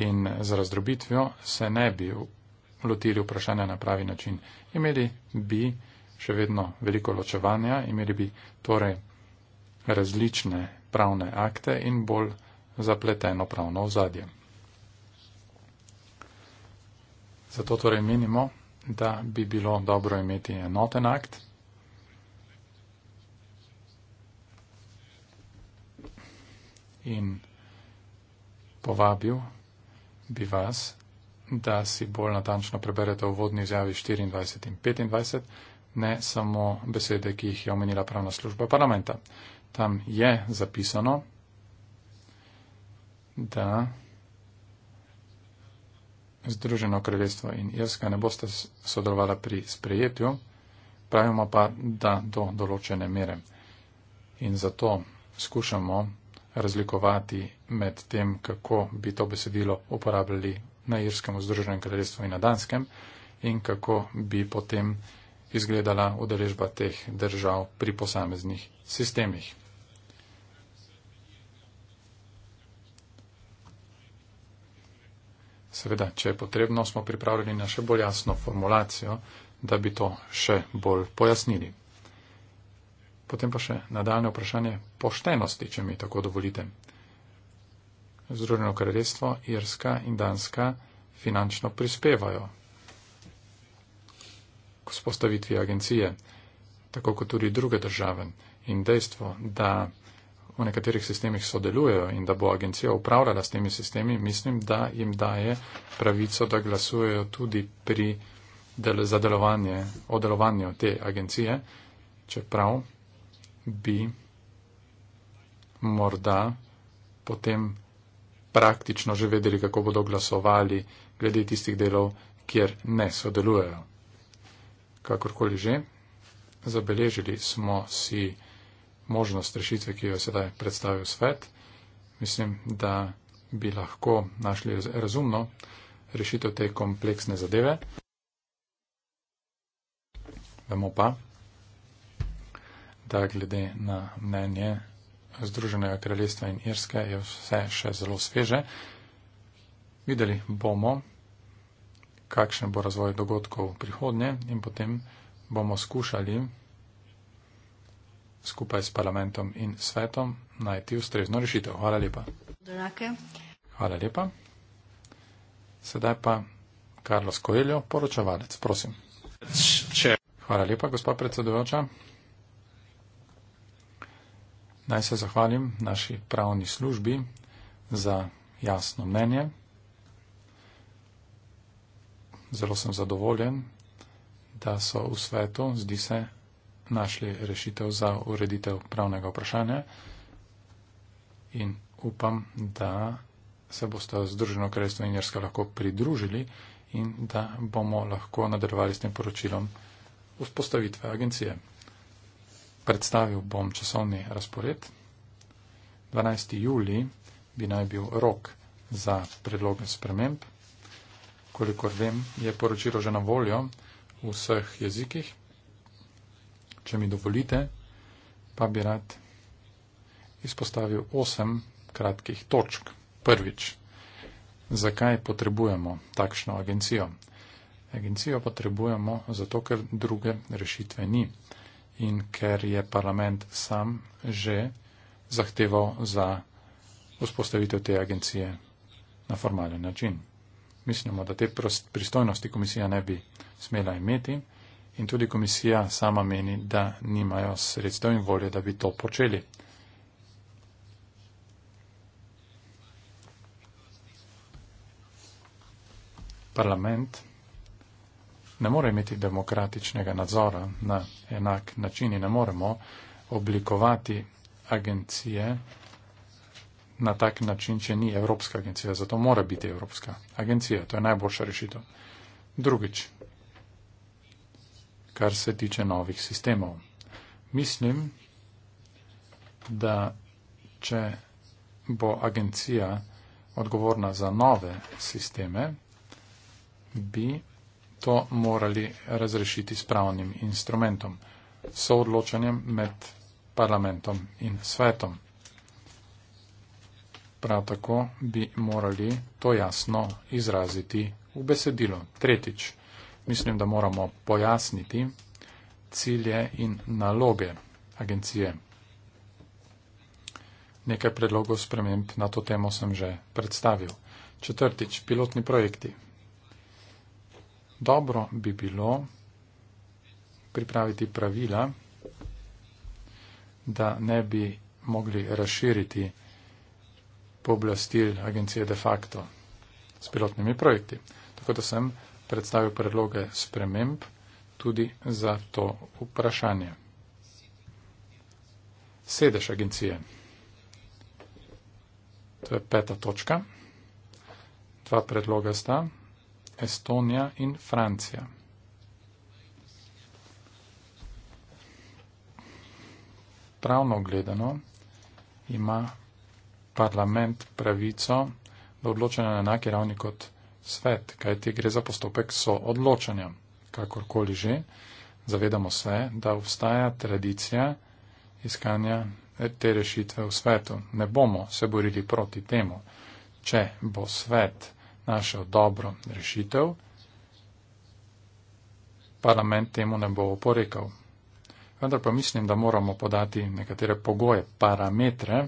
[SPEAKER 2] In z razdrobitvijo se ne bi lotili vprašanja na pravi način. Imeli bi še vedno veliko ločevanja, imeli bi torej različne pravne akte in bolj zapleteno pravno ozadje. Zato torej menimo, da bi bilo dobro imeti enoten akt. In povabil bi vas, da si bolj natančno preberete v vodni izjavi 24 in 25, ne samo besede, ki jih je omenila pravna služba parlamenta. Tam je zapisano, da. Združeno kraljestvo in Irska ne boste sodelovali pri sprejetju, pravimo pa, da do določene mere. In zato skušamo razlikovati med tem, kako bi to besedilo uporabljali na Irskem, v Združenem kraljestvu in na Danskem in kako bi potem izgledala udeležba teh držav pri posameznih sistemih. Seveda, če je potrebno, smo pripravljeni na še bolj jasno formulacijo, da bi to še bolj pojasnili. Potem pa še nadaljne vprašanje poštenosti, če mi tako dovolite. Združeno kraljestvo, Irska in Danska finančno prispevajo k spostavitvi agencije, tako kot tudi druge države. In dejstvo, da v nekaterih sistemih sodelujejo in da bo agencija upravljala s temi sistemi, mislim, da jim daje pravico, da glasujejo tudi pri del za delovanje, o delovanju te agencije, čeprav bi morda potem praktično že vedeli, kako bodo glasovali glede tistih delov, kjer ne sodelujejo. Kakorkoli že, zabeležili smo si, možnost rešitve, ki jo je sedaj predstavil svet. Mislim, da bi lahko našli razumno rešitev te kompleksne zadeve. Vemo pa, da glede na mnenje Združenega kraljestva in Irske je vse še zelo sveže. Videli bomo, kakšen bo razvoj dogodkov v prihodnje in potem bomo skušali skupaj s parlamentom in svetom najti ustrezno rešitev. Hvala lepa. Hvala lepa. Sedaj pa Carlos Coelho, poročevalec, prosim. Hvala lepa, gospod predsedujoča. Naj se zahvalim naši pravni službi za jasno mnenje. Zelo sem zadovoljen, da so v svetu, zdi se, našli rešitev za ureditev pravnega vprašanja in upam, da se boste Združeno kraljestvo in Jerska lahko pridružili in da bomo lahko nadaljevali s tem poročilom vzpostavitve agencije. Predstavil bom časovni razpored. 12. juli bi naj bil rok za predloge sprememb. Kolikor vem, je poročilo že na voljo v vseh jezikih če mi dovolite, pa bi rad izpostavil osem kratkih točk. Prvič, zakaj potrebujemo takšno agencijo? Agencijo potrebujemo zato, ker druge rešitve ni in ker je parlament sam že zahteval za vzpostavitev te agencije na formalen način. Mislimo, da te pristojnosti komisija ne bi smela imeti in tudi komisija sama meni, da nimajo sredstev in volje, da bi to počeli. Parlament ne more imeti demokratičnega nadzora na enak način in ne moremo oblikovati agencije na tak način, če ni Evropska agencija. Zato mora biti Evropska agencija. To je najboljša rešitev. Drugič, kar se tiče novih sistemov. Mislim, da če bo agencija odgovorna za nove sisteme, bi to morali razrešiti s pravnim instrumentom, soodločanjem med parlamentom in svetom. Prav tako bi morali to jasno izraziti v besedilo. Tretjič mislim, da moramo pojasniti cilje in naloge agencije. Nekaj predlogov sprememb na to temo sem že predstavil. Četrtič, pilotni projekti. Dobro bi bilo pripraviti pravila, da ne bi mogli razširiti pooblastil agencije de facto s pilotnimi projekti. Tako da sem predstavil predloge sprememb tudi za to vprašanje. Sedež agencije. To je peta točka. Dva predloga sta Estonija in Francija. Pravno gledano ima parlament pravico do odločanja na enaki ravni kot svet, kajti gre za postopek soodločanja. Kakorkoli že, zavedamo se, da obstaja tradicija iskanja eh, te rešitve v svetu. Ne bomo se borili proti temu. Če bo svet našel dobro rešitev, parlament temu ne bo oporekal. Vendar pa mislim, da moramo podati nekatere pogoje, parametre,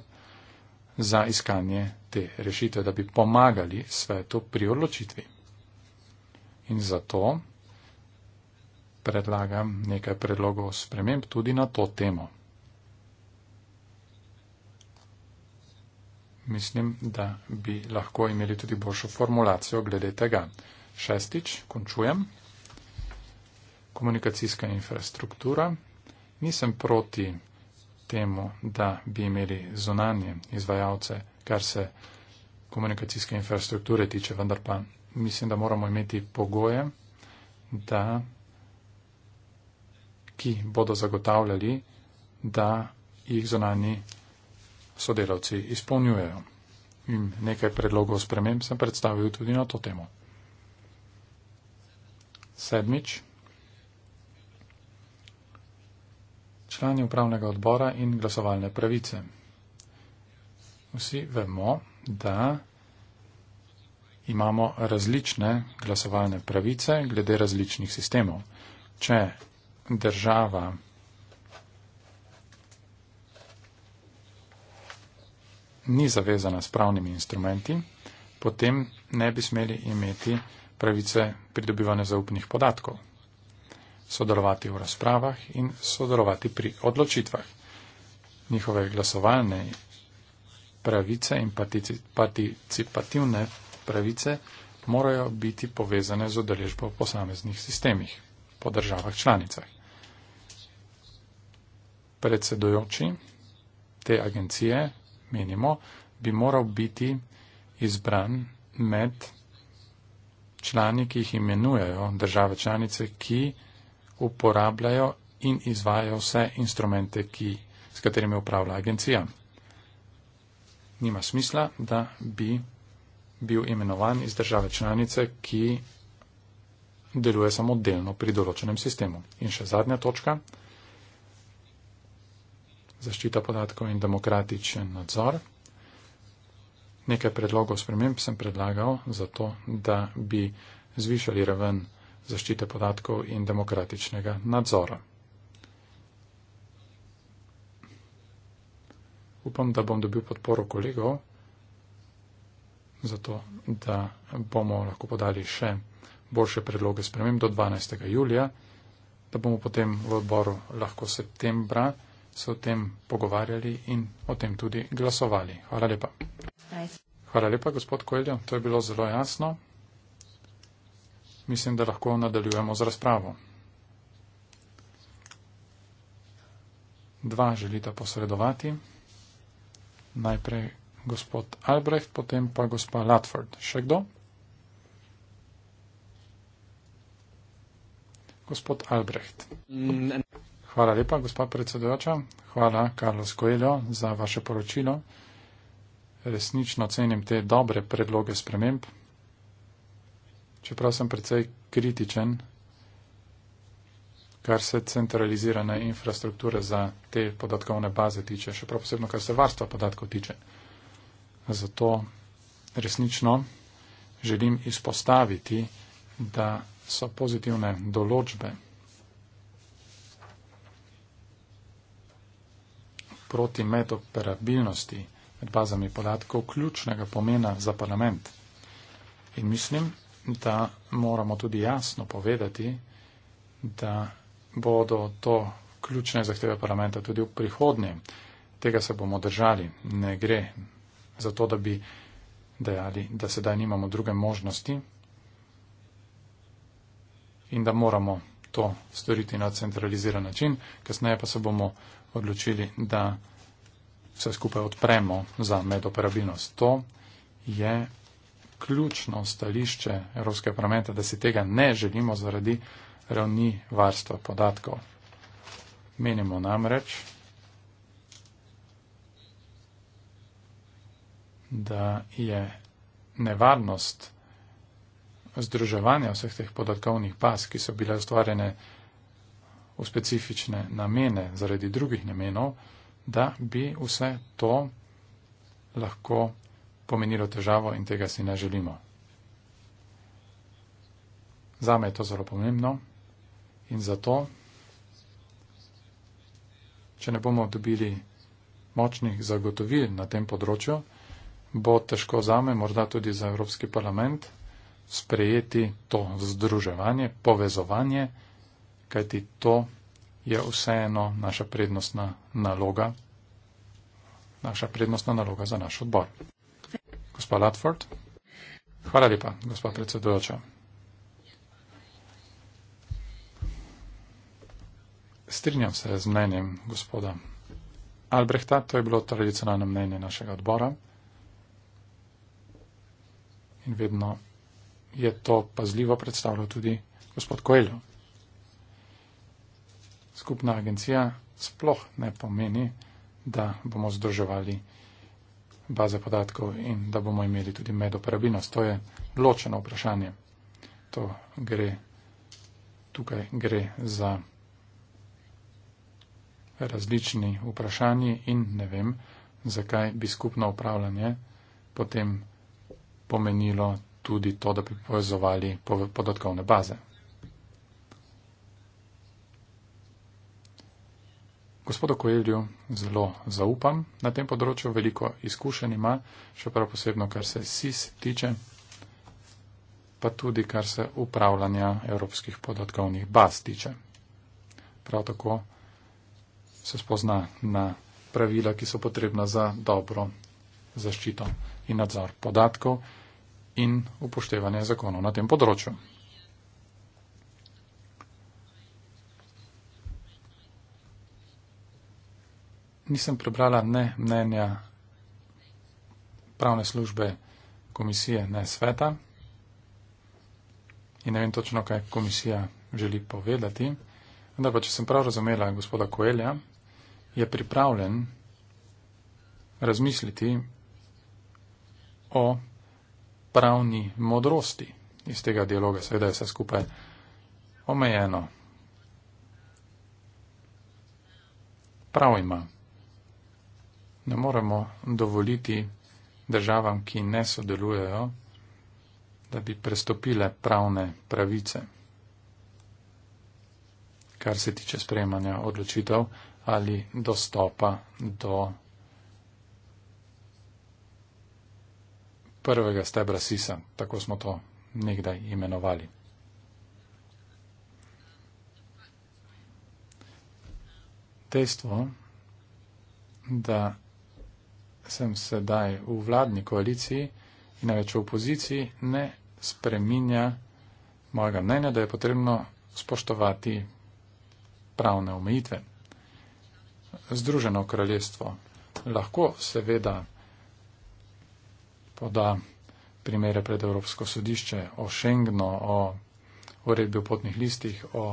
[SPEAKER 2] za iskanje te rešitve, da bi pomagali svetu pri odločitvi. In zato predlagam nekaj predlogov sprememb tudi na to temo. Mislim, da bi lahko imeli tudi boljšo formulacijo glede tega. Šestič, končujem. Komunikacijska infrastruktura. Nisem proti temu, da bi imeli zonanje izvajalce, kar se komunikacijske infrastrukture tiče, vendar pa mislim, da moramo imeti pogoje, da, ki bodo zagotavljali, da jih zonani sodelavci izpolnjujejo. In nekaj predlogov sprememb sem predstavil tudi na to temo. Sedmič. člani upravnega odbora in glasovalne pravice. Vsi vemo, da imamo različne glasovalne pravice glede različnih sistemov. Če država ni zavezana s pravnimi instrumenti, potem ne bi smeli imeti pravice pridobivanja zaupnih podatkov sodelovati v razpravah in sodelovati pri odločitvah. Njihove glasovalne pravice in participativne pravice morajo biti povezane z odeležbo v posameznih sistemih po državah članicah. Predsedujoči te agencije, menimo, bi moral biti izbran med člani, ki jih imenujejo države članice, ki uporabljajo in izvajajo vse instrumente, ki, s katerimi upravlja agencija. Nima smisla, da bi bil imenovan iz države članice, ki deluje samo delno pri določenem sistemu. In še zadnja točka. Zaščita podatkov in demokratičen nadzor. Nekaj predlogov sprememb sem predlagal zato, da bi zvišali raven zaščite podatkov in demokratičnega nadzora. Upam, da bom dobil podporo kolegov, zato da bomo lahko podali še boljše predloge spremem do 12. julija, da bomo potem v odboru lahko septembra se o tem pogovarjali in o tem tudi glasovali. Hvala lepa. Hvala lepa, gospod Koeljo. To je bilo zelo jasno mislim, da lahko nadaljujemo z razpravo. Dva želita posredovati. Najprej gospod Albrecht, potem pa gospa Latford. Še kdo? Gospod Albrecht. Hvala lepa, gospa predsedujoča. Hvala, Carlos Coelho, za vaše poročilo. Resnično cenim te dobre predloge sprememb čeprav sem precej kritičen, kar se centralizirane infrastrukture za te podatkovne baze tiče, še prav posebno, kar se varstva podatkov tiče. Zato resnično želim izpostaviti, da so pozitivne določbe proti medoperabilnosti med bazami podatkov ključnega pomena za parlament. In mislim, da moramo tudi jasno povedati, da bodo to ključne zahteve parlamenta tudi v prihodnje. Tega se bomo držali. Ne gre za to, da bi dejali, da sedaj nimamo druge možnosti in da moramo to storiti na centraliziran način. Kasneje pa se bomo odločili, da vse skupaj odpremo za medoperabilnost. To je ključno stališče Evropskega parlamenta, da si tega ne želimo zaradi ravni varstva podatkov. Menimo namreč, da je nevarnost združevanja vseh teh podatkovnih baz, ki so bile ustvarjene v specifične namene zaradi drugih namenov, da bi vse to lahko pomenilo težavo in tega si ne želimo. Zame je to zelo pomembno in zato, če ne bomo dobili močnih zagotovil na tem področju, bo težko zame, morda tudi za Evropski parlament, sprejeti to združevanje, povezovanje, kajti to je vseeno naša prednostna naloga, naša prednostna naloga za naš odbor. Gospa Latford. Hvala lepa, gospa predsedujoča. Strinjam se z mnenjem gospoda Albrehta, to je bilo tradicionalno mnenje našega odbora. In vedno je to pazljivo predstavljal tudi gospod Koeljo. Skupna agencija sploh ne pomeni, da bomo združevali baze podatkov in da bomo imeli tudi medoperabilnost. To je ločeno vprašanje. To gre, tukaj gre za različni vprašanji in ne vem, zakaj bi skupno upravljanje potem pomenilo tudi to, da bi povezovali podatkovne baze. gospodu Koelju zelo zaupam na tem področju, veliko izkušenj ima, še prav posebno, kar se SIS tiče, pa tudi, kar se upravljanja evropskih podatkovnih baz tiče. Prav tako se spozna na pravila, ki so potrebna za dobro zaščito in nadzor podatkov in upoštevanje zakonov na tem področju. nisem prebrala ne mnenja pravne službe komisije, ne sveta. In ne vem točno, kaj komisija želi povedati. Vendar pa, če sem prav razumela gospoda Koelja, je pripravljen razmisliti o pravni modrosti iz tega dialoga. Seveda je vse skupaj omejeno. Prav ima ne moremo dovoliti državam, ki ne sodelujejo, da bi prestopile pravne pravice, kar se tiče sprejemanja odločitev ali dostopa do prvega stebra Sisa, tako smo to nekdaj imenovali. Dejstvo, da sem sedaj v vladni koaliciji in največ v opoziciji, ne spreminja mojega mnenja, da je potrebno spoštovati pravne omejitve. Združeno kraljestvo lahko seveda poda primere pred Evropsko sodišče o Schengnu, o uredbi o potnih listih, o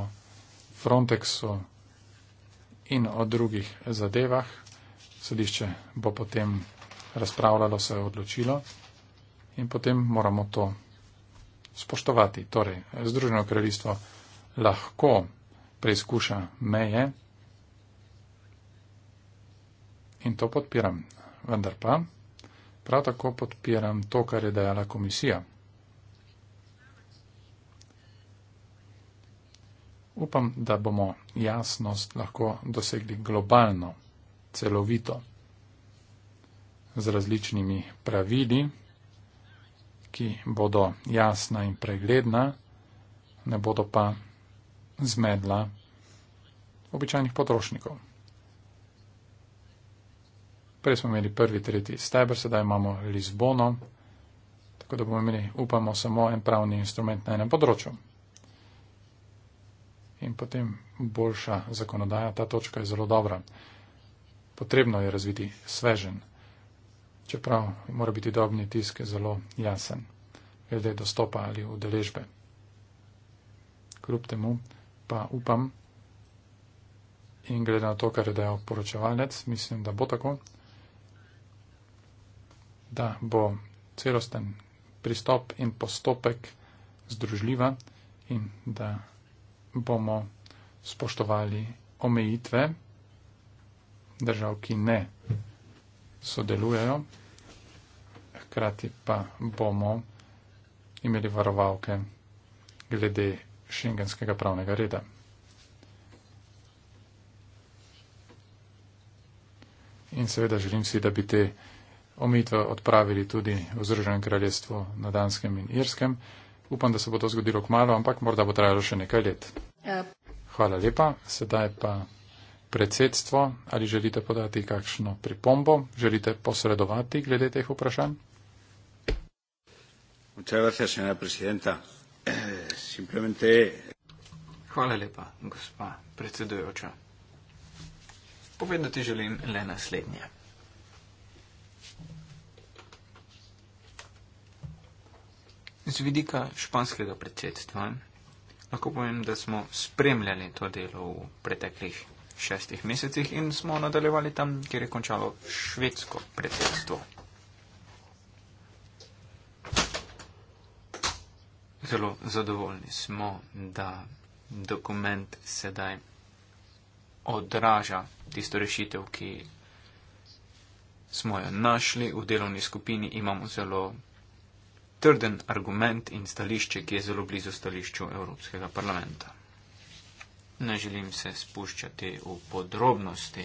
[SPEAKER 2] Frontexu in o drugih zadevah, sodišče bo potem razpravljalo, se je odločilo in potem moramo to spoštovati. Torej, Združeno kraljestvo lahko preizkuša meje in to podpiram. Vendar pa prav tako podpiram to, kar je dejala komisija. Upam, da bomo jasnost lahko dosegli globalno celovito z različnimi pravili, ki bodo jasna in pregledna, ne bodo pa zmedla običajnih potrošnikov. Prej smo imeli prvi, tretji steber, sedaj imamo Lizbono, tako da bomo imeli, upamo, samo en pravni instrument na enem področju. In potem boljša zakonodaja, ta točka je zelo dobra. Potrebno je razviti svežen, čeprav mora biti dobni tisk zelo jasen, glede dostopa ali udeležbe. Kljub temu pa upam in glede na to, kar je dejal poročevalec, mislim, da bo tako, da bo celosten pristop in postopek združljiva in da bomo spoštovali omejitve držav, ki ne sodelujejo, hkrati pa bomo imeli varovalke glede šengenskega pravnega reda. In seveda želim si, da bi te omitve odpravili tudi v Združenem kraljestvu na Danskem in Irskem. Upam, da se bo to zgodilo k malo, ampak morda bo trajalo še nekaj let. Ja. Hvala lepa, sedaj pa predsedstvo, ali želite podati kakšno pripombo, želite posredovati glede teh vprašanj?
[SPEAKER 4] Hvala lepa, gospa predsedujoča. Povedati želim le naslednje. Z vidika španskega predsedstva lahko povem, da smo spremljali to delo v preteklih šestih mesecih in smo nadaljevali tam, kjer je končalo švedsko predsedstvo. Zelo zadovoljni smo, da dokument sedaj odraža tisto rešitev, ki smo jo našli v delovni skupini. Imamo zelo trden argument in stališče, ki je zelo blizu stališču Evropskega parlamenta. Ne želim se spuščati v podrobnosti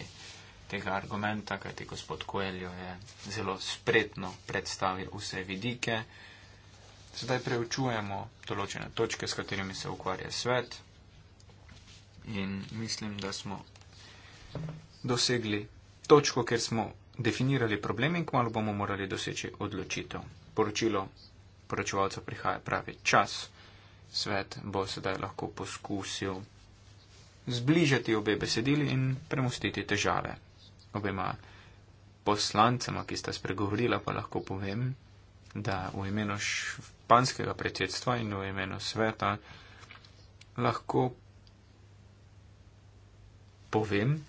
[SPEAKER 4] tega argumenta, kajti gospod Koeljo je zelo spretno predstavil vse vidike. Sedaj preučujemo določene točke, s katerimi se ukvarja svet in mislim, da smo dosegli točko, kjer smo definirali problem in kmalo bomo morali doseči odločitev. Poročilo poročevalca prihaja pravi čas. Svet bo sedaj lahko poskusil zbližati obe besedili in premustiti težave. Obema poslancema, ki sta spregovorila, pa lahko povem, da v imenu španskega predsedstva in v imenu sveta lahko povem,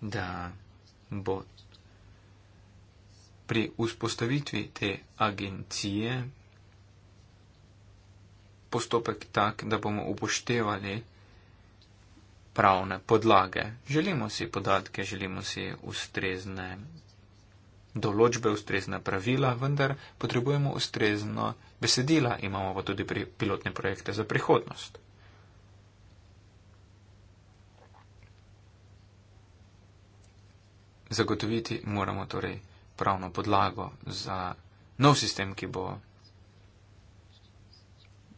[SPEAKER 4] da bo pri vzpostavitvi te agencije postopek tak, da bomo upoštevali pravne podlage. Želimo si podatke, želimo si ustrezne določbe, ustrezna pravila, vendar potrebujemo ustrezno besedila, imamo pa tudi pri pilotne projekte za prihodnost. Zagotoviti moramo torej pravno podlago za nov sistem, ki bo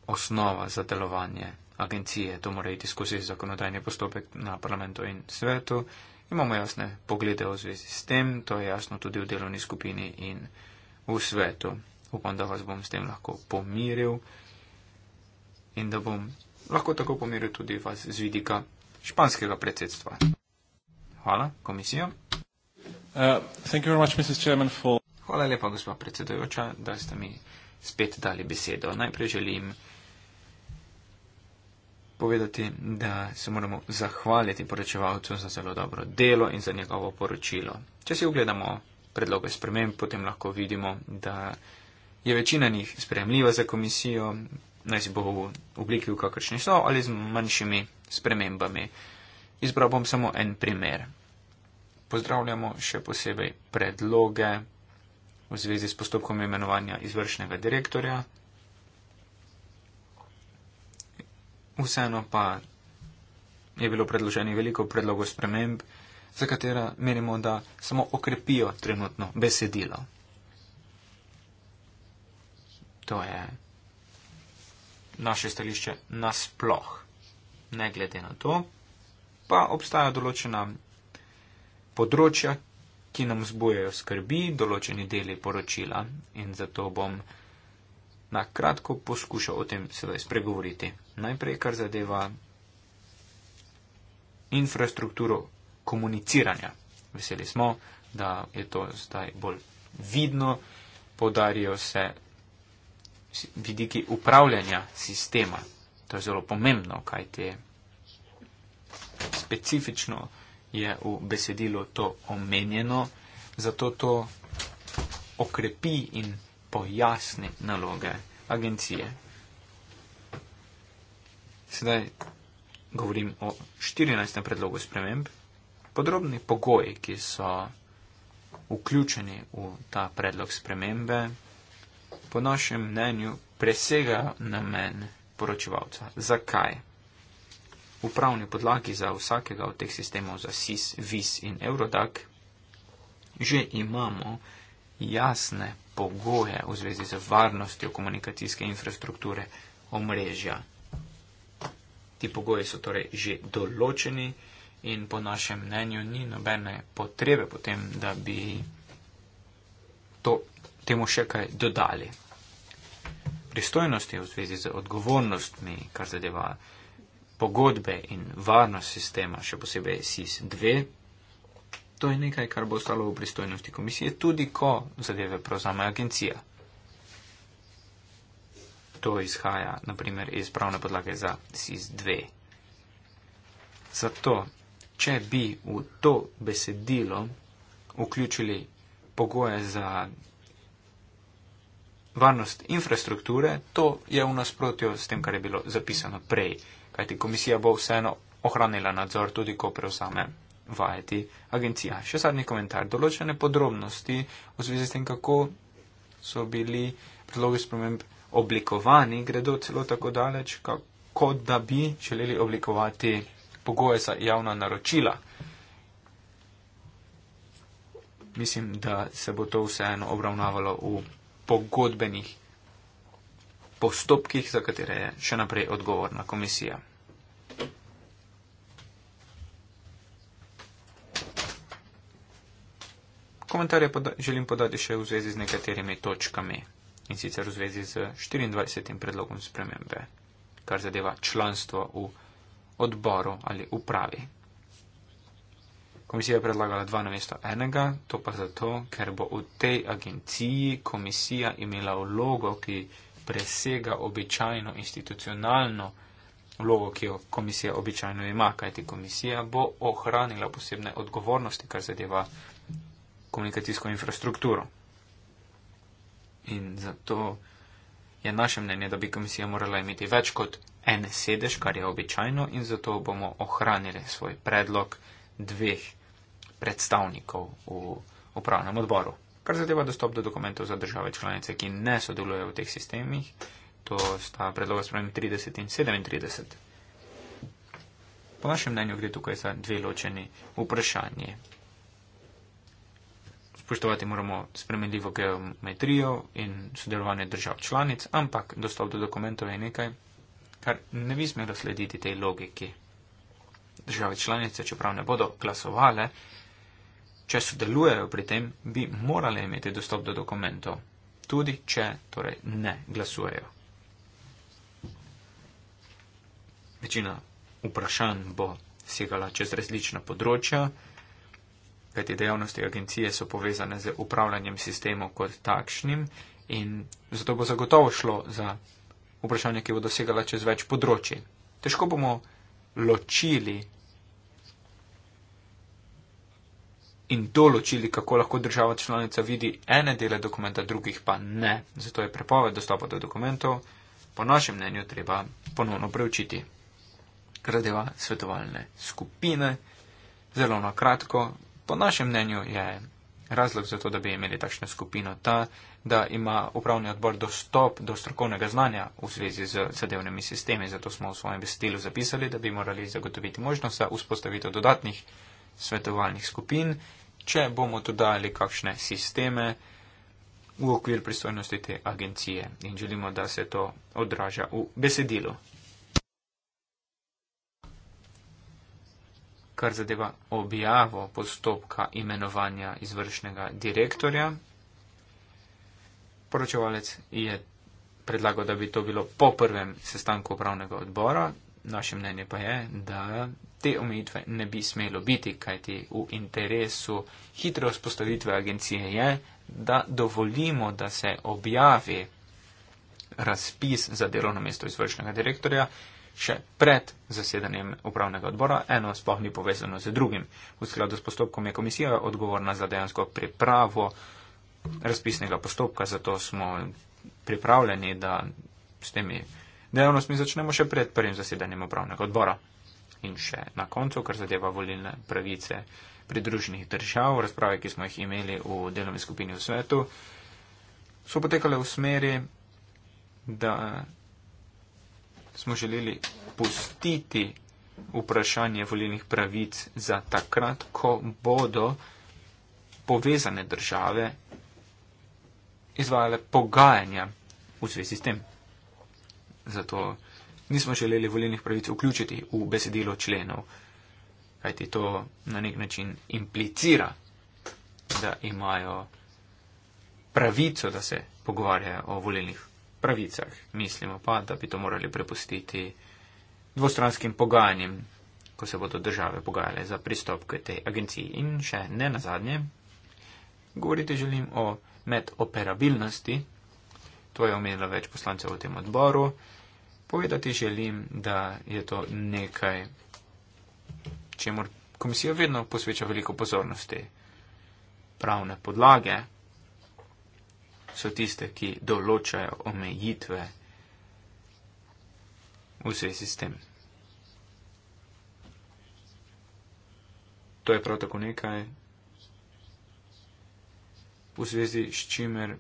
[SPEAKER 4] osnova za delovanje agencije. To mora iti skozi zakonodajni postopek na parlamentu in svetu. Imamo jasne poglede o zvezi s tem, to je jasno tudi v delovni skupini in v svetu. Upam, da vas bom s tem lahko pomiril in da bom lahko tako pomiril tudi vas z vidika španskega predsedstva. Hvala, komisija. Uh, for... Hvala lepa, gospod predsedujoča, da ste mi spet dali besedo. Najprej želim povedati, da se moramo zahvaliti poročevalcu za zelo dobro delo in za njegovo poročilo. Če si ogledamo predloge sprememb, potem lahko vidimo, da je večina njih sprejemljiva za komisijo, naj si bo v obliki, v kakršni so, ali z manjšimi spremembami. Izbral bom samo en primer. Pozdravljamo še posebej predloge v zvezi s postopkom imenovanja izvršnega direktorja vseeno pa je bilo predloženi veliko predlogov sprememb, za katera menimo, da samo okrepijo trenutno besedilo. To je naše stališče nasploh. Ne glede na to, pa obstaja določena področja, ki nam zbujajo skrbi, določeni deli poročila in zato bom na kratko poskušal o tem seveda spregovoriti najprej kar zadeva infrastrukturo komuniciranja. Veseli smo, da je to zdaj bolj vidno, podarijo se vidiki upravljanja sistema. To je zelo pomembno, kaj te specifično je v besedilu to omenjeno, zato to okrepi in pojasni naloge agencije. Sedaj govorim o 14. predlogu sprememb. Podrobni pogoji, ki so vključeni v ta predlog spremembe, po našem mnenju presegajo namen poročevalca. Zakaj? Upravni podlagi za vsakega od teh sistemov, za SIS, VIS in Eurodac, že imamo jasne pogoje v zvezi z varnostjo komunikacijske infrastrukture, omrežja Ti pogoji so torej že določeni in po našem mnenju ni nobene potrebe potem, da bi to, temu še kaj dodali. Pristojnosti v zvezi z odgovornostmi, kar zadeva pogodbe in varnost sistema, še posebej SIS-2, to je nekaj, kar bo ostalo v pristojnosti komisije, tudi ko zadeve prevzame agencija to izhaja, naprimer, iz pravne podlage za SIS-2. Zato, če bi v to besedilo vključili pogoje za varnost infrastrukture, to je v nasprotju s tem, kar je bilo zapisano prej. Kajti komisija bo vseeno ohranila nadzor, tudi ko preusame vajeti agencija. Še zadnji komentar. Določene podrobnosti v zvezi s tem, kako so bili predlogi sprememb oblikovani, gredo celo tako daleč, kot da bi želeli oblikovati pogoje za javna naročila. Mislim, da se bo to vseeno obravnavalo v pogodbenih postopkih, za katere je še naprej odgovorna komisija. Komentarje poda želim podati še v zvezi z nekaterimi točkami in sicer v zvezi z 24. predlogom spremembe, kar zadeva članstvo v odboru ali upravi. Komisija je predlagala dva namesto enega, to pa zato, ker bo v tej agenciji komisija imela vlogo, ki presega običajno institucionalno vlogo, ki jo komisija običajno ima, kajti komisija bo ohranila posebne odgovornosti, kar zadeva komunikacijsko infrastrukturo. In zato je naše mnenje, da bi komisija morala imeti več kot en sedež, kar je običajno, in zato bomo ohranili svoj predlog dveh predstavnikov v upravnem odboru. Kar zadeva dostop do dokumentov za države članice, ki ne sodelujejo v teh sistemih, to sta predloga spremem 30 in 37. Po našem mnenju gre tukaj za dve ločeni vprašanje spoštovati moramo spremenljivo geometrijo in sodelovanje držav članic, ampak dostop do dokumentov je nekaj, kar ne bi smelo slediti tej logiki. Države članice, čeprav ne bodo glasovale, če sodelujejo pri tem, bi morale imeti dostop do dokumentov, tudi če torej ne glasujejo. Večina vprašanj bo segala čez različna področja kajti dejavnosti agencije so povezane z upravljanjem sistemov kot takšnim in zato bo zagotovo šlo za vprašanje, ki bo dosegala čez več področji. Težko bomo ločili in določili, kako lahko država članica vidi ene dele dokumenta, drugih pa ne. Zato je prepoved dostopa do dokumentov po našem mnenju treba ponovno preučiti. Kradeva svetovalne skupine. Zelo na kratko, Po našem mnenju je razlog za to, da bi imeli takšno skupino ta, da ima upravni odbor dostop do strokovnega znanja v zvezi z zadevnimi sistemi, zato smo v svojem besedilu zapisali, da bi morali zagotoviti možnost za vzpostavitev dodatnih svetovalnih skupin, če bomo dodali kakšne sisteme v okvir pristojnosti te agencije in želimo, da se to odraža v besedilu. kar zadeva objavo postopka imenovanja izvršnega direktorja. Poročevalec je predlagal, da bi to bilo po prvem sestanku upravnega odbora. Naše mnenje pa je, da te omejitve ne bi smelo biti, kajti v interesu hitre vzpostavitve agencije je, da dovolimo, da se objavi razpis za delovno mesto izvršnega direktorja, še pred zasedanjem upravnega odbora, eno sploh ni povezano z drugim. V skladu s postopkom je komisija odgovorna za dejansko pripravo razpisnega postopka, zato smo pripravljeni, da s temi dejavnostmi začnemo še pred prvim zasedanjem upravnega odbora. In še na koncu, kar zadeva volilne pravice pridruženih držav, razprave, ki smo jih imeli v delovni skupini v svetu, so potekale v smeri, da smo želeli pustiti vprašanje volilnih pravic za takrat, ko bodo povezane države izvajale pogajanja v zvezi s tem. Zato nismo želeli volilnih pravic vključiti v besedilo členov, kajti to na nek način implicira, da imajo pravico, da se pogovarjajo o volilnih pravicah. Mislimo pa, da bi to morali prepustiti dvostranskim pogajanjem, ko se bodo države pogajale za pristop k tej agenciji. In še ne na zadnje, govoriti želim o medoperabilnosti, to je omenilo več poslancev v tem odboru, povedati želim, da je to nekaj, čemu komisija vedno posveča veliko pozornosti. Pravne podlage, so tiste, ki določajo omejitve v vsej sistem. To je prav tako nekaj, v zvezi s čimer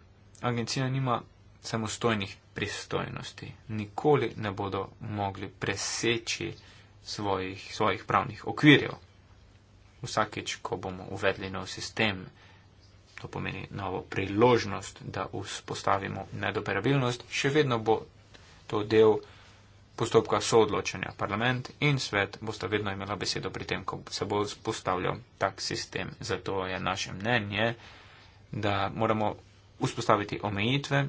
[SPEAKER 4] agencija nima samostojnih pristojnosti. Nikoli ne bodo mogli preseči svojih, svojih pravnih okvirjev. Vsakeč, ko bomo uvedli nov sistem, to pomeni novo priložnost, da vzpostavimo nedoperabilnost, še vedno bo to del postopka soodločanja. Parlament in svet bosta vedno imela besedo pri tem, ko se bo vzpostavljal tak sistem. Zato je naše mnenje, da moramo vzpostaviti omejitve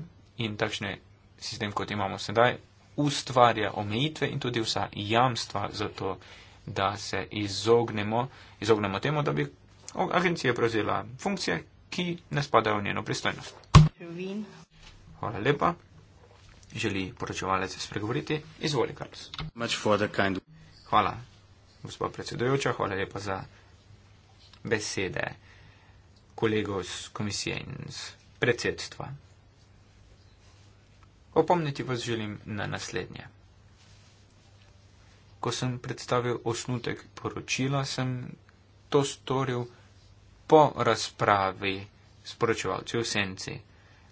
[SPEAKER 4] in takšne sistem, kot imamo sedaj, ustvarja omejitve in tudi vsa jamstva za to, da se izognemo, izognemo temu, da bi agencija prevzela funkcije, ki ne spadajo v njeno pristojnost. Vin. Hvala lepa. Želi poročevalec spregovoriti? Izvoli, Karls. Hvala, gospod predsedujoča. Hvala lepa za besede kolegov z komisije in z predsedstva. Opomniti vas želim na naslednje. Ko sem predstavil osnutek poročila, sem to storil po razpravi sporočevalci v senci.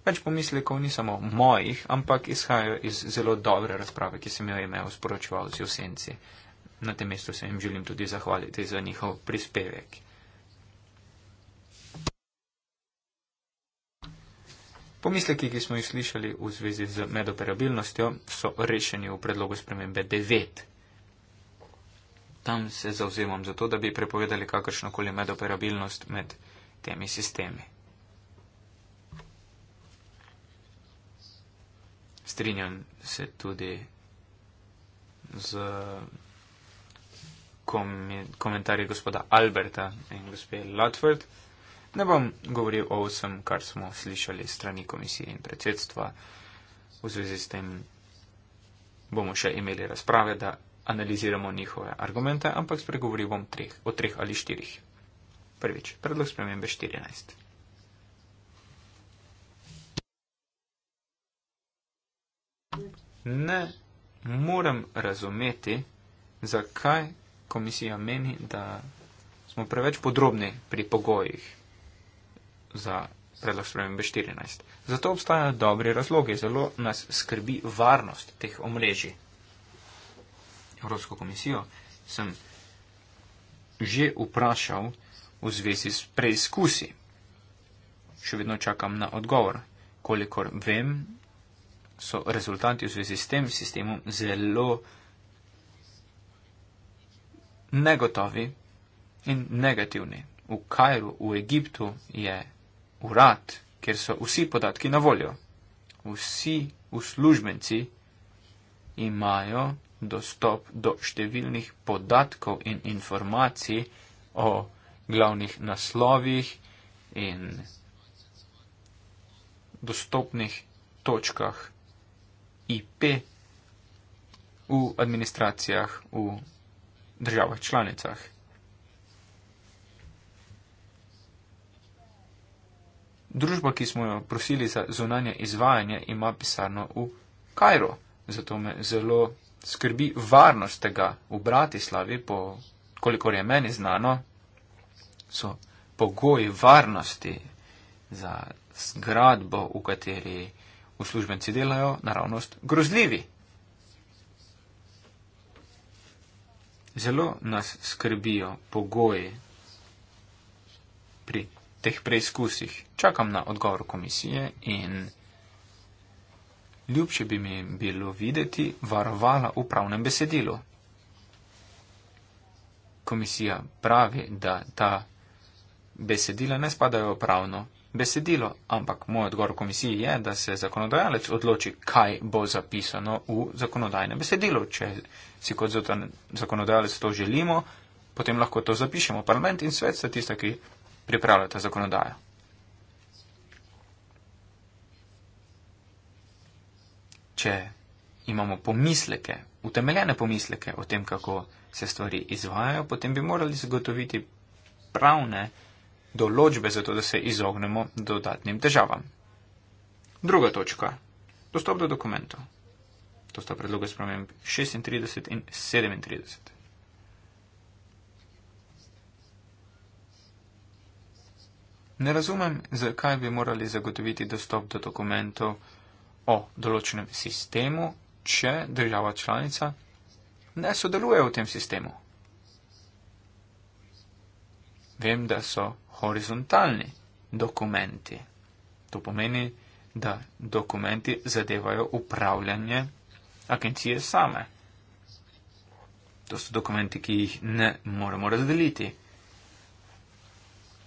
[SPEAKER 4] Več pomislekov ni samo mojih, ampak izhajajo iz zelo dobre razprave, ki sem jo imel sporočevalci v senci. Na tem mestu se jim želim tudi zahvaliti za njihov prispevek. Pomisleki, ki smo jih slišali v zvezi z medoperabilnostjo, so rešeni v predlogu spremembe 9 tam se zauzemam za to, da bi prepovedali kakršnokoli medoperabilnost med temi sistemi. Strinjam se tudi z komentarji gospoda Alberta in gospe Latford. Ne bom govoril o vsem, kar smo slišali strani komisije in predsedstva. V zvezi s tem bomo še imeli razprave, da analiziramo njihove argumente, ampak spregovorim o treh, o treh ali štirih. Prvič, predlog spremembe 14. Ne morem razumeti, zakaj komisija meni, da smo preveč podrobni pri pogojih za predlog spremembe 14. Zato obstajajo dobri razlogi, zelo nas skrbi varnost teh omrežij. Evropsko komisijo, sem že vprašal v zvezi s preizkusi. Še vedno čakam na odgovor. Kolikor vem, so rezultati v zvezi s tem sistemom zelo negotovi in negativni. V Kajru, v Egiptu je urad, kjer so vsi podatki na voljo. Vsi uslužbenci imajo dostop do številnih podatkov in informacij o glavnih naslovih in dostopnih točkah IP v administracijah v državah članicah. Družba, ki smo jo prosili za zunanje izvajanje, ima pisarno v Kajro, zato me zelo skrbi varnost tega v Bratislavi, po, kolikor je meni znano, so pogoji varnosti za zgradbo, v kateri uslužbenci delajo, naravnost grozljivi. Zelo nas skrbijo pogoji pri teh preizkusih. Čakam na odgovor komisije in ljubše bi mi bilo videti varovala v pravnem besedilu. Komisija pravi, da ta besedila ne spadajo v pravno besedilo, ampak moj odgovor komisiji je, da se zakonodajalec odloči, kaj bo zapisano v zakonodajnem besedilu. Če si kot zakonodajalec to želimo, potem lahko to zapišemo. Parlament in svet sta tista, ki pripravljata zakonodajo. če imamo pomisleke, utemeljene pomisleke o tem, kako se stvari izvajajo, potem bi morali zagotoviti pravne določbe, zato da se izognemo dodatnim težavam. Druga točka. Dostop do dokumentov. To sta predloga sprememb 36 in 37. Ne razumem, zakaj bi morali zagotoviti dostop do dokumentov o določenem sistemu, če država članica ne sodeluje v tem sistemu. Vem, da so horizontalni dokumenti. To pomeni, da dokumenti zadevajo upravljanje agencije same. To so dokumenti, ki jih ne moremo razdeliti.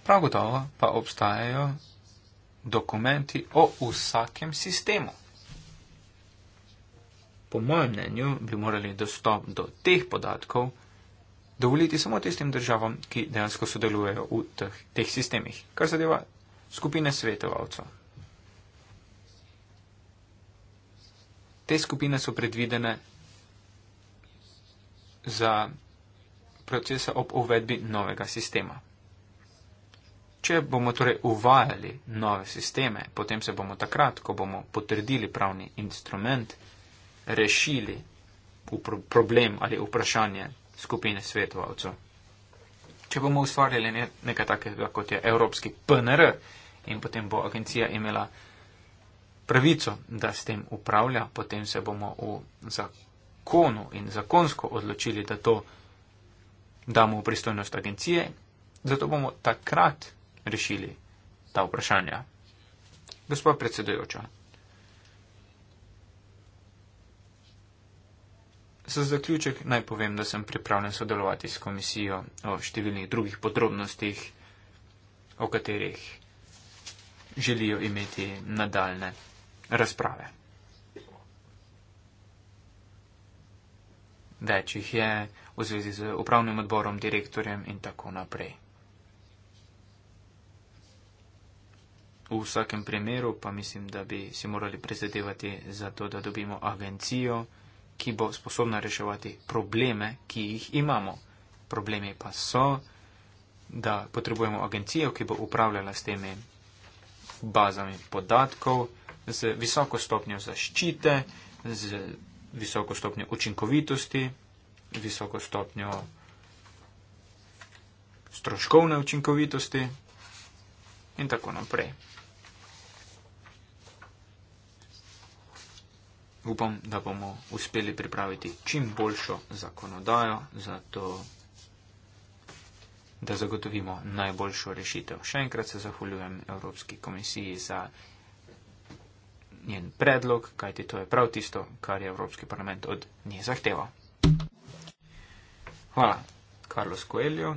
[SPEAKER 4] Prav gotovo pa obstajajo dokumenti o vsakem sistemu. Po mojem mnenju bi morali dostop do teh podatkov dovoliti samo tistim državam, ki dejansko sodelujejo v teh, teh sistemih, kar zadeva skupine svetovalcev. Te skupine so predvidene za procese ob uvedbi novega sistema. Če bomo torej uvajali nove sisteme, potem se bomo takrat, ko bomo potrdili pravni instrument, rešili problem ali vprašanje skupine svetovalcev. Če bomo ustvarjali nekaj takega, kot je evropski PNR, in potem bo agencija imela pravico, da s tem upravlja, potem se bomo v zakonu in zakonsko odločili, da to damo v pristojnost agencije, zato bomo takrat rešili ta vprašanja. Gospod predsedujoča, Za zaključek naj povem, da sem pripravljen sodelovati s komisijo o številnih drugih podrobnostih, o katerih želijo imeti nadaljne razprave. Več jih je v zvezi z upravnim odborom, direktorjem in tako naprej. V vsakem primeru pa mislim, da bi si morali prizadevati za to, da dobimo agencijo, ki ki bo sposobna reševati probleme, ki jih imamo. Problemi pa so, da potrebujemo agencijo, ki bo upravljala s temi bazami podatkov, z visoko stopnjo zaščite, z visoko stopnjo učinkovitosti, visoko stopnjo stroškovne učinkovitosti in tako naprej. upam, da bomo uspeli pripraviti čim boljšo zakonodajo, zato da zagotovimo najboljšo rešitev. Še enkrat se zahvaljujem Evropski komisiji za njen predlog, kajti to je prav tisto, kar je Evropski parlament od nje zahteval. Hvala, Carlos Coelho.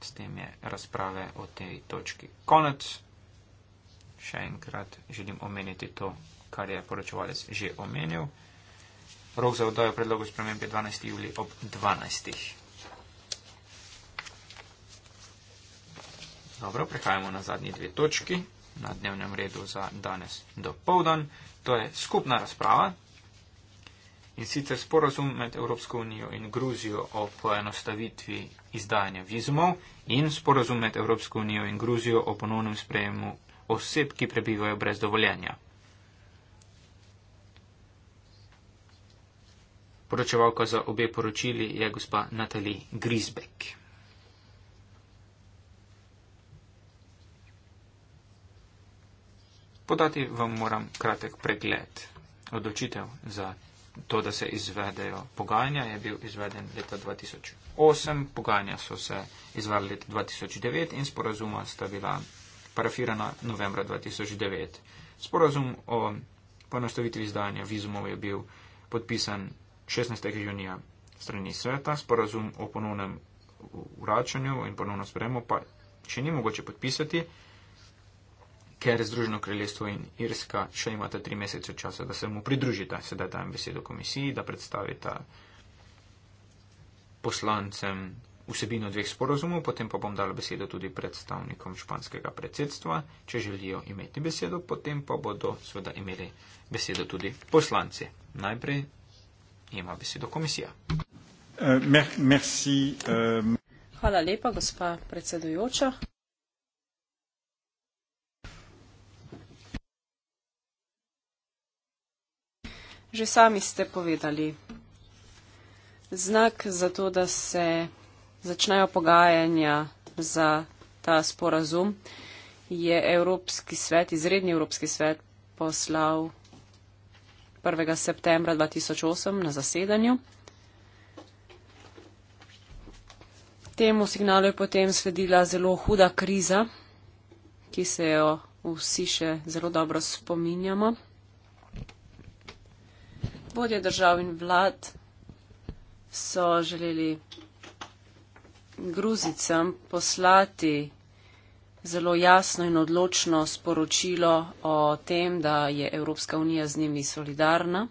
[SPEAKER 4] S tem je razprave o tej točki konec. Še enkrat želim omeniti to, kar je poročevalec že omenil. Rok za oddajo predlogu spremembe je 12. juli ob 12. Dobro, prehajamo na zadnji dve točki na dnevnem redu za danes do povdan. To je skupna razprava in sicer sporazum med Evropsko unijo in Gruzijo o poenostavitvi izdajanja vizumov in sporazum med Evropsko unijo in Gruzijo o ponovnem sprejemu oseb, ki prebivajo brez dovoljenja. Poročevalka za obe poročili je gospa Natalie Grisbeck. Podati vam moram kratek pregled. Odločitev za to, da se izvedejo pogajanja, je bil izveden leta 2008, pogajanja so se izvedli leta 2009 in sporazuma sta bila parafirana novembra 2009. Sporazum o ponastavitvi izdanja vizumov je bil podpisan 16. junija strani sveta, sporazum o ponovnem vračanju in ponovno sprejemu pa še ni mogoče podpisati, ker Združeno kraljestvo in Irska še imate tri mesece časa, da se mu pridružite, sedaj dajem besedo komisiji, da predstavite poslancem vsebino dveh sporozumov, potem pa bom dal besedo tudi predstavnikom španskega predsedstva, če želijo imeti besedo, potem pa bodo seveda imeli besedo tudi poslanci. Najprej ima besedo komisija.
[SPEAKER 2] Eh, eh.
[SPEAKER 3] Hvala lepa, gospa predsedujoča. Že sami ste povedali, znak za to, da se začnejo pogajanja za ta sporazum, je Evropski svet, izredni Evropski svet, poslal 1. septembra 2008 na zasedanju. Temu signalu je potem sledila zelo huda kriza, ki se jo vsi še zelo dobro spominjamo. Vodje držav in vlad so želeli Gruzicam poslati zelo jasno in odločno sporočilo o tem, da je Evropska unija z njimi solidarna.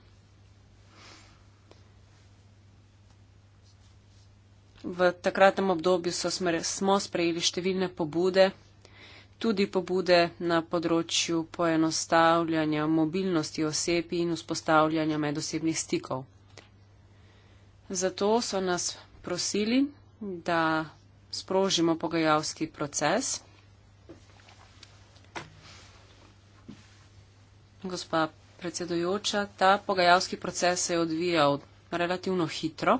[SPEAKER 3] V takratnem obdobju so smer, smo sprejeli številne pobude, tudi pobude na področju poenostavljanja mobilnosti osebi in vzpostavljanja medosebnih stikov. Zato so nas prosili, da sprožimo pogajalski proces. Gospa predsedujoča, ta pogajalski proces se je odvijal relativno hitro.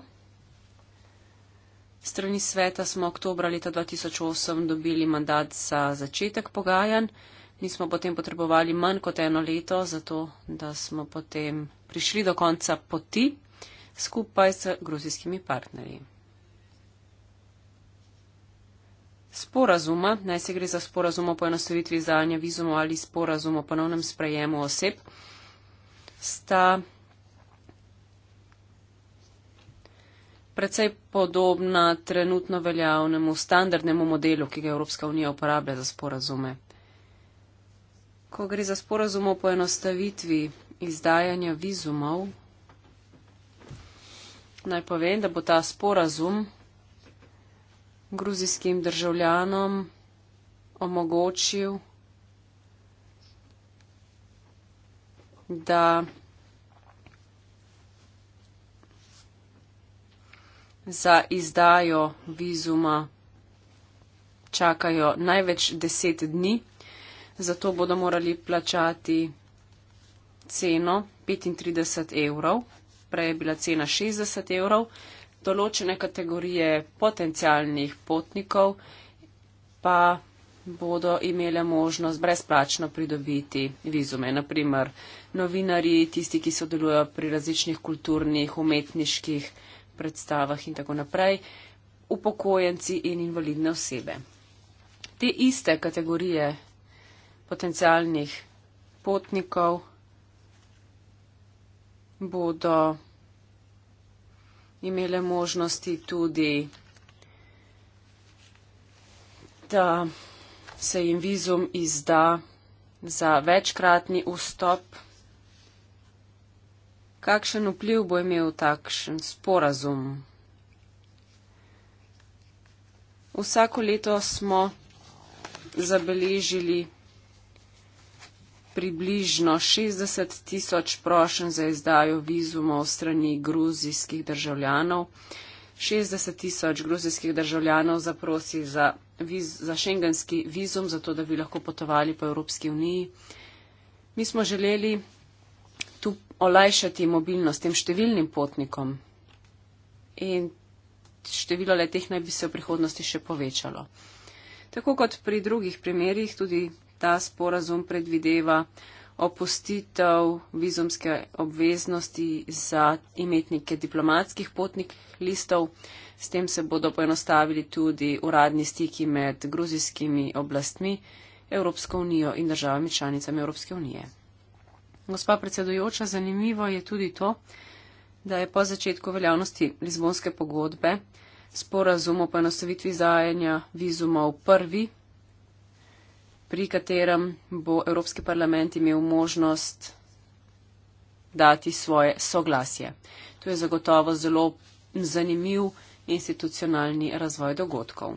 [SPEAKER 3] Strani sveta smo oktobra leta 2008 dobili mandat za začetek pogajanj in smo potem potrebovali manj kot eno leto, zato da smo potem prišli do konca poti skupaj s gruzijskimi partnerji. sporazuma, naj se gre za sporazum o poenostavitvi izdajanja vizumov ali sporazum o ponovnem sprejemu oseb, sta predvsej podobna trenutno veljavnemu standardnemu modelu, ki ga Evropska unija uporablja za sporazume. Ko gre za sporazum o poenostavitvi izdajanja vizumov, naj povem, da bo ta sporazum gruzijskim državljanom omogočil, da za izdajo vizuma čakajo največ deset dni, zato bodo morali plačati ceno 35 evrov, prej je bila cena 60 evrov določene kategorije potencialnih potnikov pa bodo imele možnost brezplačno pridobiti vizume. Naprimer, novinari, tisti, ki sodelujo pri različnih kulturnih, umetniških predstavah in tako naprej, upokojenci in invalidne osebe. Te iste kategorije potencialnih potnikov bodo imele možnosti tudi, da se jim vizum izda za večkratni vstop. Kakšen vpliv bo imel takšen sporazum? Vsako leto smo zabeležili približno 60 tisoč prošen za izdajo vizumov strani gruzijskih državljanov. 60 tisoč gruzijskih državljanov zaprosi za, viz, za šengenski vizum, zato da bi lahko potovali po Evropski uniji. Mi smo želeli tu olajšati mobilnost tem številnim potnikom in število le teh naj bi se v prihodnosti še povečalo. Tako kot pri drugih primerjih, tudi ta sporazum predvideva opustitev vizumske obveznosti za imetnike diplomatskih potnik listov. S tem se bodo poenostavili tudi uradni stiki med gruzijskimi oblastmi Evropsko unijo in državami članicami Evropske unije. Gospa predsedujoča, zanimivo je tudi to, da je po začetku veljavnosti Lizbonske pogodbe sporazum o poenostavitvi zajanja vizumov prvi pri katerem bo Evropski parlament imel možnost dati svoje soglasje. To je zagotovo zelo zanimiv institucionalni razvoj dogodkov.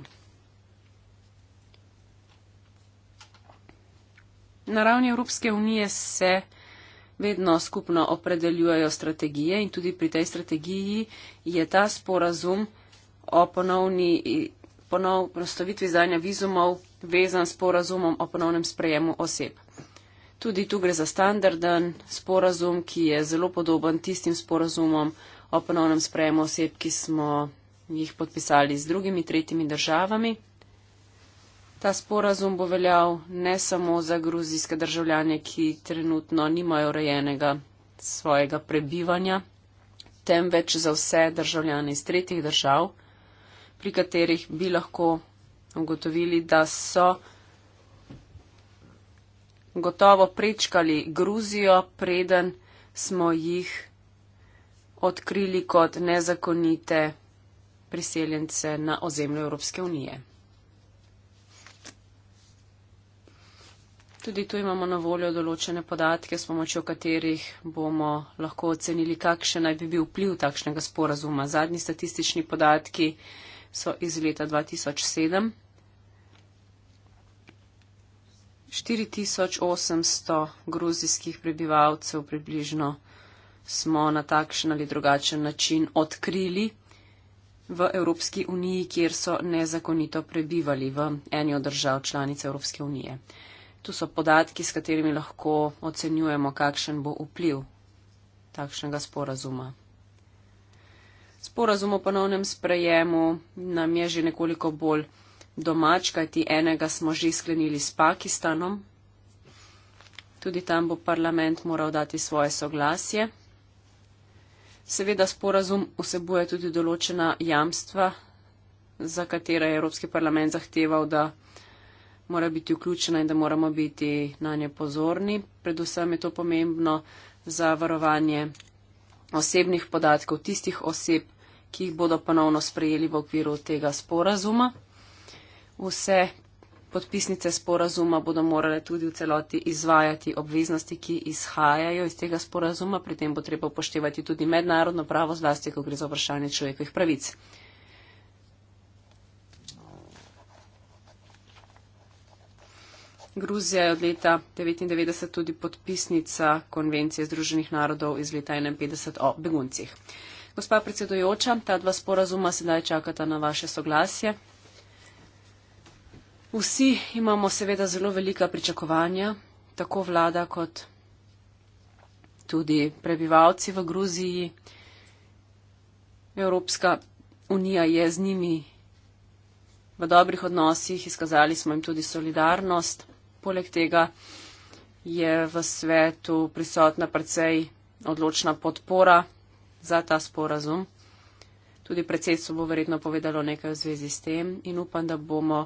[SPEAKER 3] Na ravni Evropske unije se vedno skupno opredeljujejo strategije in tudi pri tej strategiji je ta sporazum o ponovni ponov, prostovitvi zdanja vizumov vezan s porazumom o ponovnem sprejemu oseb. Tudi tu gre za standarden sporazum, ki je zelo podoben tistim sporazumom o ponovnem sprejemu oseb, ki smo jih podpisali z drugimi tretjimi državami. Ta sporazum bo veljal ne samo za gruzijske državljane, ki trenutno nimajo rejenega svojega prebivanja, temveč za vse državljane iz tretjih držav, pri katerih bi lahko ugotovili, da so gotovo prečkali Gruzijo, preden smo jih odkrili kot nezakonite priseljence na ozemlju Evropske unije. Tudi tu imamo na voljo določene podatke, s pomočjo katerih bomo lahko ocenili, kakšen naj bi bil vpliv takšnega sporazuma. Zadnji statistični podatki so iz leta 2007. 4800 gruzijskih prebivalcev približno smo na takšen ali drugačen način odkrili v Evropski uniji, kjer so nezakonito prebivali v eni od držav članice Evropske unije. Tu so podatki, s katerimi lahko ocenjujemo, kakšen bo vpliv takšnega sporazuma. Sporazum o ponovnem sprejemu nam je že nekoliko bolj domač, kajti enega smo že sklenili s Pakistanom. Tudi tam bo parlament moral dati svoje soglasje. Seveda sporazum vsebuje tudi določena jamstva, za katera je Evropski parlament zahteval, da mora biti vključena in da moramo biti na nje pozorni. Predvsem je to pomembno za varovanje osebnih podatkov tistih oseb, ki jih bodo ponovno sprejeli v okviru tega sporazuma vse podpisnice sporazuma bodo morale tudi v celoti izvajati obveznosti, ki izhajajo iz tega sporazuma. Pri tem bo treba upoštevati tudi mednarodno pravo, zlasti, ko gre za vprašanje človekovih pravic. Gruzija je od leta 1999 tudi podpisnica konvencije Združenih narodov iz leta 1951 o beguncih. Gospa predsedujoča, ta dva sporazuma sedaj čakata na vaše soglasje. Vsi imamo seveda zelo velika pričakovanja, tako vlada kot tudi prebivalci v Gruziji. Evropska unija je z njimi v dobrih odnosih, izkazali smo jim tudi solidarnost. Poleg tega je v svetu prisotna precej odločna podpora za ta sporazum. Tudi predsedstvo bo verjetno povedalo nekaj v zvezi s tem in upam, da bomo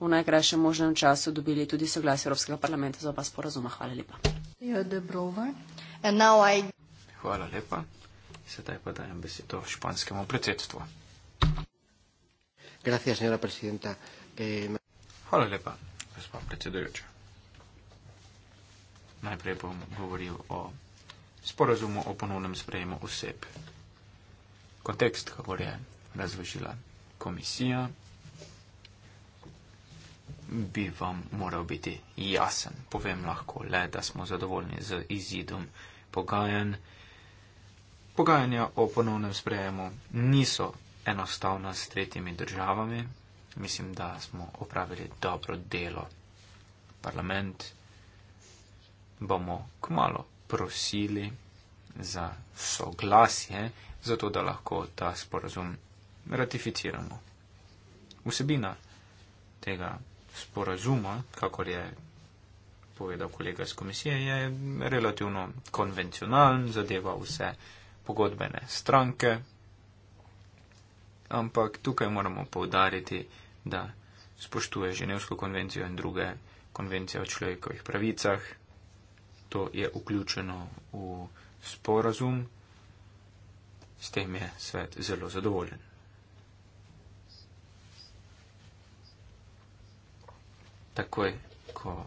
[SPEAKER 3] v najkrajšem možnem času dobili tudi soglas Evropskega parlamenta za oba sporazuma. Hvala lepa. I...
[SPEAKER 4] Hvala lepa. Sedaj pa dajem besedo španskemu predsedstvu. Eh, Hvala lepa, gospod predsedujoča. Najprej bom govoril o sporazumu o ponovnem sprejemu oseb. Kontekst, kako je razložila komisija, bi vam moral biti jasen. Povem lahko le, da smo zadovoljni z izidom pogajan. Pogajanja o ponovnem sprejemu niso enostavna s tretjimi državami. Mislim, da smo opravili dobro delo. Parlament bomo kmalo prosili za soglasje, zato da lahko ta sporozum ratificiramo. Vsebina tega sporazuma, kakor je povedal kolega iz komisije, je relativno konvencionalen, zadeva vse pogodbene stranke. Ampak tukaj moramo povdariti, da spoštuje Ženevsko konvencijo in druge konvencije o človekovih pravicah. To je vključeno v sporazum. S tem je svet zelo zadovoljen. takoj, ko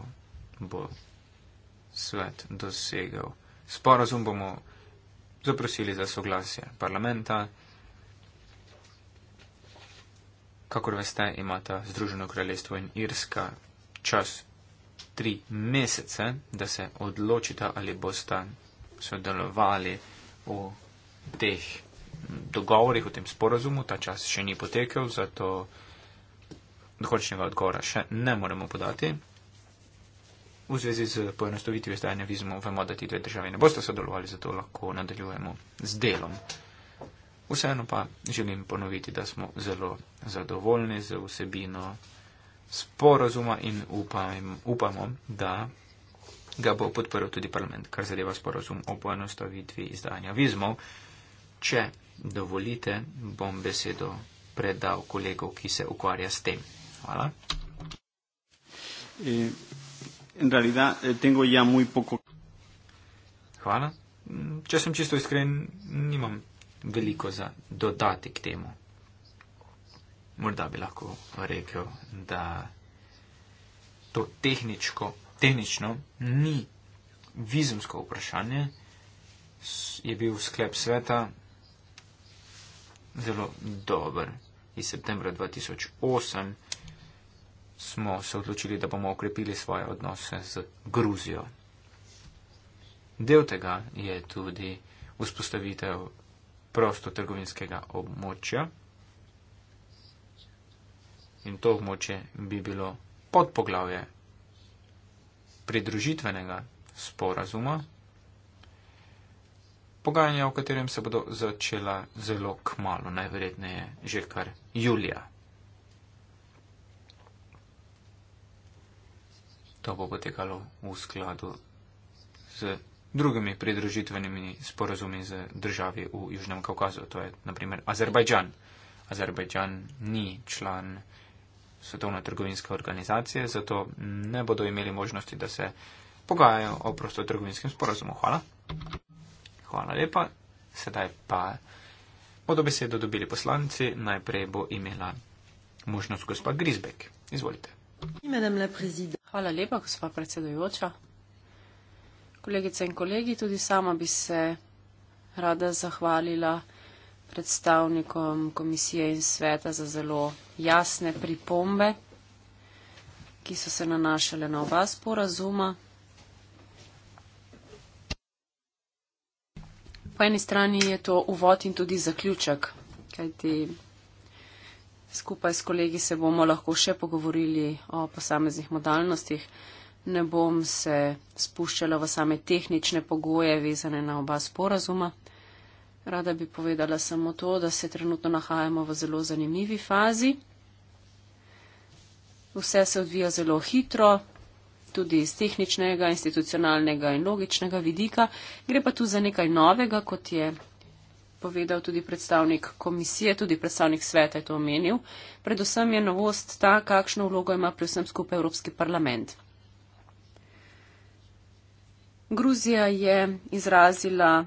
[SPEAKER 4] bo svet dosegel sporozum, bomo zaprosili za soglasje parlamenta. Kakor veste, imata Združeno kraljestvo in Irska čas tri mesece, da se odločita, ali bosta sodelovali v teh dogovorih o tem sporozumu. Ta čas še ni potekel, zato dokončnega odgovora še ne moremo podati. V zvezi z poenostavitvijo izdajanja vizumov vemo, da ti dve države ne boste sodelovali, zato lahko nadaljujemo z delom. Vseeno pa želim ponoviti, da smo zelo zadovoljni z vsebino sporozuma in upam, upamo, da ga bo podprl tudi parlament, kar zadeva sporozum o poenostavitvi izdajanja vizumov. Če dovolite, bom besedo predal kolegov, ki se ukvarja s tem. Hvala. In eh, realidad, eh, tengo ya muy poco. Hvala. Mm, če sem čisto iskren, nimam veliko za dodati k temu. Morda bi lahko rekel, da to tehničko, tehnično ni vizumsko vprašanje. Je bil sklep sveta zelo dober iz septembra 2008 smo se odločili, da bomo okrepili svoje odnose z Gruzijo. Del tega je tudi vzpostavitev prostotrgovinskega območja in to območje bi bilo pod poglavje pridružitvenega sporazuma, pogajanja, o katerem se bodo začela zelo kmalo, najverjetneje že kar julija. To bo potekalo v skladu z drugimi pridružitvenimi sporazumi z državi v Južnem Kaukazu, to je naprimer Azerbajdžan. Azerbajdžan ni član Svetovne trgovinske organizacije, zato ne bodo imeli možnosti, da se pogajajo o prostotrgovinskem sporazumu. Hvala. Hvala lepa. Sedaj pa bodo besedo dobili poslanci. Najprej bo imela možnost gospa Grizbek. Izvolite.
[SPEAKER 3] Hvala lepa, gospa predsedujoča. Kolegice in kolegi, tudi sama bi se rada zahvalila predstavnikom komisije in sveta za zelo jasne pripombe, ki so se nanašale na oba sporazuma. Po eni strani je to uvod in tudi zaključek, kajti Skupaj s kolegi se bomo lahko še pogovorili o posameznih modalnostih. Ne bom se spuščala v same tehnične pogoje vezane na oba sporazuma. Rada bi povedala samo to, da se trenutno nahajamo v zelo zanimivi fazi. Vse se odvija zelo hitro, tudi iz tehničnega, institucionalnega in logičnega vidika. Gre pa tu za nekaj novega, kot je povedal tudi predstavnik komisije, tudi predstavnik sveta je to omenil. Predvsem je novost ta, kakšno vlogo ima pri vsem skupaj Evropski parlament. Gruzija je izrazila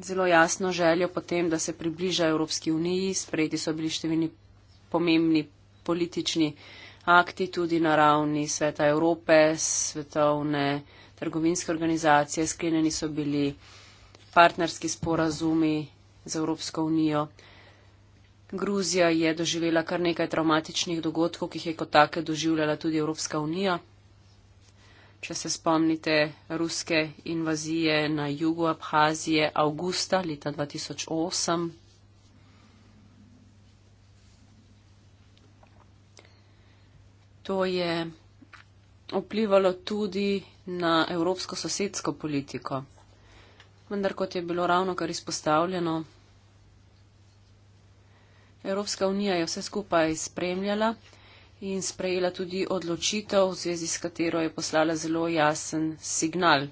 [SPEAKER 3] zelo jasno željo potem, da se približa Evropski uniji. Sprejeti so bili številni pomembni politični akti tudi na ravni Sveta Evrope, Svetovne trgovinske organizacije, sklenjeni so bili partnerski sporazumi z Evropsko unijo. Gruzija je doživela kar nekaj traumatičnih dogodkov, ki jih je kot take doživljala tudi Evropska unija. Če se spomnite ruske invazije na jugu Abhazije avgusta leta 2008. To je vplivalo tudi na evropsko sosedsko politiko vendar kot je bilo ravno kar izpostavljeno, Evropska unija je vse skupaj spremljala in sprejela tudi odločitev, v zvezi s katero je poslala zelo jasen signal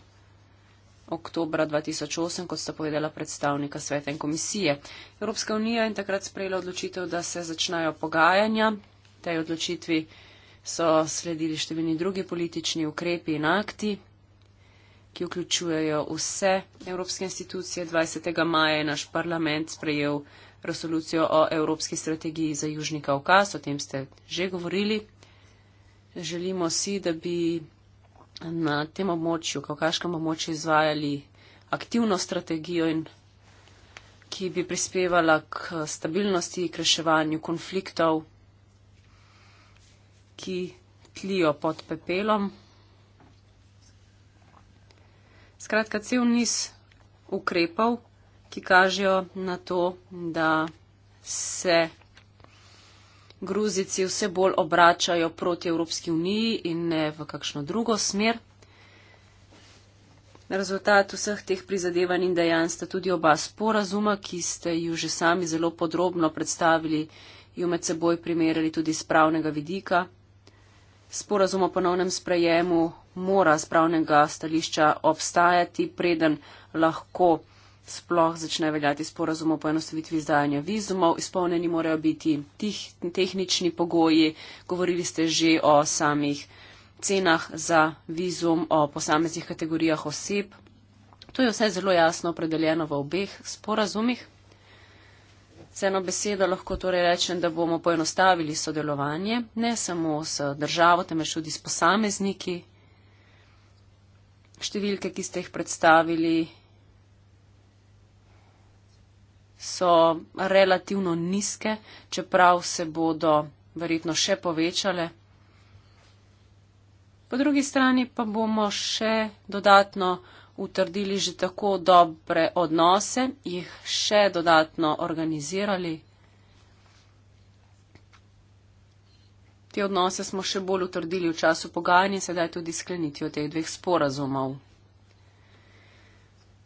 [SPEAKER 3] oktobra 2008, kot sta povedala predstavnika sveta in komisije. Evropska unija je takrat sprejela odločitev, da se začnajo pogajanja. Tej odločitvi so sledili številni drugi politični ukrepi in akti ki vključujejo vse evropske institucije. 20. maja je naš parlament sprejel resolucijo o evropski strategiji za Južni Kaukas, o tem ste že govorili. Želimo si, da bi na tem območju, kaukaškem območju, izvajali aktivno strategijo in ki bi prispevala k stabilnosti, k reševanju konfliktov, ki tlijo pod pepelom. Skratka, cel niz ukrepov, ki kažejo na to, da se Gruzici vse bolj obračajo proti Evropski uniji in ne v kakšno drugo smer. Rezultat vseh teh prizadevanj in dejanj sta tudi oba sporazuma, ki ste ju že sami zelo podrobno predstavili in med seboj primerjali tudi z pravnega vidika. Sporazum o ponovnem sprejemu mora z pravnega stališča obstajati, preden lahko sploh začne veljati sporazum o poenostavitvi izdajanja vizumov. Izpolneni morajo biti tih, tehnični pogoji, govorili ste že o samih cenah za vizum, o posameznih kategorijah oseb. To je vse zelo jasno opredeljeno v obeh sporazumih. Ceno besedo lahko torej rečem, da bomo poenostavili sodelovanje ne samo s državo, temveč tudi s posamezniki, številke, ki ste jih predstavili, so relativno nizke, čeprav se bodo verjetno še povečale. Po drugi strani pa bomo še dodatno utrdili že tako dobre odnose, jih še dodatno organizirali. Te odnose smo še bolj utrdili v času pogajanj in sedaj tudi sklenitvijo teh dveh sporazumov.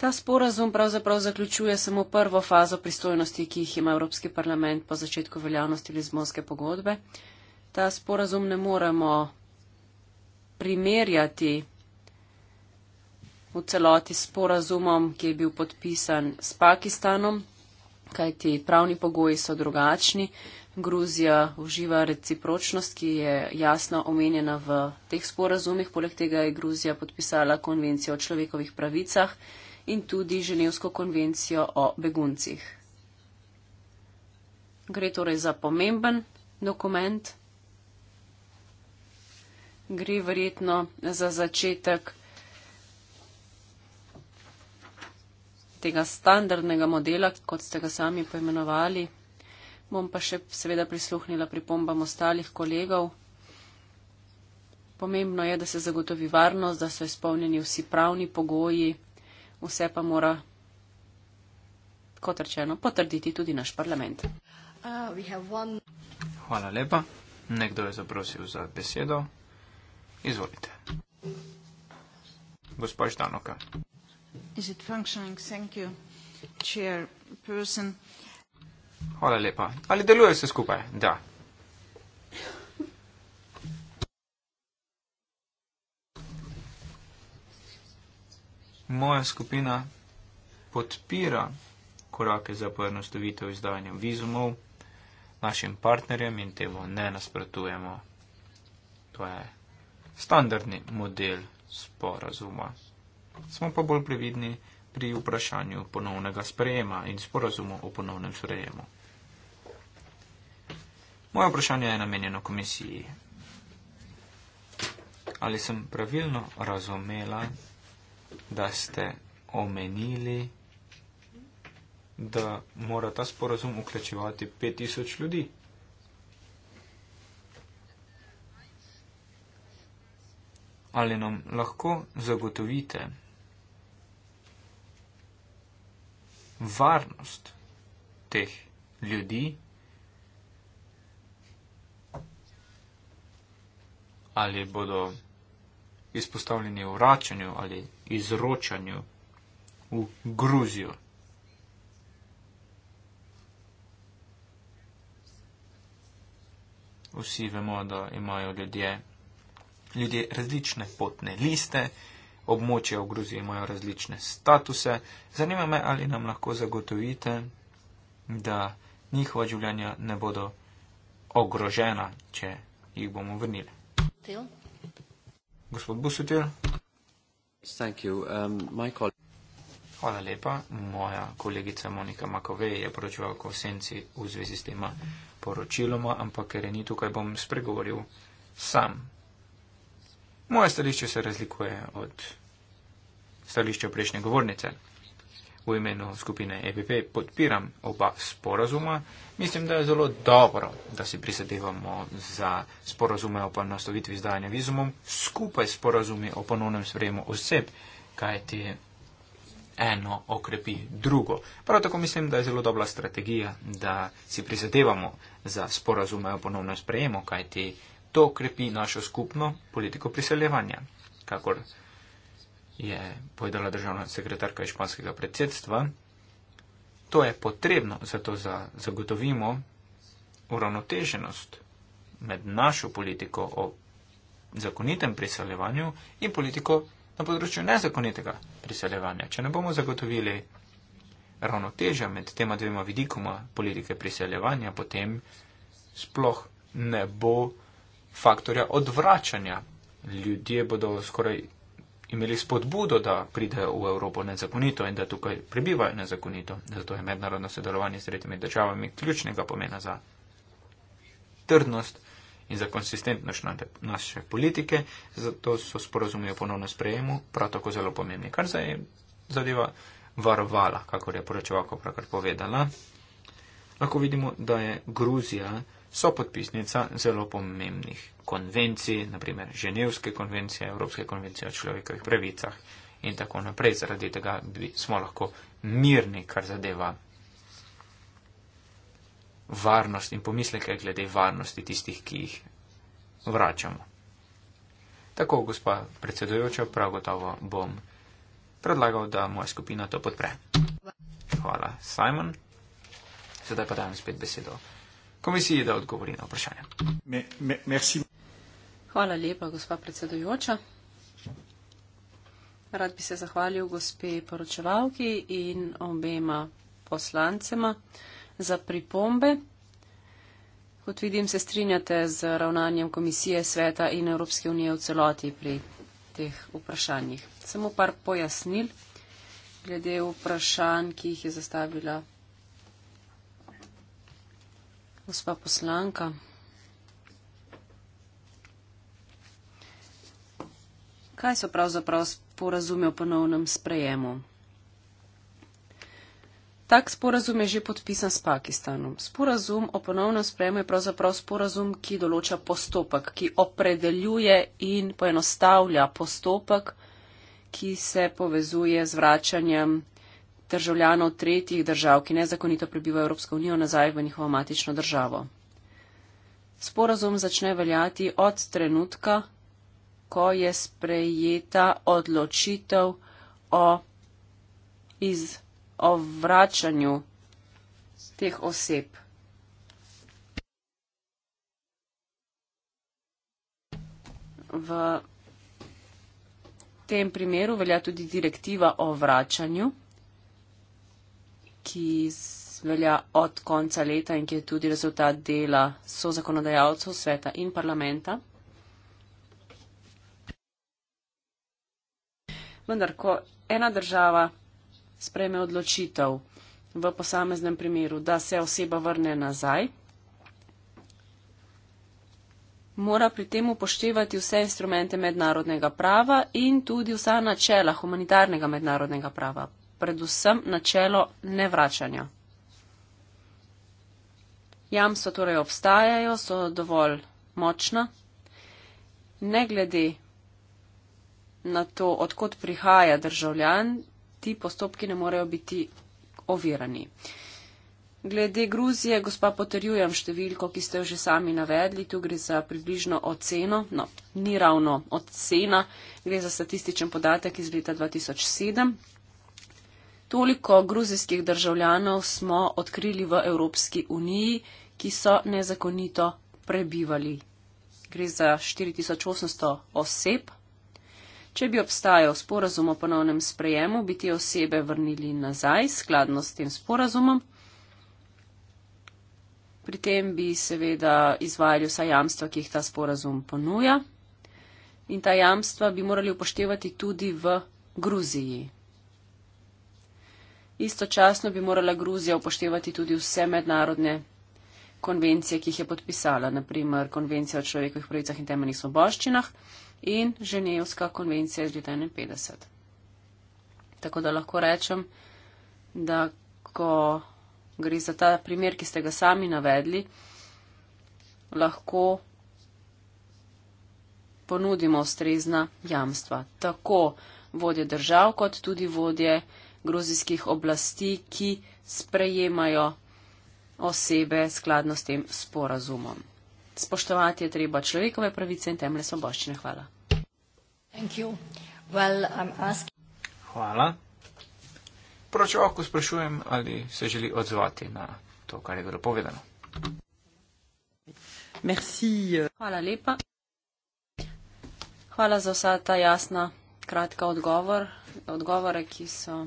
[SPEAKER 3] Ta sporazum pravzaprav zaključuje samo prvo fazo pristojnosti, ki jih ima Evropski parlament po začetku veljavnosti Lizbonske pogodbe. Ta sporazum ne moremo primerjati v celoti s sporazumom, ki je bil podpisan s Pakistanom, kajti pravni pogoji so drugačni. Gruzija uživa recipročnost, ki je jasno omenjena v teh sporazumih. Poleg tega je Gruzija podpisala konvencijo o človekovih pravicah in tudi Ženevsko konvencijo o beguncih. Gre torej za pomemben dokument. Gre verjetno za začetek tega standardnega modela, kot ste ga sami poimenovali. Bom pa še seveda prisluhnila pripombam ostalih kolegov. Pomembno je, da se zagotovi varnost, da so izpolnjeni vsi pravni pogoji, vse pa mora, kot rečeno, potrditi tudi naš parlament.
[SPEAKER 1] Uh, one...
[SPEAKER 4] Hvala lepa. Nekdo je zaprosil za besedo. Izvolite. Gospod Ždanoka. Is it functioning? Thank you, chairperson. Hvala lepa. Ali deluje vse skupaj? Da. Moja skupina podpira korake za poenostavitev izdajanja vizumov našim partnerjem in temu ne nasprotujemo. To je standardni model sporazuma. Smo pa bolj previdni pri vprašanju ponovnega sprejema in sporazumu o ponovnem sprejemu. Moje vprašanje je namenjeno komisiji. Ali sem pravilno razumela, da ste omenili, da mora ta sporazum vključevati 5000 ljudi? Ali nam lahko zagotovite varnost teh ljudi? ali bodo izpostavljeni vračanju ali izročanju v Gruzijo. Vsi vemo, da imajo ljudje, ljudje različne potne liste, območje v Gruziji imajo različne statuse. Zanima me, ali nam lahko zagotovite, da njihova življenja ne bodo ogrožena, če jih bomo vrnili. Busutil. Gospod Busutil. Um, Hvala lepa. Moja kolegica Monika Makove je poročala o senci v zvezi s tema poročiloma, ampak ker je ni tukaj, bom spregovoril sam. Moje stališče se razlikuje od stališča prejšnje govornice v imenu skupine EPP podpiram oba sporazuma. Mislim, da je zelo dobro, da si prizadevamo za sporazume o ponastavitvi izdajanja vizumov skupaj s sporazumi o ponovnem sprejemu oseb, kaj ti eno okrepi drugo. Prav tako mislim, da je zelo dobra strategija, da si prizadevamo za sporazume o ponovnem sprejemu, kaj ti to okrepi našo skupno politiko priseljevanja. Kakor je povedala državna sekretarka španskega predsedstva. To je potrebno zato, da za zagotovimo uravnoteženost med našo politiko o zakonitem priseljevanju in politiko na področju nezakonitega priseljevanja. Če ne bomo zagotovili ravnoteža med tema dvema vidikoma politike priseljevanja, potem sploh ne bo faktorja odvračanja. Ljudje bodo skoraj imeli spodbudo, da pridejo v Evropo nezakonito in da tukaj prebivajo nezakonito. Zato je mednarodno sodelovanje s tretjimi državami ključnega pomena za trdnost in za konsistentnost naše politike. Zato so sporozumi o ponovnem sprejemu prav tako zelo pomembni. Kar se je zadeva varovala, kakor je poročevalka pravkar povedala, lahko vidimo, da je Gruzija so podpisnica zelo pomembnih konvencij, naprimer Ženevske konvencije, Evropske konvencije o človekovih pravicah in tako naprej. Zaradi tega smo lahko mirni, kar zadeva varnost in pomisleke glede varnosti tistih, ki jih vračamo. Tako, gospa predsedujoča, prav gotovo bom predlagal, da moja skupina to podpre. Hvala, Simon. Sedaj pa dajem spet besedo komisiji, da odgovori na vprašanje. Me, me,
[SPEAKER 3] Hvala lepa, gospa predsedujoča. Rad bi se zahvalil gospe poročevalki in obema poslancema za pripombe. Kot vidim, se strinjate z ravnanjem Komisije sveta in Evropske unije v celoti pri teh vprašanjih. Samo par pojasnil glede vprašanj, ki jih je zastavila gospa poslanka. Kaj so pravzaprav sporazume o ponovnem sprejemu? Tak sporazum je že podpisan s Pakistanom. Sporazum o ponovnem sprejemu je pravzaprav sporazum, ki določa postopek, ki opredeljuje in poenostavlja postopek, ki se povezuje z vračanjem državljanov tretjih držav, ki nezakonito prebivajo Evropsko unijo, nazaj v njihovo matično državo. Sporazum začne veljati od trenutka, ko je sprejeta odločitev o, iz, o vračanju teh oseb. V tem primeru velja tudi direktiva o vračanju ki velja od konca leta in ki je tudi rezultat dela so zakonodajalcev sveta in parlamenta. Vendar, ko ena država spreme odločitev v posameznem primeru, da se oseba vrne nazaj, mora pri tem upoštevati vse instrumente mednarodnega prava in tudi vsa načela humanitarnega mednarodnega prava predvsem načelo nevračanja. Jamstva torej obstajajo, so dovolj močna, ne glede na to, odkot prihaja državljan, ti postopki ne morejo biti ovirani. Glede Gruzije, gospa, potrjujem številko, ki ste jo že sami navedli, tu gre za približno oceno, no, ni ravno ocena, gre za statističen podatek iz leta 2007. Toliko gruzijskih državljanov smo odkrili v Evropski uniji, ki so nezakonito prebivali. Gre za 4800 oseb. Če bi obstajal sporazum o ponovnem sprejemu, bi te osebe vrnili nazaj skladno s tem sporazumom. Pri tem bi seveda izvajali vsa jamstva, ki jih ta sporazum ponuja. In ta jamstva bi morali upoštevati tudi v Gruziji. Istočasno bi morala Gruzija upoštevati tudi vse mednarodne konvencije, ki jih je podpisala, naprimer konvencija o človekovih pravicah in temeljnih svoboščinah in Ženevska konvencija iz leta 1951. Tako da lahko rečem, da ko gre za ta primer, ki ste ga sami navedli, lahko ponudimo ustrezna jamstva. Tako vodje držav, kot tudi vodje gruzijskih oblasti, ki sprejemajo osebe skladno s tem sporazumom. Spoštovati je treba človekove pravice in temelje svoboščine. Hvala.
[SPEAKER 1] Well, Hvala.
[SPEAKER 4] Poročevalko sprašujem, ali se želi odzvati na to, kar je bilo povedano.
[SPEAKER 3] Merci. Hvala lepa. Hvala za vsa ta jasna, kratka odgovor, odgovore, ki so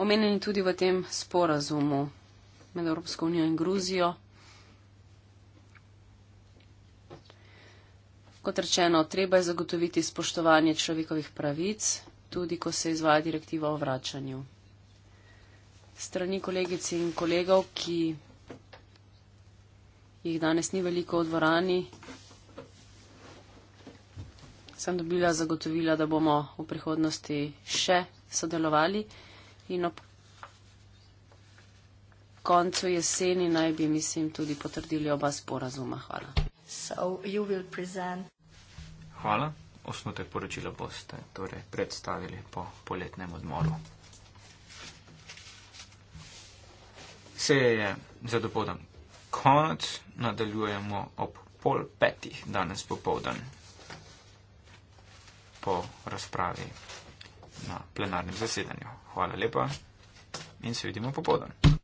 [SPEAKER 3] omenjeni tudi v tem sporazumu med Evropsko unijo in Gruzijo. Kot rečeno, treba je zagotoviti spoštovanje človekovih pravic, tudi ko se izvaja direktiva o vračanju. Strani kolegici in kolegov, ki jih danes ni veliko v dvorani, sem dobila zagotovila, da bomo v prihodnosti še sodelovali in ob koncu jeseni naj bi, mislim, tudi potrdili oba sporazuma. Hvala.
[SPEAKER 4] Hvala. Osnutek poročila boste torej predstavili po poletnem odmoru. Seje je za dopoldan konec, nadaljujemo ob pol petih danes popoldan po razpravi na plenarnem zasedanju. Hvala lepa in se vidimo popoldan.